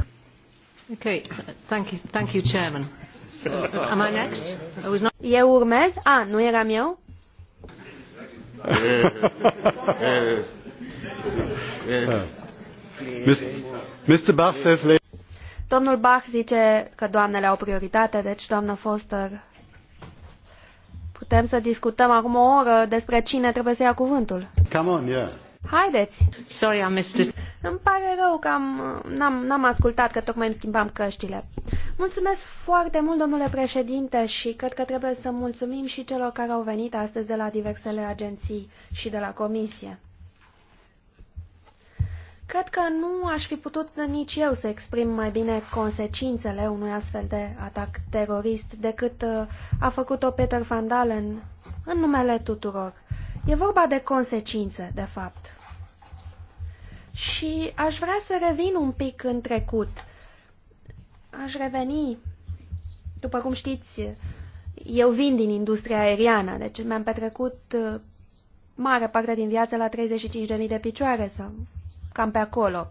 Okay, thank you, thank you, Chairman. Am I next? I was not... Eu urmez? A, nu eram eu? Mr. Bach says... Domnul Bach zice că doamnele au prioritate, deci doamnă Foster, Putem să discutăm acum o oră despre cine trebuie să ia cuvântul. Come on, yeah. Haideți! Sorry, I missed it. Îmi pare rău că am, n-am, n-am ascultat, că tocmai îmi schimbam căștile. Mulțumesc foarte mult, domnule președinte, și cred că trebuie să mulțumim și celor care au venit astăzi de la diversele agenții și de la comisie. Cred că nu aș fi putut nici eu să exprim mai bine consecințele unui astfel de atac terorist decât uh, a făcut-o Peter Van Dalen în numele tuturor. E vorba de consecințe, de fapt. Și aș vrea să revin un pic în trecut. Aș reveni, după cum știți, eu vin din industria aeriană, deci mi-am petrecut uh, mare parte din viață la 35.000 de picioare sau cam pe acolo.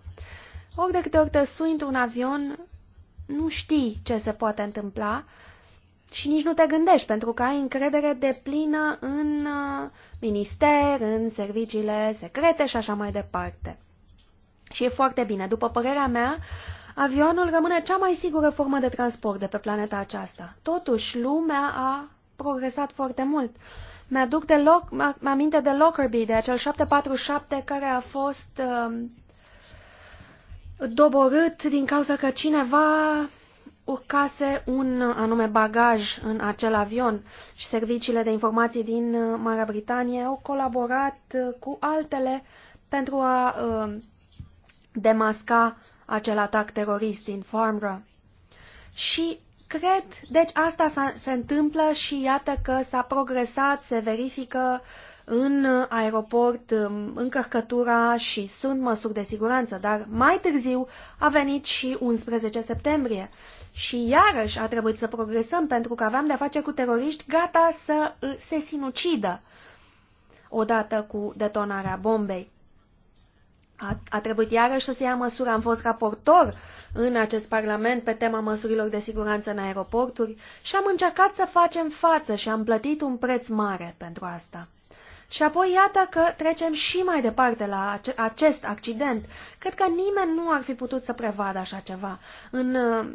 Ori de câte ori sui într-un avion, nu știi ce se poate întâmpla și nici nu te gândești, pentru că ai încredere de plină în uh, minister, în serviciile secrete și așa mai departe. Și e foarte bine. După părerea mea, avionul rămâne cea mai sigură formă de transport de pe planeta aceasta. Totuși, lumea a progresat foarte mult. Mi-aduc deloc, aminte de Lockerbie, de acel 747 care a fost uh, doborât din cauza că cineva urcase un anume bagaj în acel avion și serviciile de informații din uh, Marea Britanie au colaborat uh, cu altele pentru a uh, demasca acel atac terorist din Farnborough. Și Cred, deci asta se întâmplă și iată că s-a progresat, se verifică în aeroport încărcătura și sunt măsuri de siguranță, dar mai târziu a venit și 11 septembrie și iarăși a trebuit să progresăm pentru că aveam de-a face cu teroriști gata să uh, se sinucidă odată cu detonarea bombei. A, a trebuit iarăși să se ia măsuri, am fost raportor în acest Parlament pe tema măsurilor de siguranță în aeroporturi și am încercat să facem față și am plătit un preț mare pentru asta. Și apoi iată că trecem și mai departe la acest accident. Cred că nimeni nu ar fi putut să prevadă așa ceva. În uh,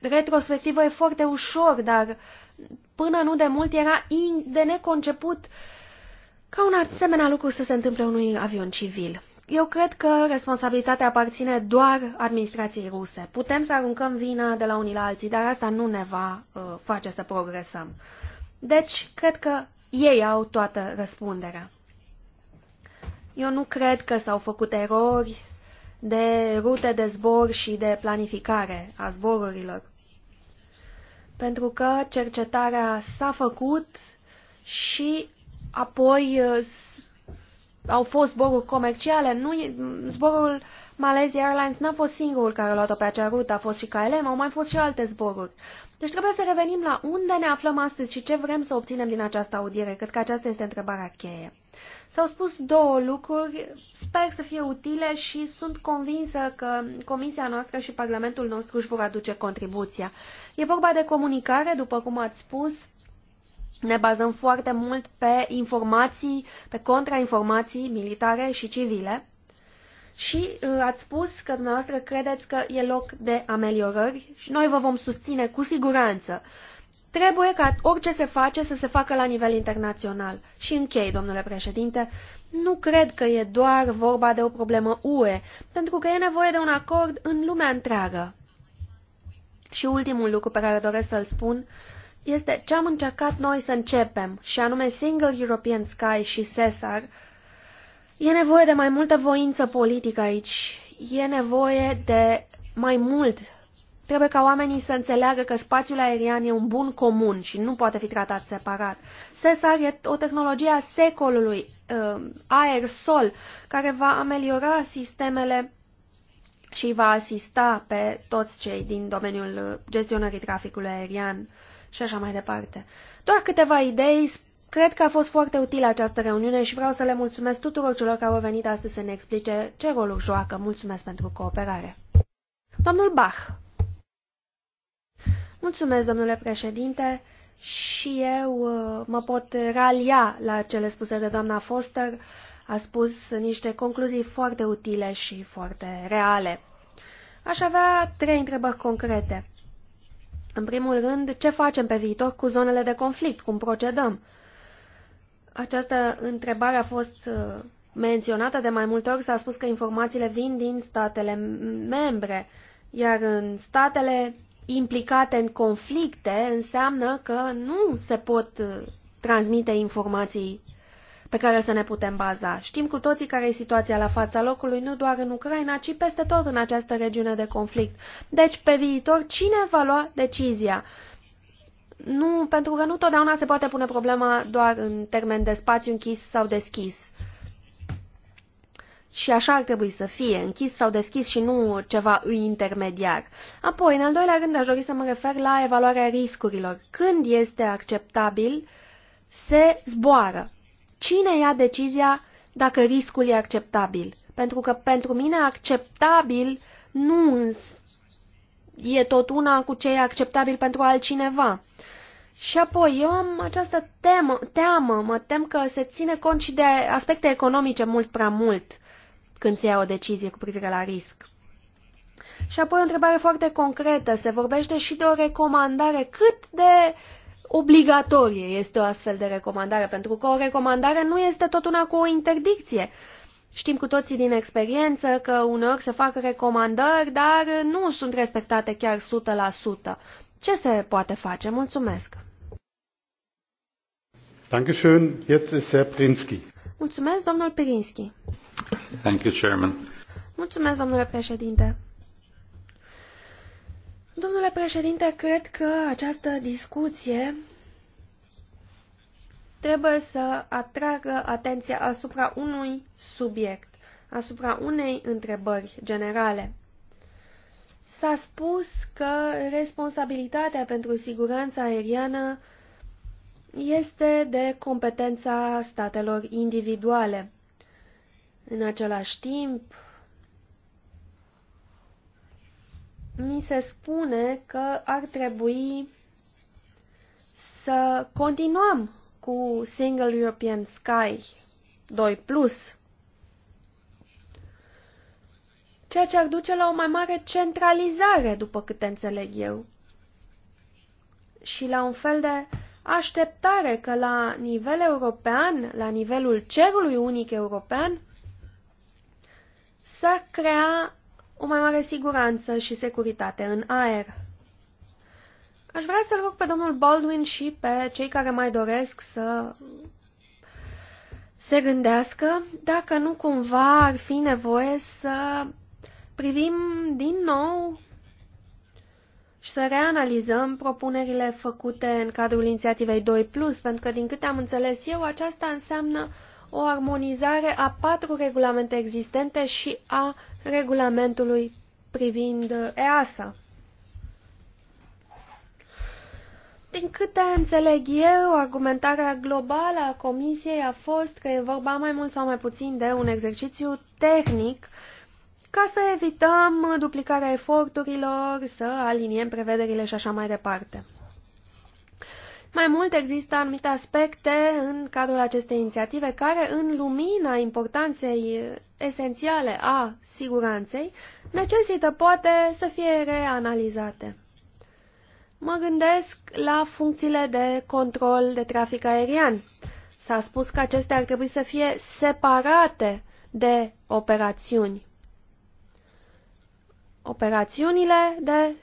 retrospectivă e foarte ușor, dar până nu de mult era de neconceput ca un asemenea lucru să se întâmple unui avion civil. Eu cred că responsabilitatea aparține doar administrației ruse. Putem să aruncăm vina de la unii la alții, dar asta nu ne va uh, face să progresăm. Deci, cred că ei au toată răspunderea. Eu nu cred că s-au făcut erori de rute de zbor și de planificare a zborurilor. Pentru că cercetarea s-a făcut și apoi uh, au fost zboruri comerciale. Nu, zborul Malaysia Airlines n-a fost singurul care a luat-o pe acea rută, a fost și KLM, au mai fost și alte zboruri. Deci trebuie să revenim la unde ne aflăm astăzi și ce vrem să obținem din această audiere. Cred că aceasta este întrebarea cheie. S-au spus două lucruri, sper să fie utile și sunt convinsă că Comisia noastră și Parlamentul nostru își vor aduce contribuția. E vorba de comunicare, după cum ați spus, ne bazăm foarte mult pe informații, pe contrainformații militare și civile. Și uh, ați spus că dumneavoastră credeți că e loc de ameliorări și noi vă vom susține cu siguranță. Trebuie ca orice se face să se facă la nivel internațional. Și închei, domnule președinte, nu cred că e doar vorba de o problemă UE, pentru că e nevoie de un acord în lumea întreagă. Și ultimul lucru pe care doresc să-l spun este ce am încercat noi să începem, și anume Single European Sky și CESAR. E nevoie de mai multă voință politică aici, e nevoie de mai mult. Trebuie ca oamenii să înțeleagă că spațiul aerian e un bun comun și nu poate fi tratat separat. CESAR e o tehnologie a secolului, uh, aer-sol, care va ameliora sistemele și va asista pe toți cei din domeniul uh, gestionării traficului aerian și așa mai departe. Doar câteva idei. Cred că a fost foarte utilă această reuniune și vreau să le mulțumesc tuturor celor care au venit astăzi să ne explice ce roluri joacă. Mulțumesc pentru cooperare. Domnul Bach. Mulțumesc, domnule președinte. Și eu uh, mă pot ralia la cele spuse de doamna Foster. A spus niște concluzii foarte utile și foarte reale. Aș avea trei întrebări concrete. În primul rând, ce facem pe viitor cu zonele de conflict, cum procedăm? Această întrebare a fost uh, menționată de mai multe ori, s-a spus că informațiile vin din statele membre, iar în statele implicate în conflicte înseamnă că nu se pot uh, transmite informații pe care să ne putem baza. Știm cu toții care e situația la fața locului, nu doar în Ucraina, ci peste tot în această regiune de conflict. Deci, pe viitor, cine va lua decizia? Nu, pentru că nu totdeauna se poate pune problema doar în termen de spațiu închis sau deschis. Și așa ar trebui să fie, închis sau deschis și nu ceva intermediar. Apoi, în al doilea rând, aș dori să mă refer la evaluarea riscurilor. Când este acceptabil, se zboară. Cine ia decizia dacă riscul e acceptabil? Pentru că pentru mine acceptabil nu e tot una cu ce e acceptabil pentru altcineva. Și apoi, eu am această temă, teamă, mă tem că se ține cont și de aspecte economice mult prea mult când se ia o decizie cu privire la risc. Și apoi o întrebare foarte concretă. Se vorbește și de o recomandare cât de obligatorie este o astfel de recomandare, pentru că o recomandare nu este tot una cu o interdicție. Știm cu toții din experiență că uneori se fac recomandări, dar nu sunt respectate chiar 100%. Ce se poate face? Mulțumesc! Dankeschön. Jetzt ist Herr Mulțumesc, domnul Pirinski. Thank you, Chairman. Mulțumesc, domnule președinte. Domnule președinte, cred că această discuție trebuie să atragă atenția asupra unui subiect, asupra unei întrebări generale. S-a spus că responsabilitatea pentru siguranța aeriană este de competența statelor individuale. În același timp, ni se spune că ar trebui să continuăm cu Single European Sky 2 Plus, ceea ce ar duce la o mai mare centralizare, după câte înțeleg eu, și la un fel de așteptare că la nivel european, la nivelul cerului unic european, s-ar crea o mai mare siguranță și securitate în aer. Aș vrea să-l rog pe domnul Baldwin și pe cei care mai doresc să se gândească dacă nu cumva ar fi nevoie să privim din nou și să reanalizăm propunerile făcute în cadrul inițiativei 2+, pentru că, din câte am înțeles eu, aceasta înseamnă o armonizare a patru regulamente existente și a regulamentului privind EASA. Din câte înțeleg eu, argumentarea globală a Comisiei a fost că e vorba mai mult sau mai puțin de un exercițiu tehnic ca să evităm duplicarea eforturilor, să aliniem prevederile și așa mai departe. Mai mult, există anumite aspecte în cadrul acestei inițiative care, în lumina importanței esențiale a siguranței, necesită poate să fie reanalizate. Mă gândesc la funcțiile de control de trafic aerian. S-a spus că acestea ar trebui să fie separate de operațiuni. Operațiunile de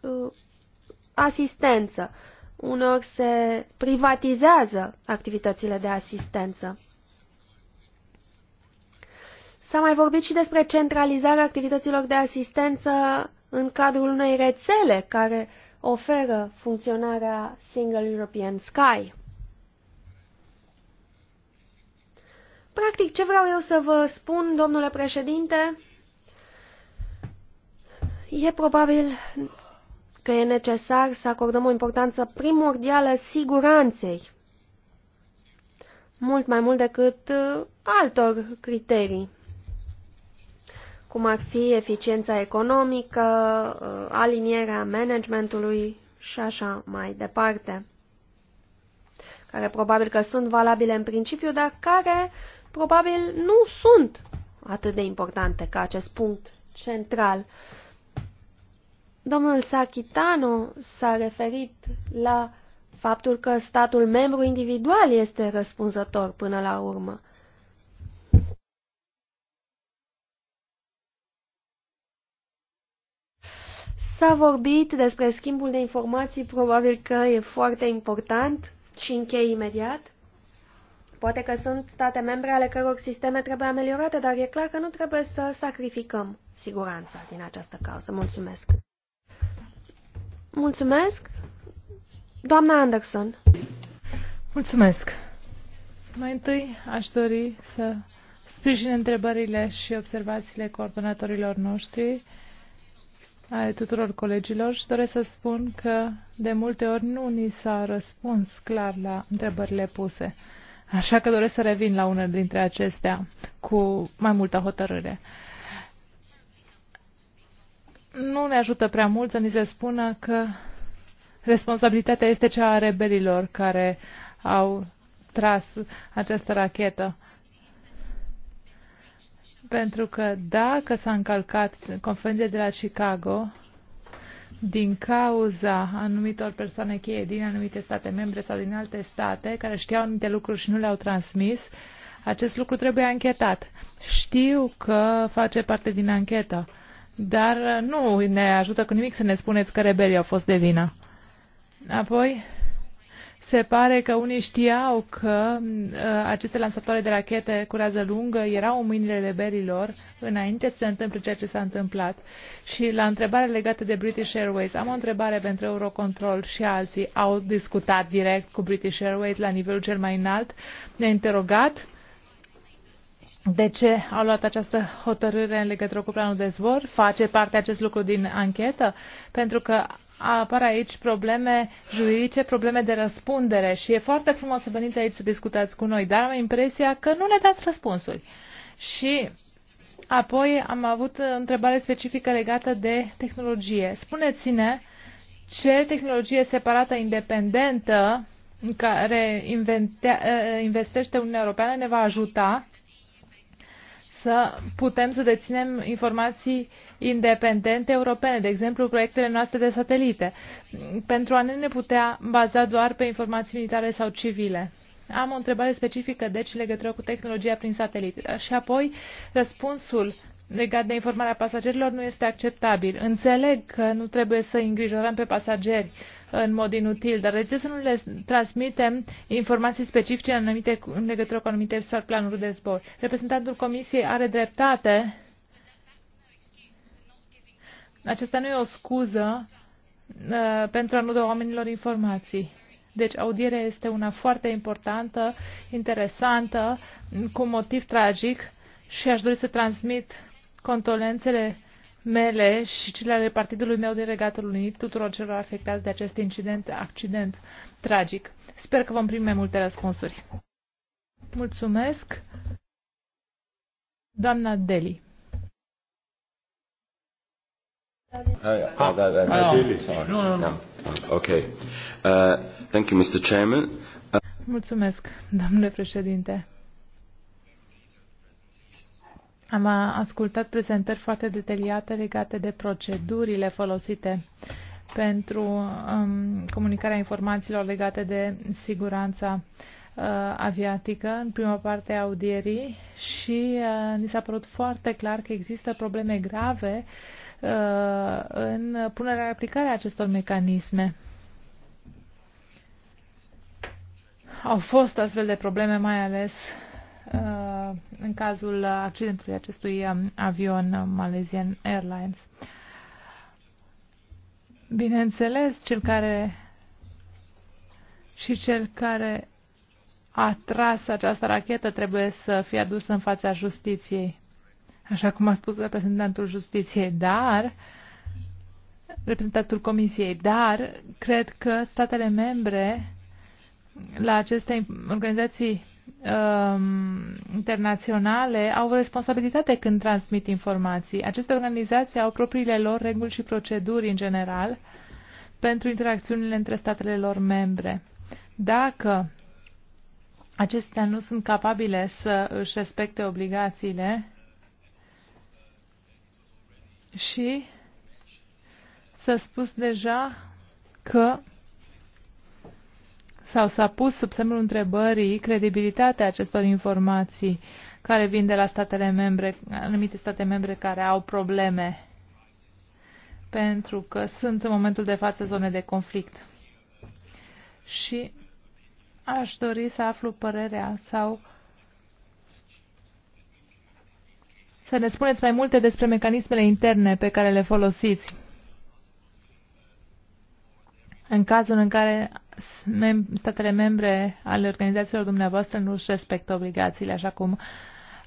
uh, asistență uneori se privatizează activitățile de asistență. S-a mai vorbit și despre centralizarea activităților de asistență în cadrul unei rețele care oferă funcționarea Single European Sky. Practic, ce vreau eu să vă spun, domnule președinte, e probabil că e necesar să acordăm o importanță primordială siguranței, mult mai mult decât uh, altor criterii, cum ar fi eficiența economică, uh, alinierea managementului și așa mai departe, care probabil că sunt valabile în principiu, dar care probabil nu sunt atât de importante ca acest punct central. Domnul Sakitano s-a referit la faptul că statul membru individual este răspunzător până la urmă. S-a vorbit despre schimbul de informații, probabil că e foarte important și închei imediat. Poate că sunt state membre ale căror sisteme trebuie ameliorate, dar e clar că nu trebuie să sacrificăm siguranța din această cauză. Mulțumesc! Mulțumesc. Doamna Anderson. Mulțumesc. Mai întâi aș dori să sprijin întrebările și observațiile coordonatorilor noștri, ale tuturor colegilor și doresc să spun că de multe ori nu ni s-a răspuns clar la întrebările puse. Așa că doresc să revin la una dintre acestea cu mai multă hotărâre. Uh, nu ne ajută prea mult să ni se spună că responsabilitatea este cea a rebelilor care au tras această rachetă. Pentru că dacă s-a încălcat conferința de la Chicago, din cauza anumitor persoane cheie din anumite state membre sau din alte state care știau anumite lucruri și nu le-au transmis, acest lucru trebuie anchetat. Știu că face parte din anchetă dar uh, nu ne ajută cu nimic să ne spuneți că rebelii au fost de vină. Apoi, se pare că unii știau că uh, aceste lansatoare de rachete cu rază lungă erau în mâinile rebelilor înainte să se întâmple ceea ce s-a întâmplat. Și la întrebare legată de British Airways, am o întrebare pentru Eurocontrol și alții. Au discutat direct cu British Airways la nivelul cel mai înalt? Ne-a interogat? de ce au luat această hotărâre în legătură cu planul de zbor? Face parte acest lucru din anchetă? Pentru că apar aici probleme juridice, probleme de răspundere și e foarte frumos să veniți aici să discutați cu noi, dar am impresia că nu ne dați răspunsuri. Și apoi am avut o întrebare specifică legată de tehnologie. Spuneți-ne ce tehnologie separată, independentă, în care investește Uniunea Europeană ne va ajuta să putem să deținem informații independente europene, de exemplu proiectele noastre de satelite, pentru a nu ne putea baza doar pe informații militare sau civile. Am o întrebare specifică, deci, legătură cu tehnologia prin satelit. Și apoi, răspunsul legat de informarea pasagerilor nu este acceptabil. Înțeleg că nu trebuie să îngrijorăm pe pasageri, în mod inutil, dar de ce să nu le transmitem informații specifice în, anumite, în legătură cu anumite planuri de zbor? Reprezentantul Comisiei are dreptate. Aceasta nu e o scuză uh, pentru a nu da oamenilor informații. Deci audierea este una foarte importantă, interesantă, cu motiv tragic și aș dori să transmit condolențele mele și cele ale partidului meu din Regatul Unit, tuturor celor afectați de acest incident, accident tragic. Sper că vom primi mai multe răspunsuri. Mulțumesc. Doamna Deli. da, da, da, Mulțumesc, domnule președinte. Am ascultat prezentări foarte detaliate legate de procedurile folosite pentru um, comunicarea informațiilor legate de siguranța uh, aviatică în prima parte a audierii și uh, ni s-a părut foarte clar că există probleme grave uh, în punerea în aplicare a acestor mecanisme. Au fost astfel de probleme, mai ales uh, Uh, în cazul accidentului acestui um, avion um, Malaysian Airlines. Bineînțeles, cel care și cel care a tras această rachetă trebuie să fie adus în fața justiției. Așa cum a spus reprezentantul justiției, dar reprezentantul comisiei, dar cred că statele membre la aceste organizații Um, internaționale au responsabilitate când transmit informații. Aceste organizații au propriile lor reguli și proceduri în general pentru interacțiunile între statele lor membre. Dacă acestea nu sunt capabile să își respecte obligațiile și s-a spus deja că sau s-a pus sub semnul întrebării credibilitatea acestor informații care vin de la statele membre, anumite state membre care au probleme pentru că sunt în momentul de față zone de conflict. Și aș dori să aflu părerea sau să ne spuneți mai multe despre mecanismele interne pe care le folosiți în cazul în care statele membre ale organizațiilor dumneavoastră nu își respectă obligațiile așa cum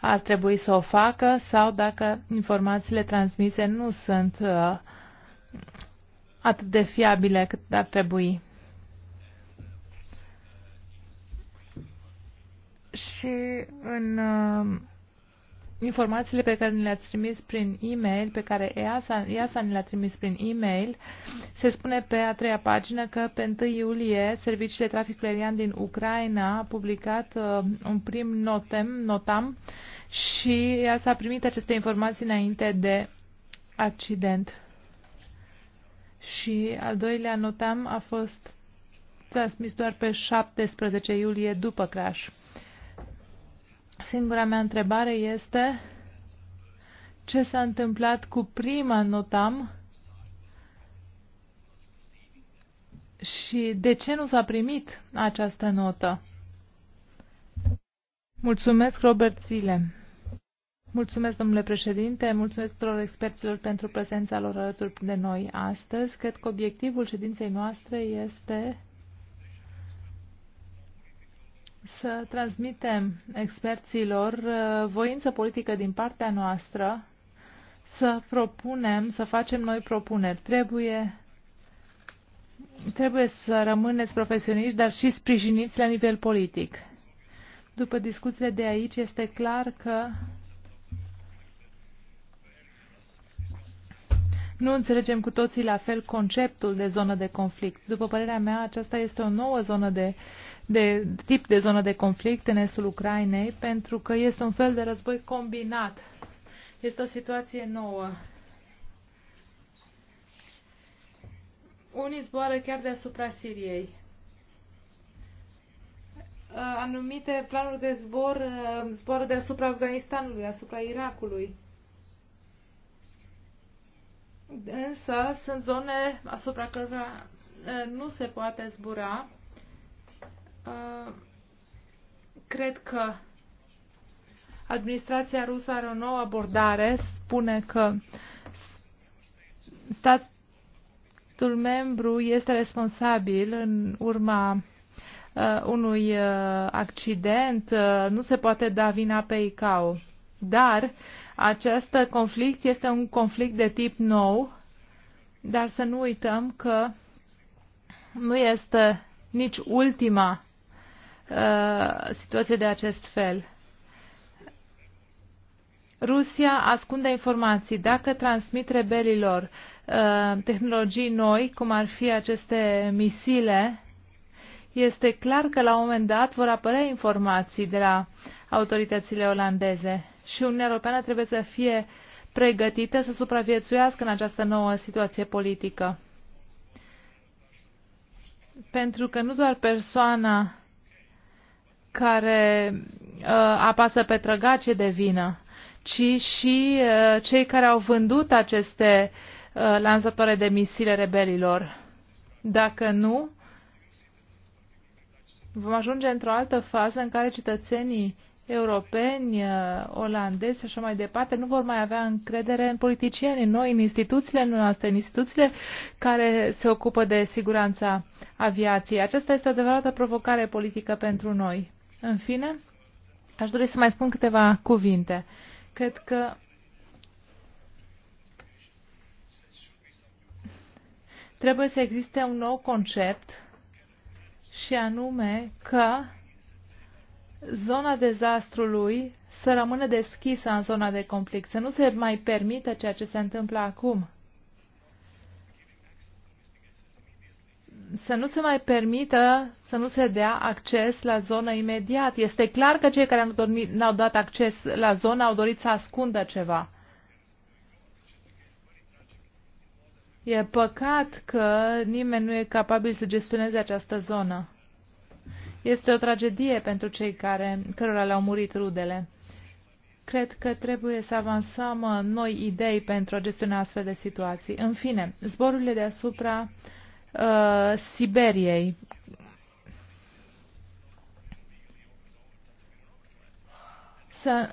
ar trebui să o facă sau dacă informațiile transmise nu sunt uh, atât de fiabile cât ar trebui. Și în uh, informațiile pe care ni le-ați trimis prin e-mail, pe care EASA, EASA ni le-a trimis prin e-mail, se spune pe a treia pagină că pe 1 iulie Serviciile Traficului Aerian din Ucraina a publicat uh, un prim notem, notam și EASA a primit aceste informații înainte de accident. Și al doilea notam a fost transmis doar pe 17 iulie după crash. Singura mea întrebare este ce s-a întâmplat cu prima notam și de ce nu s-a primit această notă. Mulțumesc, Robert Zile. Mulțumesc, domnule președinte, mulțumesc tuturor experților pentru prezența lor alături de noi astăzi. Cred că obiectivul ședinței noastre este să transmitem experților uh, voință politică din partea noastră să propunem, să facem noi propuneri. Trebuie, trebuie să rămâneți profesioniști, dar și sprijiniți la nivel politic. După discuțiile de aici, este clar că Nu înțelegem cu toții la fel conceptul de zonă de conflict. După părerea mea, aceasta este o nouă zonă de de tip de zonă de conflict în estul Ucrainei, pentru că este un fel de război combinat. Este o situație nouă. Unii zboară chiar deasupra Siriei. Uh, anumite planuri de zbor uh, zboară deasupra Afganistanului, asupra Irakului. Însă sunt zone asupra cărora uh, nu se poate zbura Uh, cred că administrația rusă are o nouă abordare, spune că statul membru este responsabil în urma uh, unui uh, accident, uh, nu se poate da vina pe ICAO. Dar acest conflict este un conflict de tip nou, dar să nu uităm că nu este nici ultima Uh, situație de acest fel. Rusia ascunde informații. Dacă transmit rebelilor uh, tehnologii noi, cum ar fi aceste misile, este clar că la un moment dat vor apărea informații de la autoritățile olandeze și Uniunea Europeană trebuie să fie pregătită să supraviețuiască în această nouă situație politică. Pentru că nu doar persoana care uh, apasă pe trăgace de vină, ci și uh, cei care au vândut aceste uh, lansatoare de misile rebelilor. Dacă nu, vom ajunge într-o altă fază în care cetățenii europeni, uh, olandezi și așa mai departe, nu vor mai avea încredere în politicieni, în noi, în instituțiile noastre, în instituțiile care se ocupă de siguranța aviației. Aceasta este o adevărată provocare politică pentru noi. În fine, aș dori să mai spun câteva cuvinte. Cred că trebuie să existe un nou concept și anume că zona dezastrului să rămână deschisă în zona de conflict, să nu se mai permită ceea ce se întâmplă acum. să nu se mai permită să nu se dea acces la zonă imediat. Este clar că cei care n-au dat acces la zonă au dorit să ascundă ceva. E păcat că nimeni nu e capabil să gestioneze această zonă. Este o tragedie pentru cei care, cărora le-au murit rudele. Cred că trebuie să avansăm noi idei pentru a gestiona astfel de situații. În fine, zborurile deasupra uh, Siberiei. Să,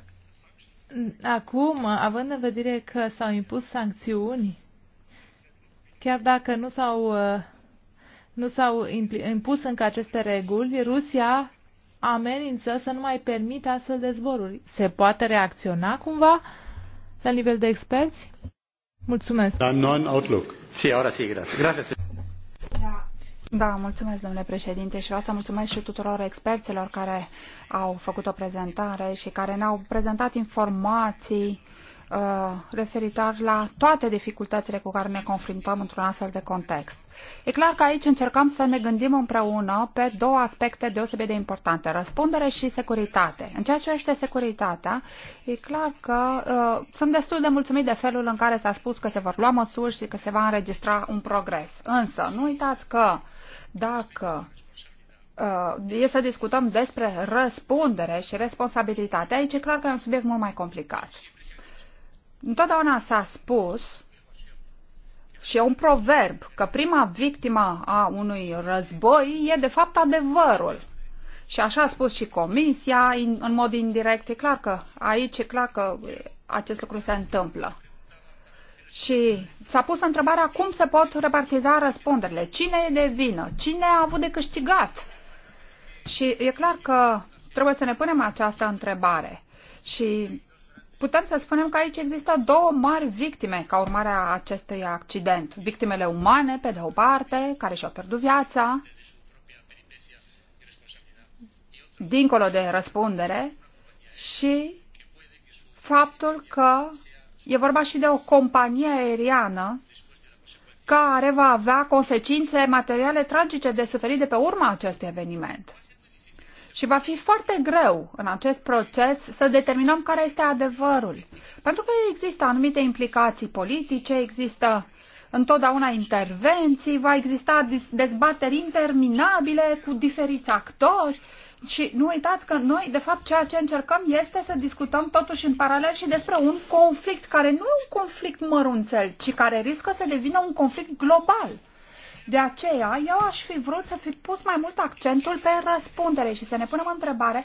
acum, având în vedere că s-au impus sancțiuni, chiar dacă nu s-au, uh, nu s-au impus încă aceste reguli, Rusia amenință să nu mai permită astfel de zboruri. Se poate reacționa cumva la nivel de experți? Mulțumesc. Da, non-outlook. Si, ora si, grazie. grație. Da, mulțumesc, domnule președinte, și vreau să mulțumesc și tuturor experților care au făcut o prezentare și care ne-au prezentat informații uh, referitor la toate dificultățile cu care ne confruntăm într-un astfel de context. E clar că aici încercăm să ne gândim împreună pe două aspecte deosebit de importante, răspundere și securitate. În ceea ce este securitatea, e clar că uh, sunt destul de mulțumit de felul în care s-a spus că se vor lua măsuri și că se va înregistra un progres. Însă, nu uitați că dacă uh, e să discutăm despre răspundere și responsabilitate, aici e clar că e un subiect mult mai complicat. Întotdeauna s-a spus și e un proverb că prima victimă a unui război e de fapt adevărul. Și așa a spus și comisia, în mod indirect, e clar că aici e clar că acest lucru se întâmplă. Și s-a pus întrebarea cum se pot repartiza răspunderile, cine e de vină, cine a avut de câștigat. Și e clar că trebuie să ne punem această întrebare. Și putem să spunem că aici există două mari victime ca urmare a acestui accident. Victimele umane, pe de o parte, care și-au pierdut viața, dincolo de răspundere, și faptul că e vorba și de o companie aeriană care va avea consecințe materiale tragice de suferit de pe urma acestui eveniment. Și va fi foarte greu în acest proces să determinăm care este adevărul. Pentru că există anumite implicații politice, există întotdeauna intervenții, va exista dezbateri interminabile cu diferiți actori și nu uitați că noi, de fapt, ceea ce încercăm este să discutăm totuși în paralel și despre un conflict care nu e un conflict mărunțel, ci care riscă să devină un conflict global. De aceea, eu aș fi vrut să fi pus mai mult accentul pe răspundere și să ne punem întrebare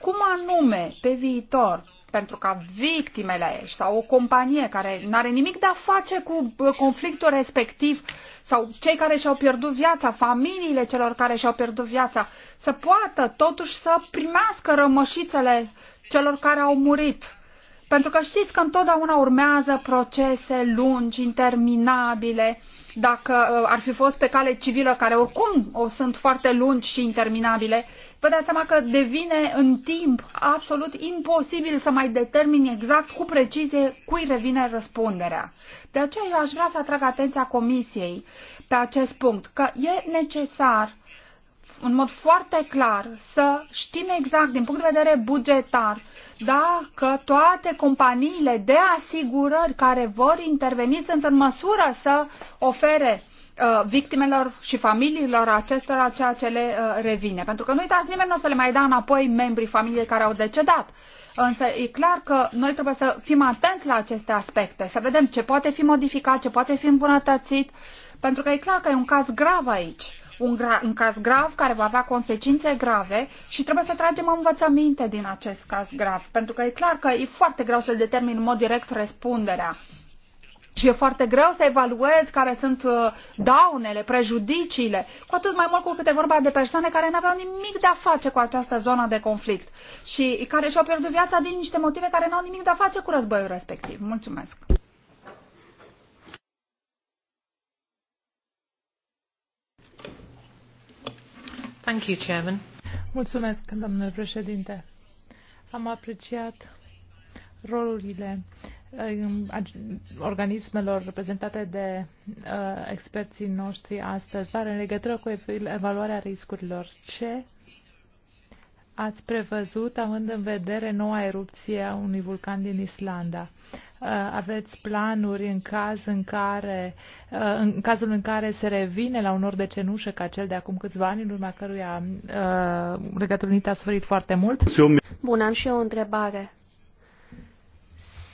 cum anume pe viitor pentru ca victimele sau o companie care nu are nimic de a face cu conflictul respectiv sau cei care și-au pierdut viața, familiile celor care și-au pierdut viața, să poată totuși să primească rămășițele celor care au murit. Pentru că știți că întotdeauna urmează procese lungi, interminabile, dacă uh, ar fi fost pe cale civilă, care oricum o sunt foarte lungi și interminabile, vă dați seama că devine în timp absolut imposibil să mai determini exact cu precizie cui revine răspunderea. De aceea eu aș vrea să atrag atenția Comisiei pe acest punct, că e necesar în mod foarte clar să știm exact din punct de vedere bugetar dacă toate companiile de asigurări care vor interveni sunt în măsură să ofere Uh, victimelor și familiilor acestora ceea ce le uh, revine. Pentru că nu uitați, nimeni nu o să le mai dea înapoi membrii familiei care au decedat. Însă e clar că noi trebuie să fim atenți la aceste aspecte, să vedem ce poate fi modificat, ce poate fi îmbunătățit, pentru că e clar că e un caz grav aici un, gra- un caz grav care va avea consecințe grave și trebuie să tragem învățăminte din acest caz grav, pentru că e clar că e foarte greu să determin în mod direct răspunderea și e foarte greu să evaluezi care sunt uh, daunele, prejudiciile, cu atât mai mult cu câte vorba de persoane care nu aveau nimic de a face cu această zonă de conflict și care și-au pierdut viața din niște motive care nu au nimic de a face cu războiul respectiv. Mulțumesc! Thank you, Chairman. Mulțumesc, domnule președinte. Am apreciat rolurile organismelor reprezentate de uh, experții noștri astăzi, dar în legătură cu evaluarea riscurilor, ce ați prevăzut având în vedere noua erupție a unui vulcan din Islanda? Uh, aveți planuri în, caz în, care, uh, în cazul în care se revine la un nor de cenușă ca cel de acum câțiva ani, în urma căruia uh, Regatul Unit a suferit foarte mult? Bun, am și eu o întrebare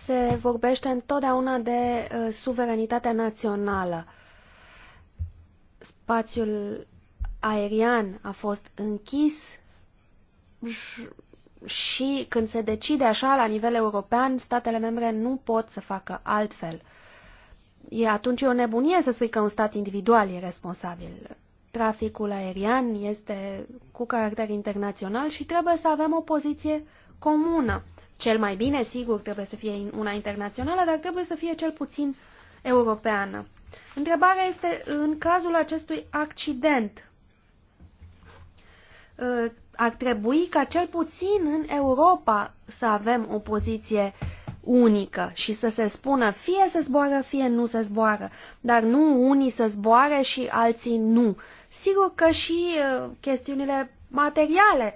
se vorbește întotdeauna de uh, suveranitatea națională. Spațiul aerian a fost închis și când se decide așa la nivel european, statele membre nu pot să facă altfel. E atunci o nebunie să spui că un stat individual e responsabil. Traficul aerian este cu caracter internațional și trebuie să avem o poziție comună. Cel mai bine, sigur, trebuie să fie una internațională, dar trebuie să fie cel puțin europeană. Întrebarea este, în cazul acestui accident, ă, ar trebui ca cel puțin în Europa să avem o poziție unică și să se spună fie se zboară, fie nu se zboară, dar nu unii se zboare și alții nu. Sigur că și ă, chestiunile materiale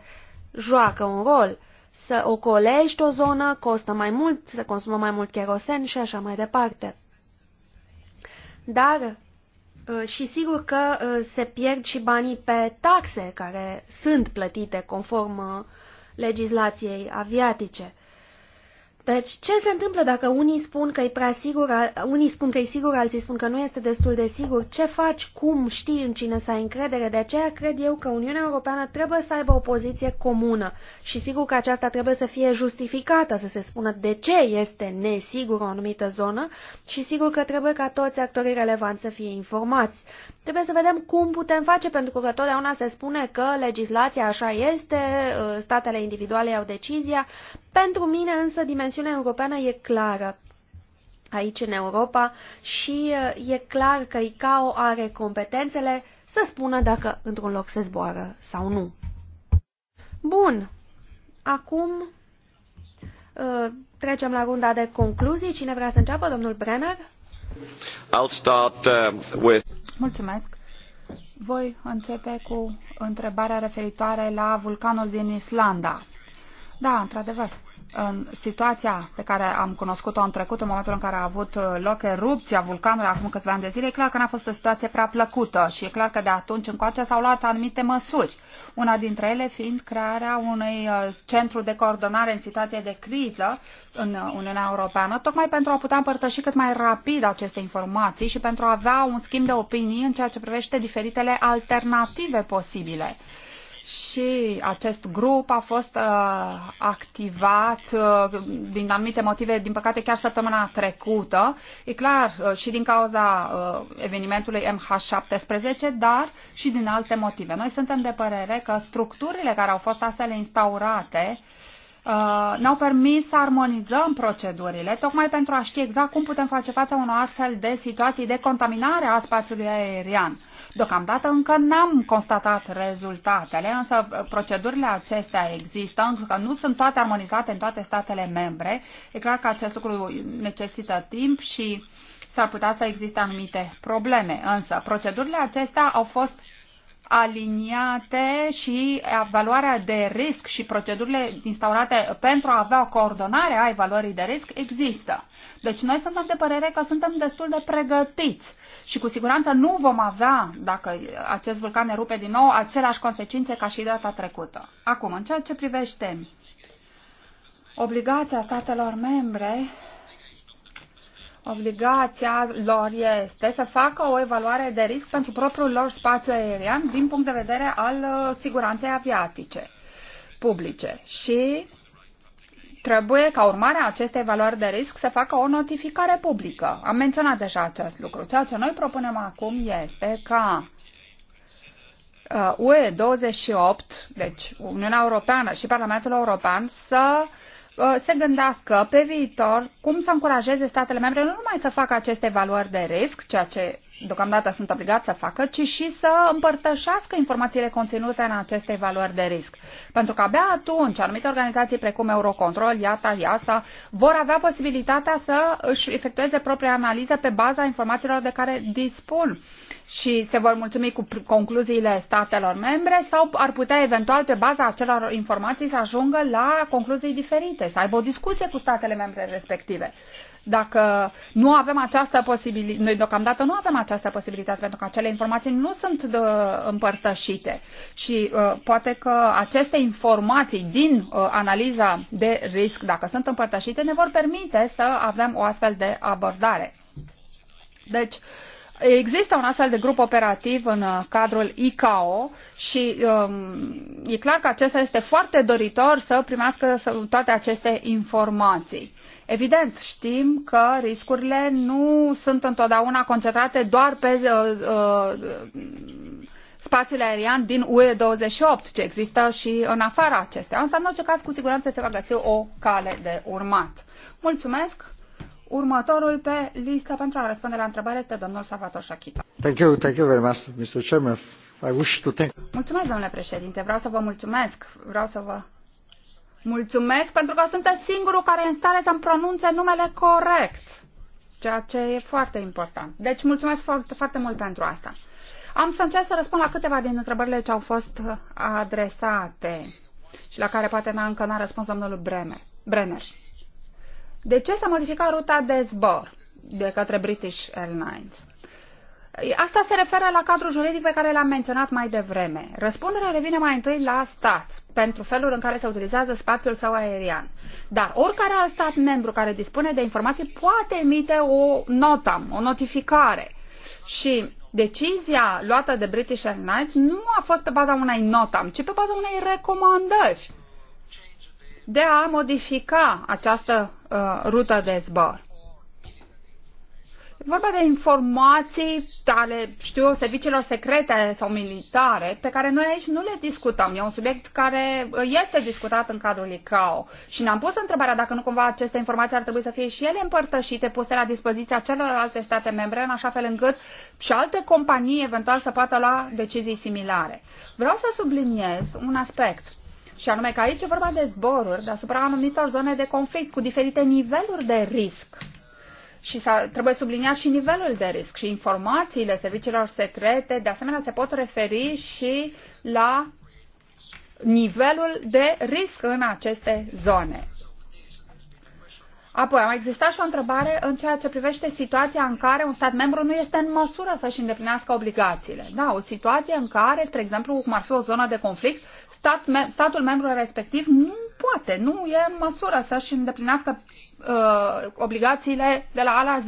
joacă un rol să ocolești o zonă, costă mai mult, se consumă mai mult kerosen și așa mai departe. Dar uh, și sigur că uh, se pierd și banii pe taxe care sunt plătite conform uh, legislației aviatice. Deci, ce se întâmplă dacă unii spun că e prea sigur, unii spun că e sigur, alții spun că nu este destul de sigur? Ce faci? Cum știi în cine să ai încredere? De aceea cred eu că Uniunea Europeană trebuie să aibă o poziție comună și sigur că aceasta trebuie să fie justificată, să se spună de ce este nesigură o anumită zonă și sigur că trebuie ca toți actorii relevanți să fie informați. Trebuie să vedem cum putem face, pentru că totdeauna se spune că legislația așa este, ă, statele individuale au decizia. Pentru mine însă dimensiunea europeană e clară aici în Europa și ă, e clar că ICAO are competențele să spună dacă într-un loc se zboară sau nu. Bun, acum ă, trecem la runda de concluzii. Cine vrea să înceapă, domnul Brenner? I'll start uh, with Mulțumesc. Voi începe cu întrebarea referitoare la vulcanul din Islanda. Da, într-adevăr în situația pe care am cunoscut-o în trecut, în momentul în care a avut uh, loc erupția vulcanului acum câțiva ani de zile, e clar că n-a fost o situație prea plăcută și e clar că de atunci încoace s-au luat anumite măsuri. Una dintre ele fiind crearea unui uh, centru de coordonare în situație de criză în Uniunea Europeană, tocmai pentru a putea împărtăși cât mai rapid aceste informații și pentru a avea un schimb de opinii în ceea ce privește diferitele alternative posibile și acest grup a fost uh, activat uh, din anumite motive, din păcate chiar săptămâna trecută. E clar, uh, și din cauza uh, evenimentului MH17, dar și din alte motive. Noi suntem de părere că structurile care au fost astfel instaurate uh, ne-au permis să armonizăm procedurile, tocmai pentru a ști exact cum putem face față unor astfel de situații de contaminare a spațiului aerian Deocamdată încă n-am constatat rezultatele, însă uh, procedurile acestea există, încă nu sunt toate armonizate în toate statele membre. E clar că acest lucru necesită timp și s-ar putea să existe anumite probleme. Însă, procedurile acestea au fost aliniate și evaluarea de risc și procedurile instaurate pentru a avea o coordonare a evaluării de risc există. Deci noi suntem de părere că suntem destul de pregătiți și cu siguranță nu vom avea, dacă acest vulcan erupe din nou, aceleași consecințe ca și data trecută. Acum, în ceea ce privește obligația statelor membre, obligația lor este să facă o evaluare de risc pentru propriul lor spațiu aerian din punct de vedere al uh, siguranței aviatice publice. Și Trebuie, ca urmare a acestei valori de risc, să facă o notificare publică. Am menționat deja acest lucru. Ceea ce noi propunem acum este ca uh, UE 28, deci Uniunea Europeană și Parlamentul European, să uh, se gândească pe viitor cum să încurajeze statele membre nu numai să facă aceste valori de risc, ceea ce deocamdată sunt obligați să facă, ci și să împărtășească informațiile conținute în aceste valori de risc. Pentru că abia atunci anumite organizații precum Eurocontrol, IATA, IASA vor avea posibilitatea să își efectueze propria analiză pe baza informațiilor de care dispun și se vor mulțumi cu concluziile statelor membre sau ar putea eventual pe baza acelor informații să ajungă la concluzii diferite, să aibă o discuție cu statele membre respective. Dacă nu avem această posibilitate, noi deocamdată nu avem această posibilitate pentru că acele informații nu sunt de, uh, împărtășite și uh, poate că aceste informații din uh, analiza de risc, dacă sunt împărtășite, ne vor permite să avem o astfel de abordare. Deci, uh, Există un astfel de grup operativ în uh, cadrul ICAO și um, e clar că acesta este foarte doritor să primească toate aceste informații. Evident, știm că riscurile nu sunt întotdeauna concentrate doar pe uh, uh, spațiul aerian din UE28, ce există și în afara acestea. Însă, în orice caz, cu siguranță se va găsi o cale de urmat. Mulțumesc! Următorul pe listă pentru a răspunde la întrebare este domnul Salvator Shakita. Thank you, thank you very much, Mr. Chairman. I wish to thank... Mulțumesc, domnule președinte. Vreau să vă mulțumesc. Vreau să vă mulțumesc pentru că sunteți singurul care e în stare să-mi pronunțe numele corect, ceea ce e foarte important. Deci mulțumesc foarte, foarte mult pentru asta. Am să încerc să răspund la câteva din întrebările ce au fost adresate și la care poate n-a încă n-a răspuns domnul Bremer. Brenner. De ce s-a modificat ruta de zbor de către British Airlines? Asta se referă la cadrul juridic pe care l-am menționat mai devreme. Răspunderea revine mai întâi la stat pentru felul în care se utilizează spațiul său aerian. Dar oricare alt stat membru care dispune de informații poate emite o notă, o notificare. Și decizia luată de British Airlines nu a fost pe baza unei notam, ci pe baza unei recomandări de a modifica această uh, rută de zbor. E vorba de informații ale, știu serviciilor secrete sau militare, pe care noi aici nu le discutăm. E un subiect care uh, este discutat în cadrul ICAO. Și ne-am pus întrebarea dacă nu cumva aceste informații ar trebui să fie și ele împărtășite, puse la dispoziția celorlalte state membre, în așa fel încât și alte companii eventual să poată lua decizii similare. Vreau să subliniez un aspect și anume că aici e vorba de zboruri deasupra anumitor zone de conflict cu diferite niveluri de risc. Și trebuie subliniat și nivelul de risc și informațiile serviciilor secrete, de asemenea, se pot referi și la nivelul de risc în aceste zone. Apoi, a existat și o întrebare în ceea ce privește situația în care un stat membru nu este în măsură să-și îndeplinească obligațiile. Da, o situație în care, spre exemplu, cum ar fi o zonă de conflict, stat, me, statul membru respectiv nu poate, nu e în măsură să-și îndeplinească uh, obligațiile de la A la Z.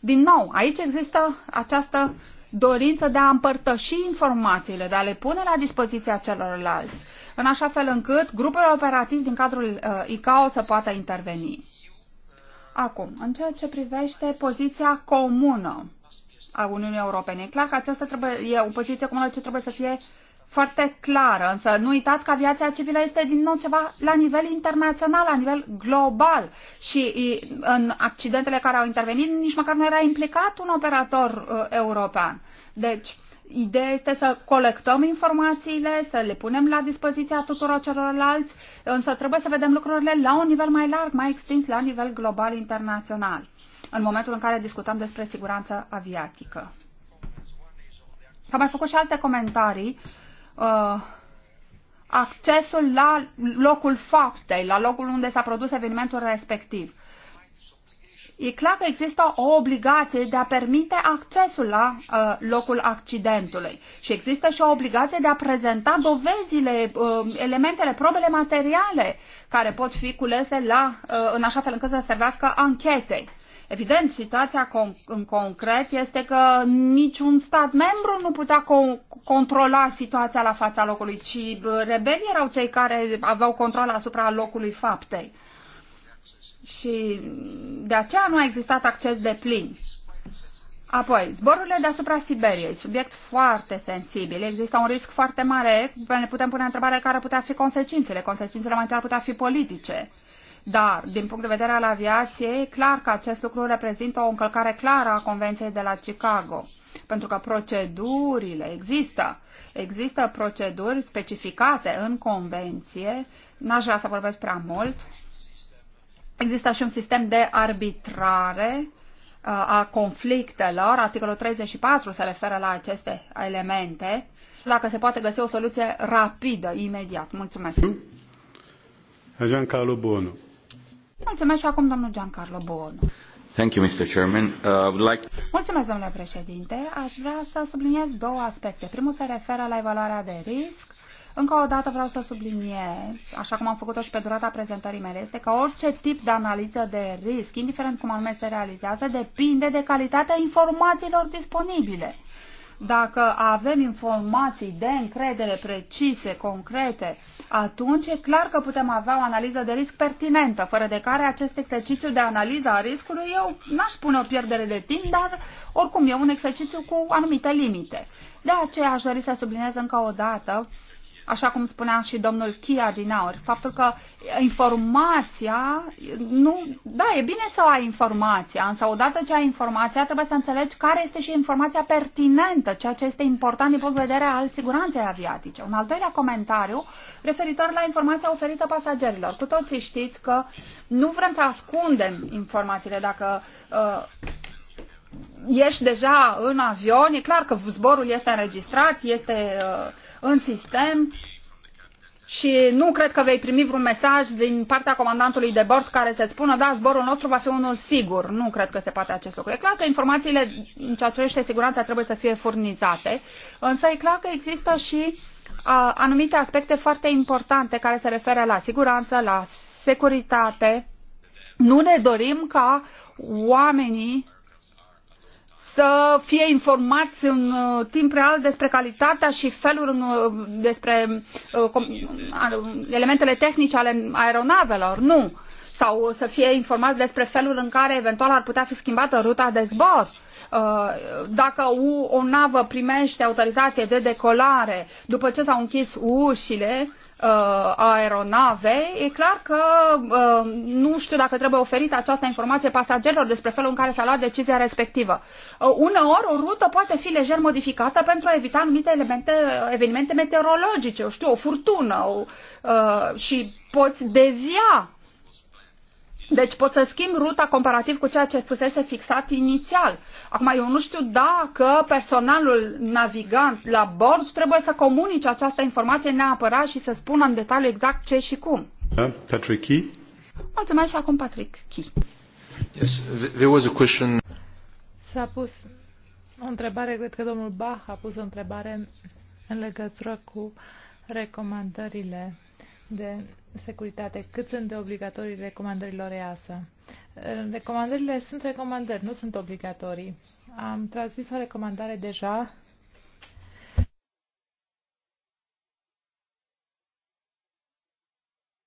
Din nou, aici există această dorință de a împărtăși informațiile, de a le pune la dispoziția celorlalți, în așa fel încât grupul operativ din cadrul uh, ICAO să poată interveni. Acum, în ceea ce privește poziția comună a Uniunii Europene, e clar că aceasta trebuie, e o poziție comună ce trebuie să fie uh, foarte clară, însă nu uitați că aviația civilă este din nou ceva la nivel internațional, la nivel global și în accidentele care au intervenit nici măcar nu era implicat un operator uh, european. Deci, Ideea este să colectăm informațiile, să le punem la dispoziția tuturor celorlalți, însă trebuie să vedem lucrurile la un nivel mai larg, mai extins, la nivel global internațional, în momentul în care discutăm despre siguranță aviatică. S-au mai făcut și alte comentarii uh, uh, accesul la locul faptei, la locul unde s-a produs evenimentul respectiv. E clar că există o obligație de a permite accesul la uh, locul accidentului și există și o obligație de a prezenta dovezile, uh, elementele, probele materiale care pot fi culese la, uh, în așa fel încât să servească anchetei. Evident, situația con- în concret este că niciun stat membru nu putea co- controla situația la fața locului, ci rebelii erau cei care aveau control asupra locului faptei. Și de aceea nu a existat acces de plin. Apoi, zborurile deasupra Siberiei, subiect foarte sensibil. Există un risc foarte mare. Ne putem pune întrebarea care putea fi consecințele. Consecințele mai tare putea fi politice. Dar, din punct de vedere al aviației, clar că acest lucru reprezintă o încălcare clară a Convenției de la Chicago, pentru că procedurile există. Există proceduri specificate în Convenție, n-aș vrea să vorbesc prea mult. Există și un sistem de arbitrare uh, a conflictelor, articolul 34 se referă la aceste elemente, dacă se poate găsi o soluție rapidă, imediat. Mulțumesc! Giancarlo Buono. Mulțumesc și acum domnul Giancarlo Buono. Thank you, Mr. Chairman. Uh, would like... Mulțumesc, domnule președinte. Aș vrea să subliniez două aspecte. Primul se referă la evaluarea de risc încă o dată vreau să subliniez, așa cum am făcut-o și pe durata prezentării mele, este că orice tip de analiză de risc, indiferent cum anume se realizează, depinde de calitatea informațiilor disponibile. Dacă avem informații de încredere precise, concrete, atunci e clar că putem avea o analiză de risc pertinentă, fără de care acest exercițiu de analiză a riscului, eu n-aș spune o pierdere de timp, dar oricum e un exercițiu cu anumite limite. De aceea aș dori să subliniez încă o dată așa cum spunea și domnul Chia din aur, faptul că informația, nu, da, e bine să ai informația, însă odată ce ai informația, trebuie să înțelegi care este și informația pertinentă, ceea ce este important din punct de vedere al siguranței aviatice. Un al doilea comentariu referitor la informația oferită pasagerilor. Cu toții știți că nu vrem să ascundem informațiile dacă uh, ești deja în avion, e clar că zborul este înregistrat, este uh, în sistem și nu cred că vei primi vreun mesaj din partea comandantului de bord care să-ți spună, da, zborul nostru va fi unul sigur. Nu cred că se poate acest lucru. E clar că informațiile în ceea ce privește siguranța trebuie să fie furnizate, însă e clar că există și uh, anumite aspecte foarte importante care se referă la siguranță, la securitate. Nu ne dorim ca oamenii să fie informați în uh, timp real despre calitatea și felul uh, despre uh, elementele tehnice ale aeronavelor. Nu. Sau să fie informați despre felul în care eventual ar putea fi schimbată ruta de zbor dacă o navă primește autorizație de decolare după ce s-au închis ușile, uh, aeronave, e clar că uh, nu știu dacă trebuie oferită această informație pasagerilor despre felul în care s-a luat decizia respectivă. Uh, uneori, o rută poate fi lejer modificată pentru a evita anumite elemente, evenimente meteorologice, o știu, o furtună o, uh, și poți devia deci pot să schimb ruta comparativ cu ceea ce fusese fixat inițial. Acum eu nu știu dacă personalul navigant la bord trebuie să comunice această informație neapărat și să spună în detaliu exact ce și cum. Da, Patrick Key. Mulțumesc și acum Patrick Key. Yes, there was a question. S-a pus o întrebare, cred că domnul Bach a pus o întrebare în legătură cu recomandările de securitate, cât sunt de obligatorii recomandărilor EASA. Recomandările sunt recomandări, nu sunt obligatorii. Am transmis o recomandare deja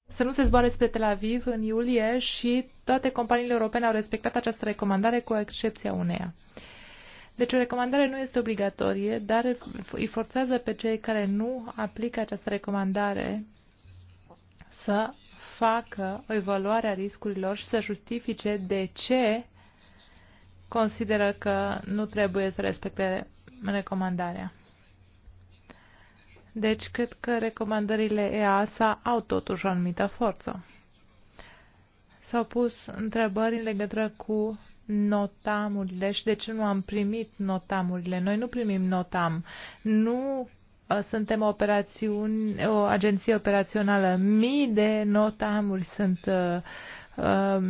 să nu se zboare spre Tel Aviv în iulie și toate companiile europene au respectat această recomandare cu excepția uneia. Deci o recomandare nu este obligatorie, dar îi forțează pe cei care nu aplică această recomandare să facă o evaluare a riscurilor și să justifice de ce consideră că nu trebuie să respecte recomandarea. Deci, cred că recomandările EASA au totuși o anumită forță. S-au pus întrebări în legătură cu notamurile și de ce nu am primit notamurile. Noi nu primim notam. Nu suntem o, o agenție operațională. Mii de notamuri sunt uh, uh,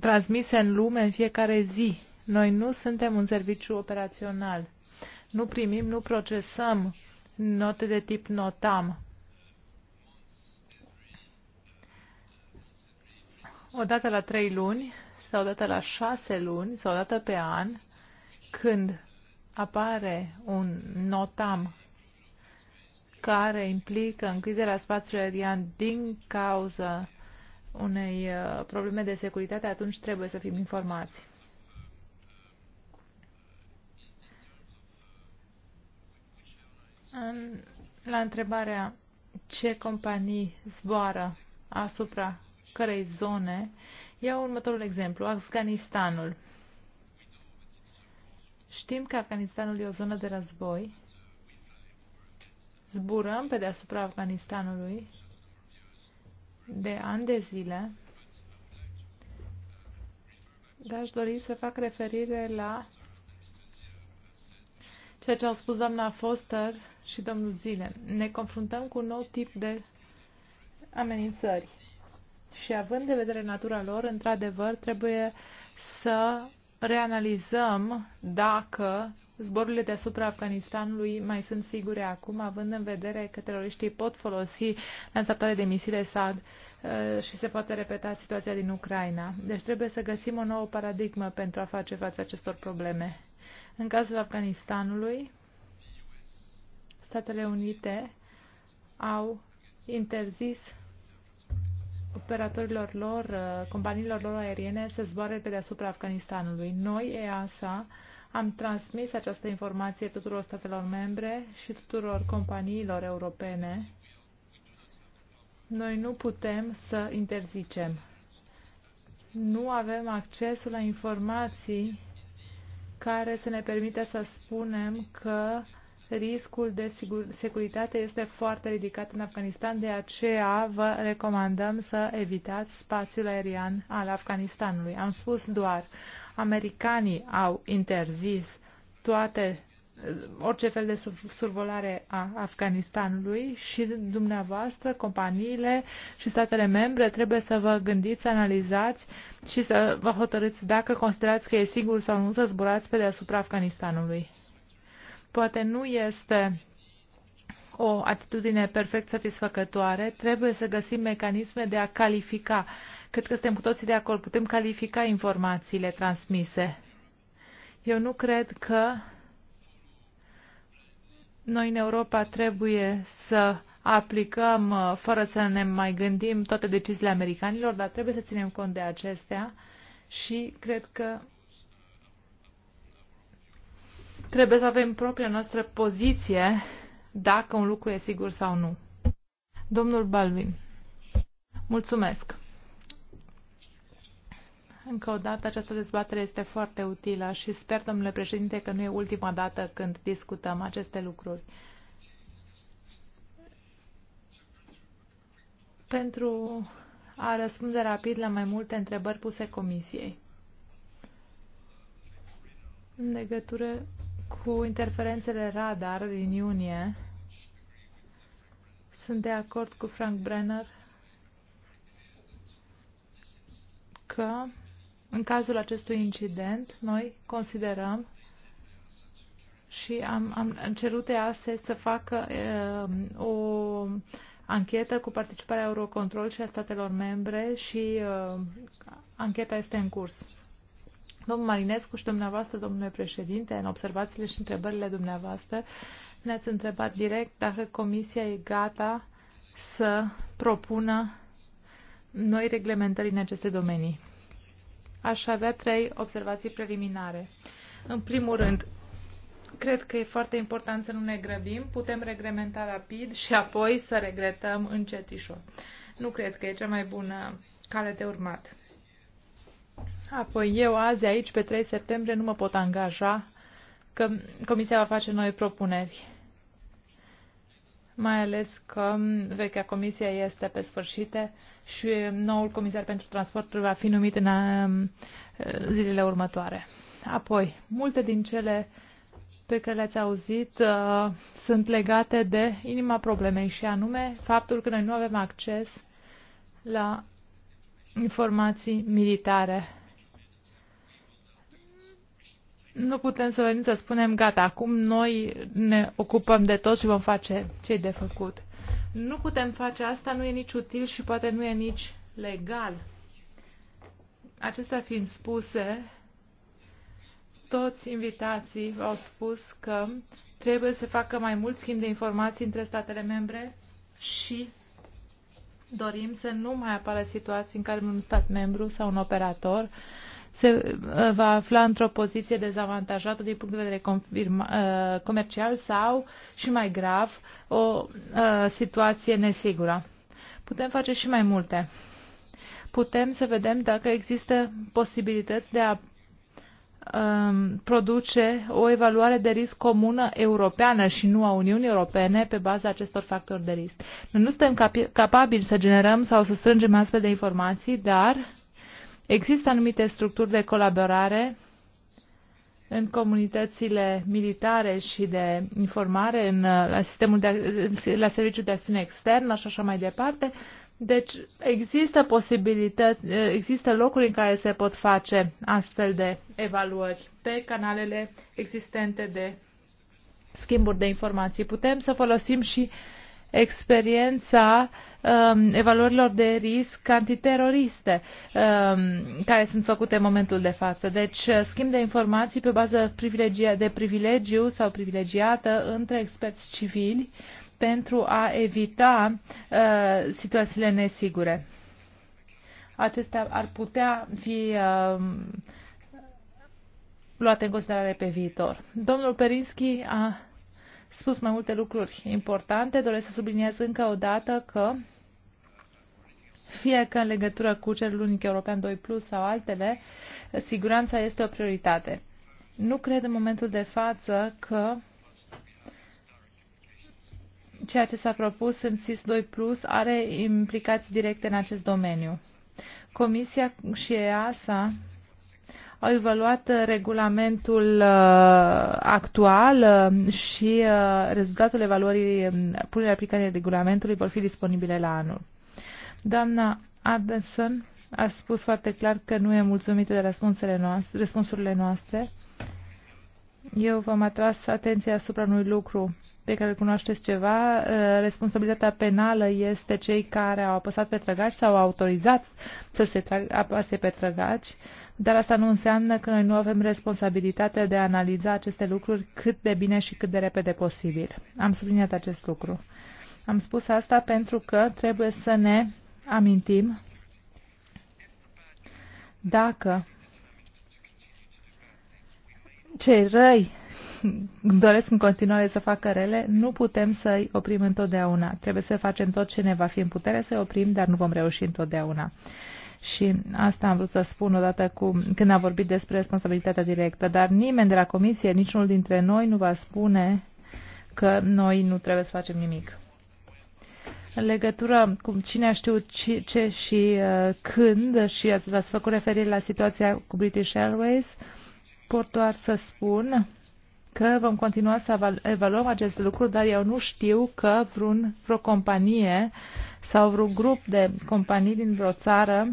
transmise în lume în fiecare zi. Noi nu suntem un serviciu operațional. Nu primim, nu procesăm note de tip notam. Odată la trei luni sau odată la șase luni sau odată pe an, când apare un notam care implică închiderea spațiului aerian din cauza unei uh, probleme de securitate, atunci trebuie să fim informați. În, la întrebarea ce companii zboară asupra cărei zone, iau următorul exemplu, Afganistanul. Știm că Afganistanul e o zonă de război zburăm pe deasupra Afganistanului de ani de zile, dar aș dori să fac referire la ceea ce au spus doamna Foster și domnul Zile. Ne confruntăm cu un nou tip de amenințări și având de vedere natura lor, într-adevăr, trebuie să reanalizăm dacă zborurile deasupra Afganistanului mai sunt sigure acum, având în vedere că teroriștii pot folosi lansatoare de misile SAD uh, și se poate repeta situația din Ucraina. Deci trebuie să găsim o nouă paradigmă pentru a face față acestor probleme. În cazul Afganistanului, Statele Unite au interzis operatorilor lor, uh, companiilor lor aeriene să zboare pe deasupra Afganistanului. Noi, EASA, am transmis această informație tuturor statelor membre și tuturor companiilor europene. Noi nu putem să interzicem. Nu avem acces la informații care să ne permite să spunem că riscul de securitate este foarte ridicat în Afganistan, de aceea vă recomandăm să evitați spațiul aerian al Afganistanului. Am spus doar, Americanii au interzis toate eh, orice fel de survolare a Afganistanului și dumneavoastră, companiile și statele membre trebuie să vă gândiți, să analizați și să vă hotărâți dacă considerați că e sigur sau nu să zburați pe deasupra Afganistanului. Poate nu este o atitudine perfect satisfăcătoare, trebuie să găsim mecanisme de a califica Cred că suntem cu toții de acord. Putem califica informațiile transmise. Eu nu cred că noi în Europa trebuie să aplicăm, uh, fără să ne mai gândim, toate deciziile americanilor, dar trebuie să ținem cont de acestea și cred că trebuie să avem propria noastră poziție dacă un lucru e sigur sau nu. Domnul Balvin, mulțumesc. Încă o dată, această dezbatere este foarte utilă și sper, domnule președinte, că nu e ultima dată când discutăm aceste lucruri. Pentru a răspunde rapid la mai multe întrebări puse Comisiei. În legătură cu interferențele radar din iunie, sunt de acord cu Frank Brenner că în cazul acestui incident, noi considerăm și am, am cerut EASE să facă uh, o anchetă cu participarea Eurocontrol și a statelor membre și uh, ancheta este în curs. Domnul Marinescu și dumneavoastră, domnule președinte, în observațiile și întrebările dumneavoastră, ne-ați întrebat direct dacă Comisia e gata să propună noi reglementări în aceste domenii. Aș avea trei observații preliminare. În primul rând, cred că e foarte important să nu ne grăbim, putem reglementa rapid și apoi să regretăm încet ușor. Nu cred că e cea mai bună cale de urmat. Apoi eu azi aici pe 3 septembrie nu mă pot angaja că Comisia va face noi propuneri mai ales că vechea comisie este pe sfârșit și noul comisar pentru transport va fi numit în um, zilele următoare. Apoi, multe din cele pe care le-ați auzit uh, sunt legate de inima problemei și anume faptul că noi nu avem acces la informații militare nu putem să venim să spunem, gata, acum noi ne ocupăm de tot și vom face ce de făcut. Nu putem face asta, nu e nici util și poate nu e nici legal. Acestea fiind spuse, toți invitații au spus că trebuie să facă mai mult schimb de informații între statele membre și dorim să nu mai apară situații în care un stat membru sau un operator se uh, va afla într-o poziție dezavantajată din punct de vedere uh, comercial sau, și mai grav, o uh, situație nesigură. Putem face și mai multe. Putem să vedem dacă există posibilități de a um, produce o evaluare de risc comună europeană și nu a Uniunii Europene pe baza acestor factori de risc. Noi nu suntem capabili să generăm sau să strângem astfel de informații, dar Există anumite structuri de colaborare în comunitățile militare și de informare, în, la, sistemul de, la serviciul de acțiune externă și așa mai departe. Deci există posibilități, există locuri în care se pot face astfel de evaluări pe canalele existente de schimburi de informații. Putem să folosim și uh, experiența um, evaluărilor de risc antiteroriste um, care sunt făcute în momentul de față. Deci uh, schimb de informații pe bază de privilegiu sau privilegiată între experți civili pentru a evita uh, situațiile nesigure. Acestea ar putea fi um, luate în considerare pe viitor. Domnul Perinski a spus mai multe lucruri importante. Doresc să subliniez încă o dată că fie că în legătură cu cerul unic european 2 plus sau altele, siguranța este o prioritate. Nu cred în momentul de față că ceea ce s-a propus în SIS 2 plus are implicații directe în acest domeniu. Comisia și EASA au evaluat uh, regulamentul uh, actual uh, și rezultatul evaluării um, punerea aplicării regulamentului vor fi disponibile la anul. Doamna Anderson a spus foarte clar că nu e mulțumită de răspunsurile noastre, răspunsurile noastre. Eu v-am atras atenția asupra unui lucru pe care îl cunoașteți ceva. Responsabilitatea penală este cei care au apăsat pe trăgaci sau au autorizat să se apase pe trăgaci. Uh, dar asta nu înseamnă că noi nu avem responsabilitatea de a analiza aceste lucruri cât de bine și cât de repede posibil. Am subliniat acest lucru. Am spus asta pentru că trebuie să ne amintim dacă cei răi doresc în continuare să facă rele, nu putem să-i oprim întotdeauna. Trebuie să facem tot ce ne va fi în putere să-i oprim, dar nu vom reuși întotdeauna. Și asta am vrut să spun odată cu, când am vorbit despre responsabilitatea directă. Dar nimeni de la comisie, niciunul dintre noi nu va spune că noi nu trebuie să facem nimic. În legătură cu cine a știut ce, ce și uh, când, și ați, v-ați făcut referire la situația cu British Airways, pot doar să spun că vom continua să evaluăm acest lucru, dar eu nu știu că vreun, vreo companie uh, sau vreun grup de companii din vreo țară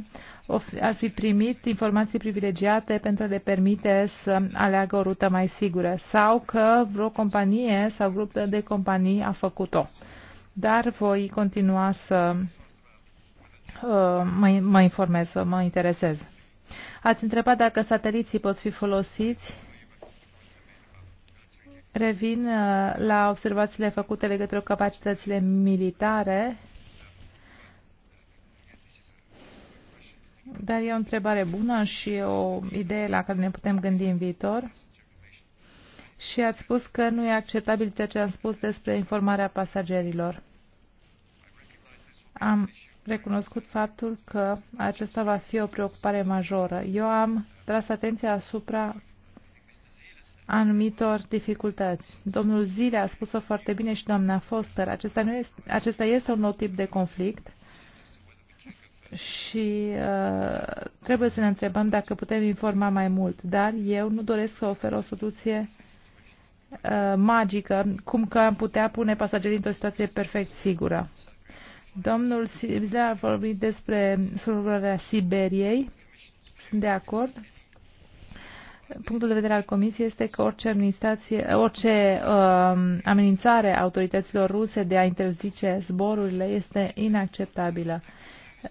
ar fi primit informații privilegiate pentru a le permite să aleagă o rută mai sigură sau că vreo companie sau grup de companii a făcut-o. Dar voi continua să uh, mă, mă informez, să mă interesez. Ați întrebat dacă sateliții pot fi folosiți. Revin uh, la observațiile făcute legătură cu capacitățile militare Dar e o întrebare bună și o idee la care ne putem gândi în viitor. Și ați spus că nu e acceptabil ceea ce am spus despre informarea pasagerilor. Am recunoscut faptul că acesta va fi o preocupare majoră. Eu am tras atenția asupra anumitor dificultăți. Domnul Zile a spus-o foarte bine și doamna Foster. Acesta, nu este, acesta este un nou tip de conflict și uh, trebuie să ne întrebăm dacă putem informa mai mult. Dar eu nu doresc să ofer o soluție uh, magică, cum că am putea pune pasagerii într-o situație perfect sigură. Domnul Silvia a vorbit despre soluționarea Siberiei. Sunt de acord. Punctul de vedere al Comisiei este că orice, administrație, orice uh, amenințare a autorităților ruse de a interzice zborurile este inacceptabilă. Uh,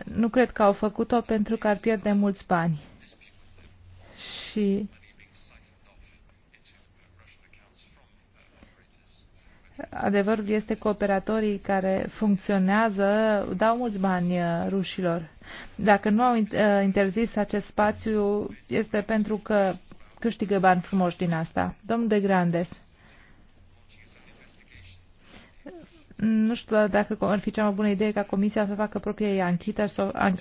nu cred că au făcut-o pentru că ar pierde mulți bani. Și Adevărul este că operatorii care funcționează dau mulți bani uh, rușilor. Dacă nu au uh, interzis acest spațiu, este pentru că câștigă bani frumoși din asta. Domnul de Grandes. nu știu dacă ar fi cea mai bună idee ca Comisia să facă propria ei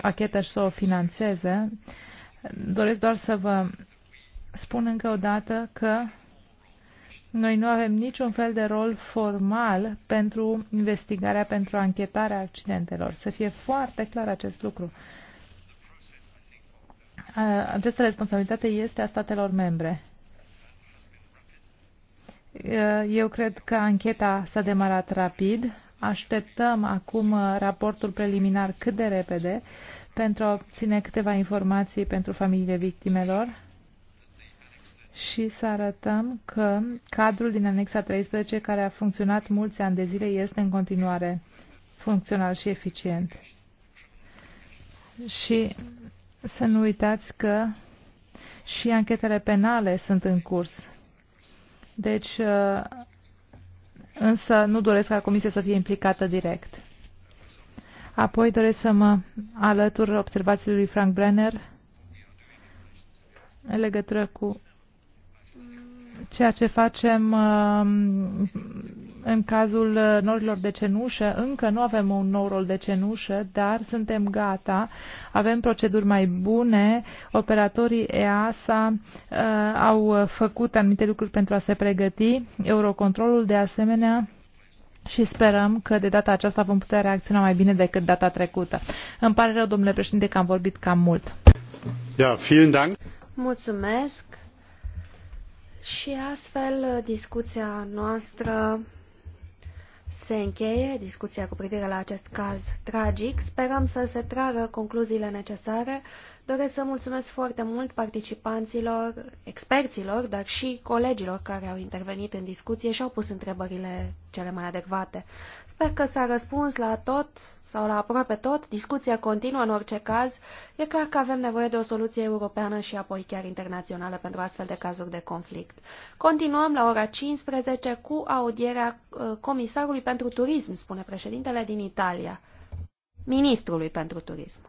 anchetă și să, o financeze. Doresc doar să vă spun încă o dată că noi nu avem niciun fel de rol formal pentru investigarea, pentru anchetarea accidentelor. Să fie foarte clar acest lucru. Această responsabilitate este a statelor membre. Eh, eu cred că ancheta s-a demarat rapid. Așteptăm acum eh, raportul preliminar cât de repede pentru a obține câteva informații pentru familiile victimelor și să arătăm că cadrul din anexa 13, care a funcționat mulți ani de zile, este în continuare funcțional și eficient. Și să nu uitați că și anchetele penale sunt în curs deci, uh, însă nu doresc ca Comisia să fie implicată direct. Apoi doresc să mă alătur observațiilor lui Frank Brenner în legătură cu ceea ce facem uh, în cazul uh, norilor de cenușă, încă nu avem un nou rol de cenușă, dar suntem gata, avem proceduri mai bune, operatorii EASA uh, au uh, făcut anumite lucruri pentru a se pregăti, Eurocontrolul de asemenea și sperăm că de data aceasta vom putea reacționa mai bine decât data trecută. Îmi pare rău, domnule președinte, că am vorbit cam mult. Ja, vielen Dank. Mulțumesc. Și astfel discuția noastră se încheie discuția cu privire la acest caz tragic. Sperăm să se tragă concluziile necesare Doresc să mulțumesc foarte mult participanților, experților, dar și colegilor care au intervenit în discuție și au pus întrebările cele mai adecvate. Sper că s-a răspuns la tot sau la aproape tot. Discuția continuă în orice caz. E clar că avem nevoie de o soluție europeană și apoi chiar internațională pentru astfel de cazuri de conflict. Continuăm la ora 15 cu audierea uh, Comisarului pentru Turism, spune președintele din Italia, Ministrului pentru Turism.